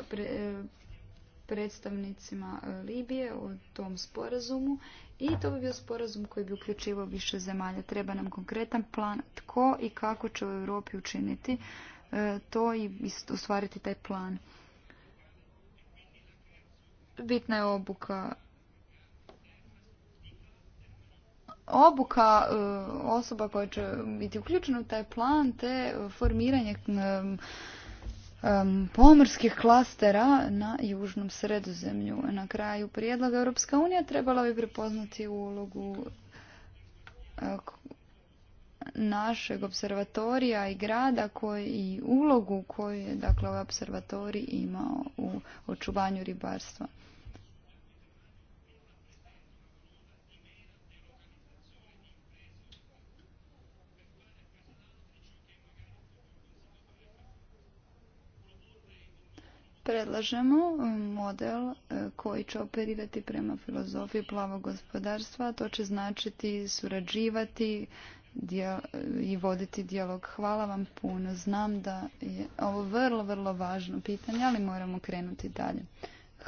predstavnicima Libije o tom sporazumu i to bi bio sporazum koji bi uključivao više zemalja. Treba nam konkretan plan tko i kako će u Europi učiniti uh, to i ostvariti taj plan. Bitna je obuka obuka eh, osoba koja će biti uključena u taj plan te formiranje pomorskih klastera na južnom sredozemlju. Na kraju prijedloga Europska unija trebala bi prepoznati ulogu eh, našeg observatorija i grada koji i ulogu koju je dakle ovaj observatorij imao u očuvanju ribarstva. Predlažemo um, model uh, koji će operirati prema filozofiji plavog gospodarstva. To će značiti surađivati i voditi dijalog. Hvala vam puno. Znam da je ovo vrlo, vrlo važno pitanje, ali moramo krenuti dalje.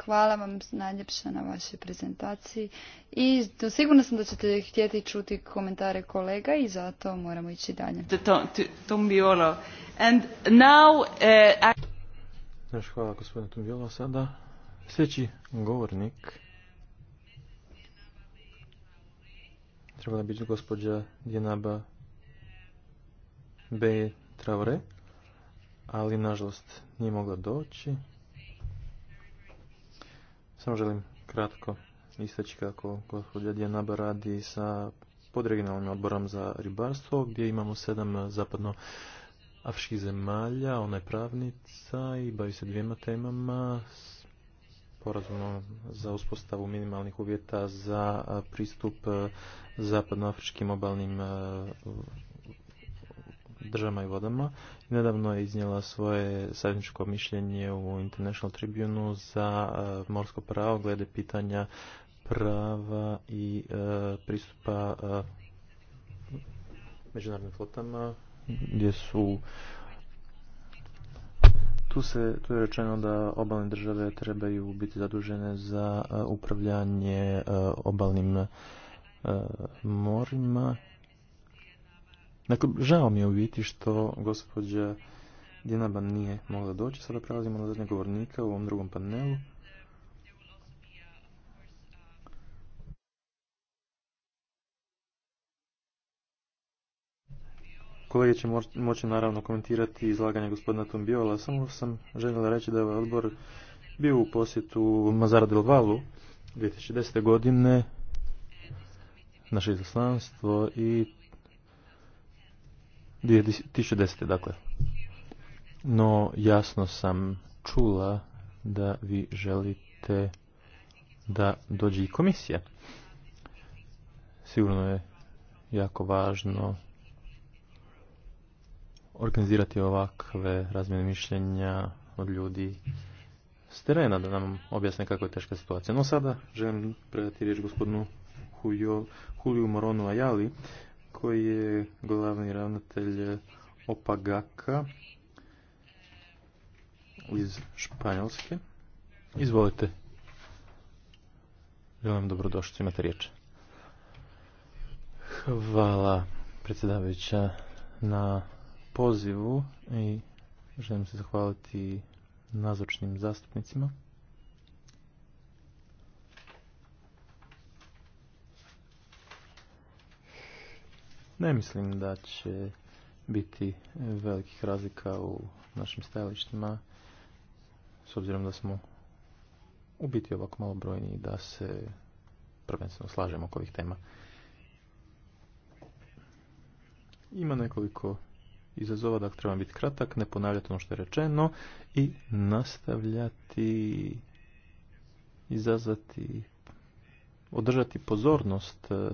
Hvala vam najljepša na vašoj prezentaciji i sigurno sam da ćete htjeti čuti komentare kolega i zato moramo ići dalje. Ono. And now, uh, hvala gospodinu Sada sljedeći govornik trebala biti gospođa Djenaba B. Traore, ali nažalost nije mogla doći. Samo želim kratko istaći kako gospođa Djenaba radi sa podregionalnim odborom za ribarstvo gdje imamo sedam zapadno afričkih zemalja, ona je pravnica i bavi se dvijema temama, porazumno za uspostavu minimalnih uvjeta za pristup zapadnoafričkim obalnim državama i vodama. Nedavno je iznijela svoje savjetničko mišljenje u International Tribune za morsko pravo glede pitanja prava i pristupa međunarodnim flotama gdje su tu, se, tu je rečeno da obalne države trebaju biti zadužene za e, upravljanje e, obalnim e, morima. Dakle, žao mi je u biti što gospođa Dinaba nije mogla doći. Sada prelazimo na zadnje govornika u ovom drugom panelu. Kolege će moći naravno komentirati izlaganje gospodina Tombiola, samo sam željela reći da je ovaj odbor bio u posjetu Mazara del Valu 2010. godine, naše izaslanstvo i 2010. dakle. No jasno sam čula da vi želite da dođe i komisija. Sigurno je jako važno organizirati ovakve razmjene mišljenja od ljudi s terena da nam objasne kako je teška situacija. No sada želim predati riječ gospodinu Julio, Juliju Moronu Ajali koji je glavni ravnatelj Opagaka iz Španjolske. Izvolite. Želim dobrodošli, imate riječ. Hvala predsjedavajuća na pozivu i želim se zahvaliti nazočnim zastupnicima. Ne mislim da će biti velikih razlika u našim stajalištima s obzirom da smo u biti ovako malo brojni i da se prvenstveno slažemo oko ovih tema. Ima nekoliko izazova, da dakle, trebam biti kratak, ne ponavljati ono što je rečeno i nastavljati izazvati, održati pozornost e,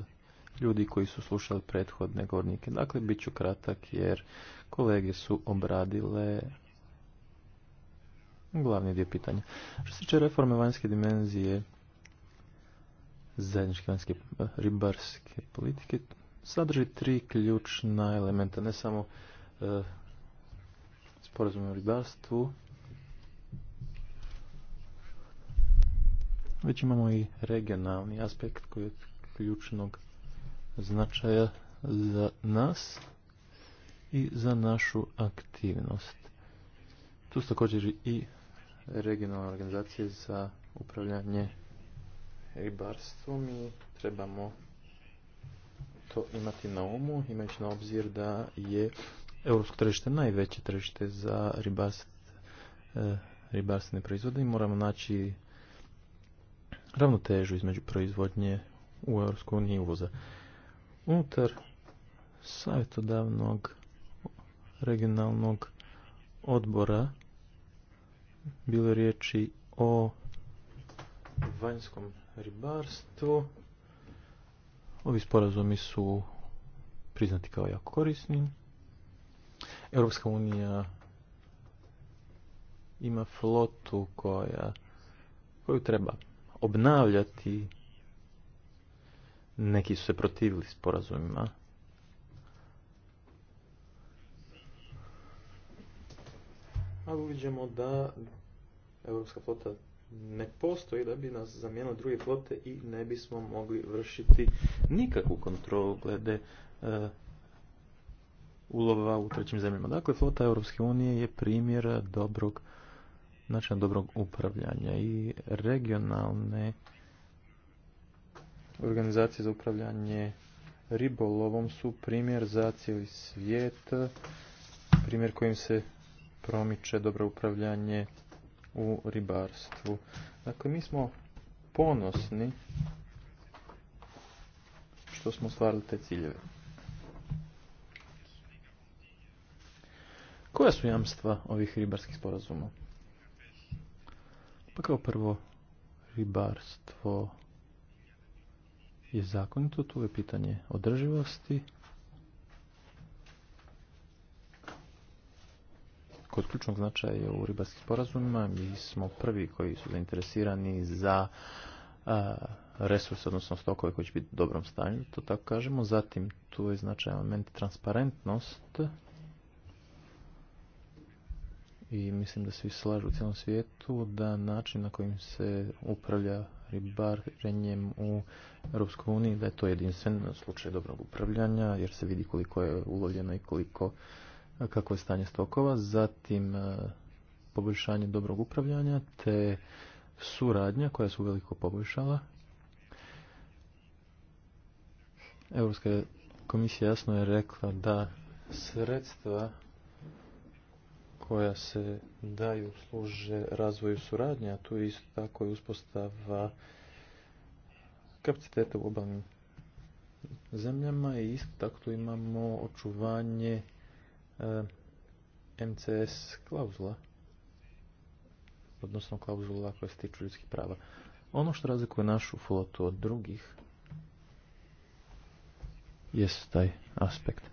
ljudi koji su slušali prethodne govornike. Dakle, bit ću kratak jer kolege su obradile glavni dio pitanja. Što se tiče reforme vanjske dimenzije, zajedničke vanjske e, ribarske politike, sadrži tri ključna elementa, ne samo E, sporazum o ribarstvu. Već imamo i regionalni aspekt koji je ključnog značaja za nas i za našu aktivnost. Tu su također i regionalne organizacije za upravljanje ribarstvom i trebamo to imati na umu, imajući na obzir da je europsko tržište najveće tržište za e, ribarstvene proizvode i moramo naći ravnotežu između proizvodnje u EU i uvoza. Unutar savjetodavnog regionalnog odbora bilo je riječi o vanjskom ribarstvu. Ovi sporazumi su priznati kao jako korisni. Europska unija ima flotu koja, koju treba obnavljati. Neki su se protivili sporazumima. Ali uviđemo da Europska flota ne postoji da bi nas zamijenili druge flote i ne bismo mogli vršiti nikakvu kontrolu glede e, ulova u trećim zemljama. Dakle, flota Europske unije je primjer dobrog načina dobrog upravljanja i regionalne organizacije za upravljanje ribolovom su primjer za cijeli svijet, primjer kojim se promiče dobro upravljanje u ribarstvu. Dakle, mi smo ponosni što smo stvarili te ciljeve. Koja su jamstva ovih ribarskih sporazuma? Pa kao prvo, ribarstvo je zakonito, tu je pitanje održivosti. Kod ključnog značaja u ribarskih sporazumima mi smo prvi koji su zainteresirani za resurse, odnosno stokove koji će biti u dobrom stanju, to tako kažemo. Zatim tu je značajan element transparentnost i mislim da svi slažu u cijelom svijetu da način na kojim se upravlja ribarenjem u Europskoj uniji da je to jedinstven slučaj dobrog upravljanja jer se vidi koliko je ulovljeno i koliko kako je stanje stokova, zatim e, poboljšanje dobrog upravljanja te suradnja koja su veliko poboljšala. Europska komisija jasno je rekla da sredstva koja se daju služe razvoju suradnja, a tu je isto tako i uspostava kapaciteta u obalnim zemljama i isto tako imamo očuvanje eh, MCS klauzula, odnosno klauzula koja se tiču ljudskih prava. Ono što razlikuje našu flotu od drugih jest taj aspekt.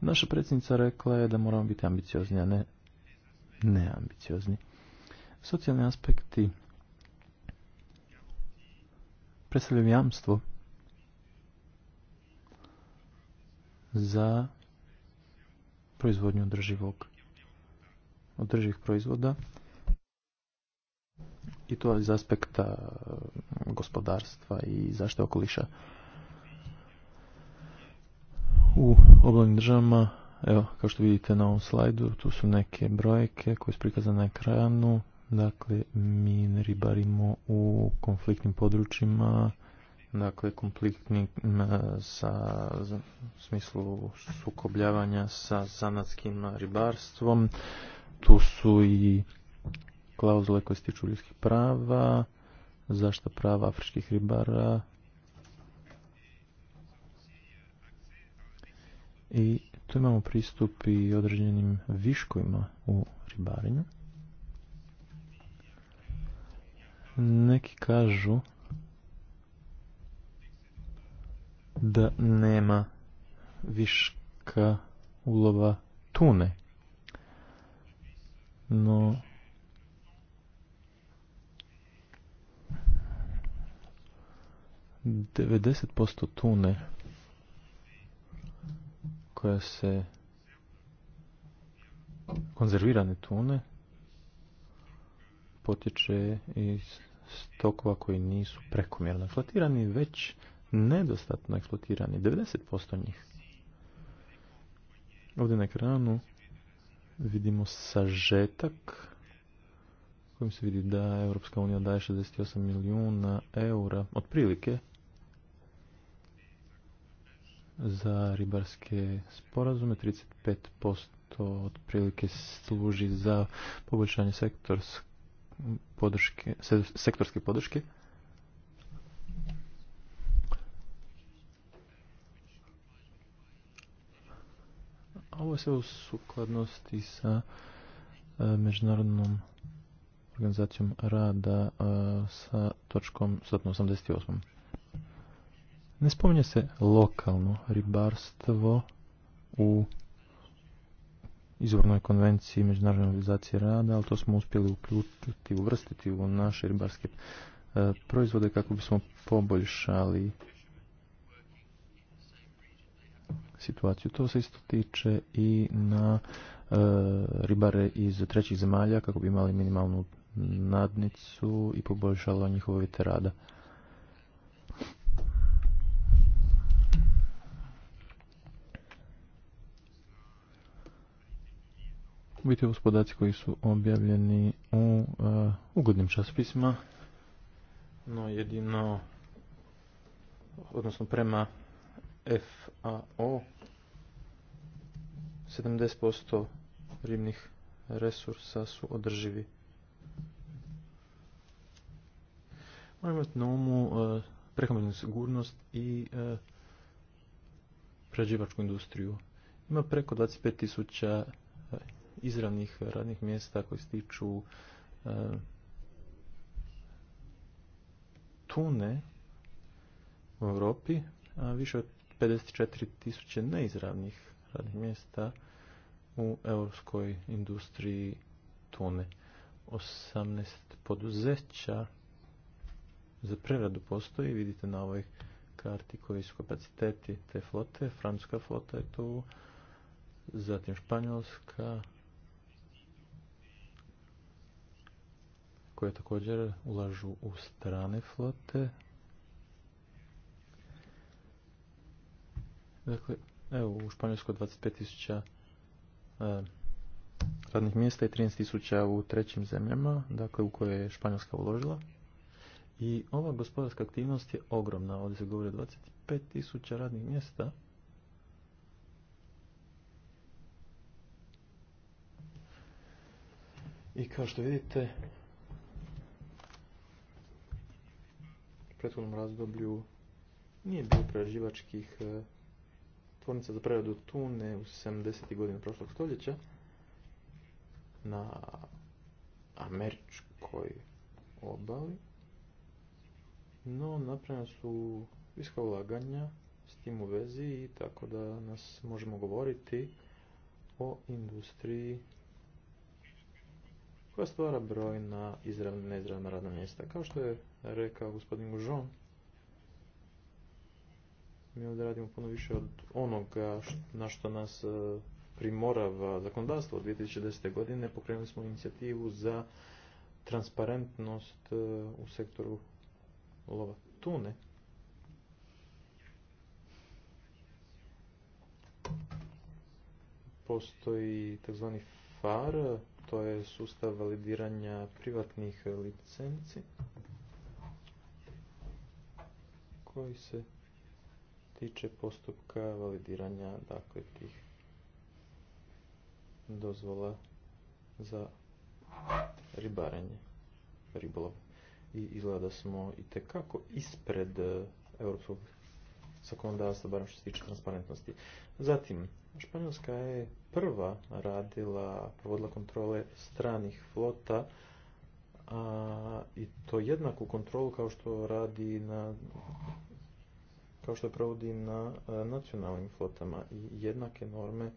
Naša predsjednica rekla je da moramo biti ambiciozni, a ne neambiciozni. Socijalni aspekti predstavljaju jamstvo za proizvodnju održivog održivih proizvoda i to iz aspekta um, gospodarstva i zaštite okoliša u obalnim državama Evo, kao što vidite na ovom slajdu, tu su neke brojke koje su prikazane na ekranu. Dakle, mi ribarimo u konfliktnim područjima, dakle, konfliktnim sa, u smislu sukobljavanja sa zanatskim ribarstvom. Tu su i klauzule koje se tiču ljudskih prava, Zašto prava afričkih ribara i tu imamo pristup i određenim viškovima u ribarenju. Neki kažu da nema viška ulova tune. No, devedeset posto tune koja se konzervirane tune potječe iz stokova koji nisu prekomjerno eksploatirani, već nedostatno eksploatirani, 90% njih. Ovdje na ekranu vidimo sažetak kojim se vidi da EU unija daje 68 milijuna eura, otprilike za ribarske sporazume, 35% otprilike služi za poboljšanje podrške, sektorske podrške. Ovo se u sukladnosti sa e, Međunarodnom organizacijom rada e, sa točkom 188. Ne spominje se lokalno ribarstvo u izvornoj konvenciji Međunarodne organizacije rada, ali to smo uspjeli uključiti, uvrstiti u naše ribarske e, proizvode kako bismo poboljšali situaciju. To se isto tiče i na e, ribare iz trećih zemalja kako bi imali minimalnu nadnicu i poboljšalo njihove rada. U biti ovo podaci koji su objavljeni u e, ugodnim časopisima, no jedino, odnosno prema FAO, 70% ribnih resursa su održivi. Moramo imati na umu e, sigurnost i uh, industriju. Ima preko 25.000 izravnih radnih mjesta koji se tiču e, tune u Europi, a više od 54 tisuće neizravnih radnih mjesta u europskoj industriji tune. 18 poduzeća za preradu postoji, vidite na ovoj karti koji su kapaciteti te flote, francuska flota je tu, zatim španjolska, koje također ulažu u strane flote. Dakle, evo, u Španjolskoj 25.000 e, radnih mjesta i 13.000 u trećim zemljama, dakle u koje je Španjolska uložila. I ova gospodarska aktivnost je ogromna, ovdje se govori 25.000 radnih mjesta. I kao što vidite, prethodnom razdoblju nije bilo preživačkih e, tvornica za preradu tune u 70. godinu prošlog stoljeća na američkoj obali, no napravljena su viska ulaganja s tim u vezi i tako da nas možemo govoriti o industriji koja stvara brojna izravna i neizravna radna mjesta. Kao što je rekao gospodin Gužon, mi ovdje radimo puno više od onoga na što nas e, primorava zakonodavstvo. Od 2010. godine pokrenuli smo inicijativu za transparentnost e, u sektoru lova tune. Postoji tzv. FAR, to je sustav validiranja privatnih licenci koji se tiče postupka validiranja dakle tih dozvola za ribarenje, ribolov. I izgleda da smo i ispred europskog zakonodavstva, barem što se tiče transparentnosti. Zatim, Španjolska je prva radila, provodila kontrole stranih flota i to jednaku kontrolu kao što radi na kao što provodi na e, nacionalnim flotama i jednake norme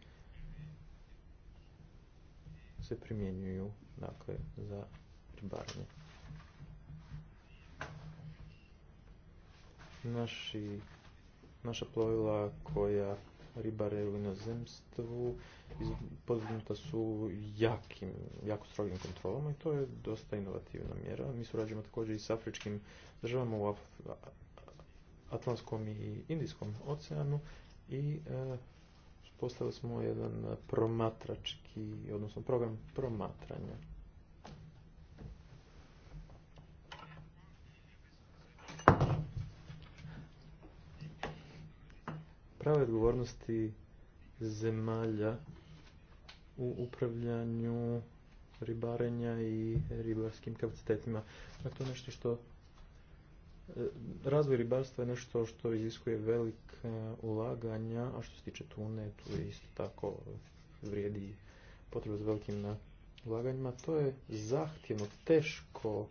se primjenjuju dakle, za ribarnje. Naši naša plovila koja ribare u inozemstvu podvrgnuta su jakim, jako strogim kontrolama i to je dosta inovativna mjera. Mi surađujemo također i s afričkim državama u Af Atlantskom i Indijskom oceanu i e, postavili smo jedan promatrački, odnosno program promatranja. prave odgovornosti zemalja u upravljanju ribarenja i ribarskim kapacitetima. Dakle, to nešto što e, razvoj ribarstva je nešto što iziskuje velika ulaganja, a što se tiče tune, tu je isto tako vrijedi potreba za velikim ulaganjima. To je zahtjevno, teško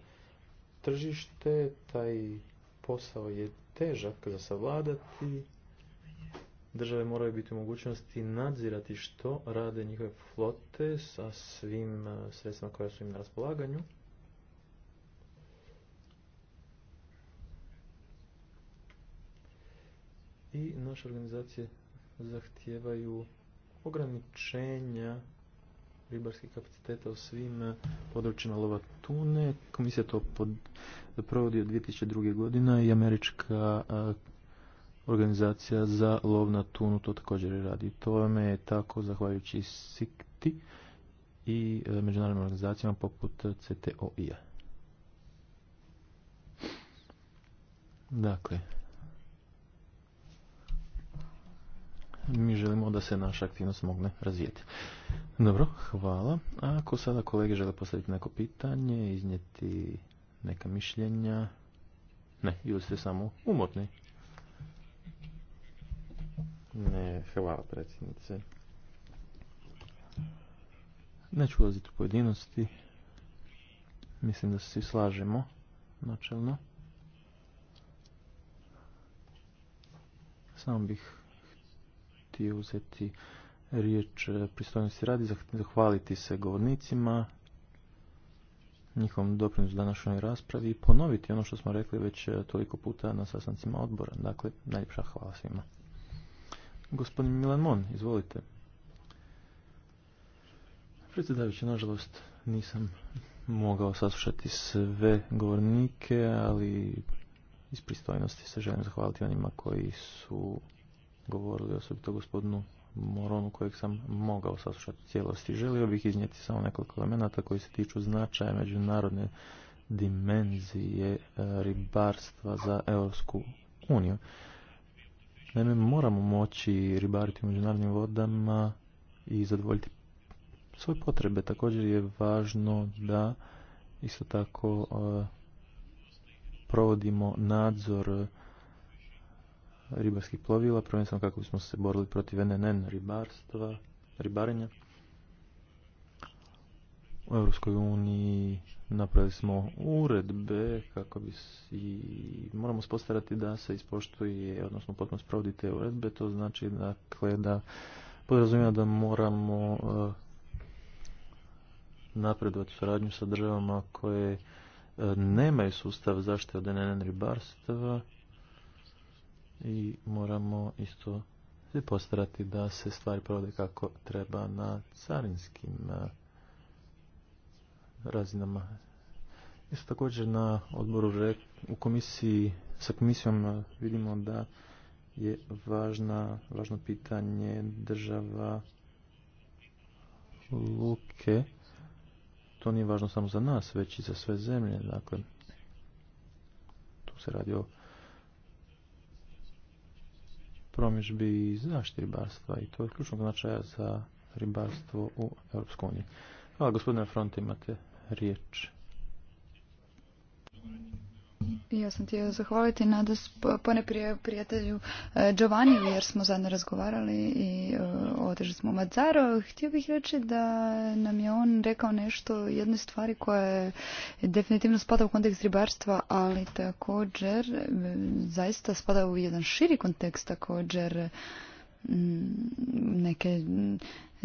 tržište, taj posao je težak za savladati države moraju biti u mogućnosti nadzirati što rade njihove flote sa svim e, sredstvima koja su im na raspolaganju. I naše organizacije zahtijevaju ograničenja ribarskih kapaciteta u svim e, područjima lova tune. Komisija to provodi od 2002. godina i američka e, organizacija za lov na tunu to također radi. To me je tako zahvaljujući SIKTI i e, međunarodnim organizacijama poput CTOI-a. Dakle, mi želimo da se naša aktivnost mogne razvijeti. Dobro, hvala. ako sada kolege žele postaviti neko pitanje, iznijeti neka mišljenja, ne, ili ste samo umotni. Ne, hvala predsjednice. Neću ulaziti u pojedinosti. Mislim da se svi slažemo, načelno. Samo bih htio uzeti riječ e, pristojnosti radi, zahvaliti se govornicima, njihovom za današnjoj raspravi i ponoviti ono što smo rekli već e, toliko puta na sastancima odbora. Dakle, najljepša hvala svima. Gospodin Milan Mon, izvolite. Predsjedavajući, nažalost, nisam mogao saslušati sve govornike, ali iz pristojnosti se želim zahvaliti onima koji su govorili, osobito gospodinu Moronu kojeg sam mogao saslušati u cijelosti. Želio bih iznijeti samo nekoliko elemenata koji se tiču značaja međunarodne dimenzije ribarstva za Europsku uniju. Naime, moramo moći ribariti u međunarodnim vodama i zadovoljiti svoje potrebe. Također je važno da isto tako e, provodimo nadzor e, ribarskih plovila, prvenstveno kako bismo se borili protiv NNN ribarstva, ribarenja u Europskoj uniji napravili smo uredbe kako bi i moramo spostarati da se ispoštuje, odnosno potpuno sprovodi te uredbe, to znači dakle da podrazumijeva da moramo uh, napredovati suradnju sa državama koje eh, nemaju sustav zaštite od NN ribarstva i moramo isto se postarati da se stvari provode kako treba na carinskim eh, razinama. Isto također na odboru u komisiji sa komisijom e, vidimo da je važna, važno pitanje država luke. To nije važno samo za nas, već i za sve zemlje. Dakle, tu se radi o promježbi i zaštiti ribarstva i to je ključnog značaja za ribarstvo u Europskoj Uniji. Hvala gospodine Fronte, imate riječ. Ja sam ti zahvaliti nada pone prijatelju e, Giovanni jer smo zajedno razgovarali i e, održali smo u Mazzaro. Htio bih reći da nam je on rekao nešto jedne stvari koja je definitivno spada u kontekst ribarstva, ali također e, zaista spada u jedan širi kontekst također neke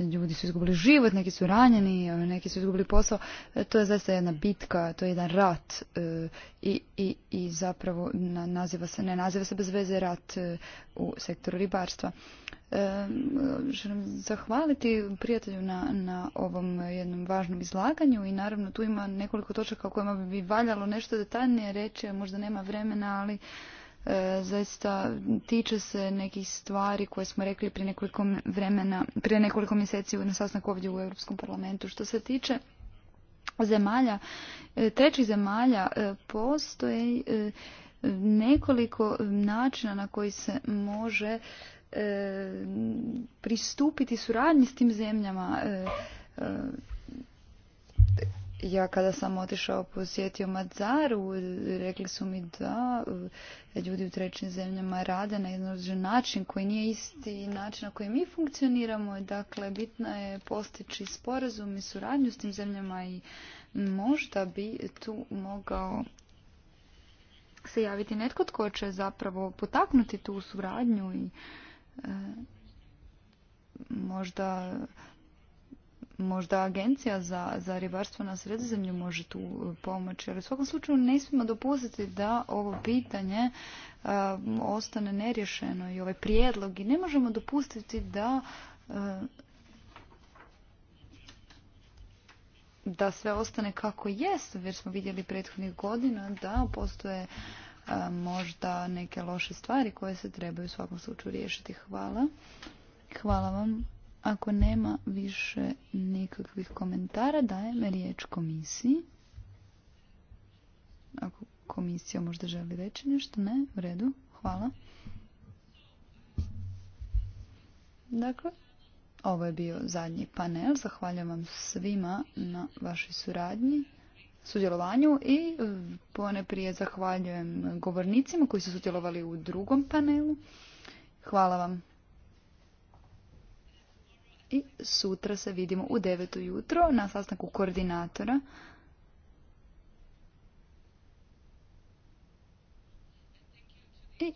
ljudi su izgubili život, neki su ranjeni, neki su izgubili posao. E, to je zaista jedna bitka, to je jedan rat e, i, i, i zapravo naziva se, ne naziva se bez veze rat e, u sektoru ribarstva. želim zahvaliti prijatelju na, na ovom jednom važnom izlaganju i naravno tu ima nekoliko točaka o kojima bi valjalo nešto detaljnije reći, možda nema vremena, ali E, zaista tiče se nekih stvari koje smo rekli prije nekoliko vremena, prije nekoliko mjeseci na sastanku ovdje u Europskom parlamentu. Što se tiče zemalja, e, trećih zemalja e, postoje nekoliko načina na koji se može pristupiti suradnji s tim zemljama ja kada sam otišao posjetio Madzaru, rekli su mi da e, ljudi u trećim zemljama rade na jedan način koji nije isti način na koji mi funkcioniramo. Dakle, bitno je postići sporazum i suradnju s tim zemljama i možda bi tu mogao se javiti netko tko će zapravo potaknuti tu suradnju i e, možda možda agencija za, za ribarstvo na sredozemlju može tu e, pomoći, ali u svakom slučaju ne smijemo dopustiti da ovo pitanje e, ostane nerješeno i ovaj prijedlog i ne možemo dopustiti da e, da sve ostane kako jest, jer smo vidjeli prethodnih godina da postoje možda neke loše stvari koje se trebaju u svakom slučaju riješiti. Hvala. Hvala vam. Ako nema više nikakvih komentara, dajem riječ komisiji. Ako komisija možda želi reći nešto, ne, u redu, hvala. Dakle, ovo je bio zadnji panel. Zahvaljujem vam svima na vašoj suradnji, sudjelovanju i pone prije zahvaljujem govornicima koji su sudjelovali u drugom panelu. Hvala vam i sutra se vidimo u 9. jutro na sastanku koordinatora. I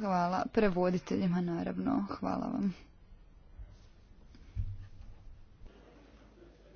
hvala prevoditeljima naravno, hvala vam.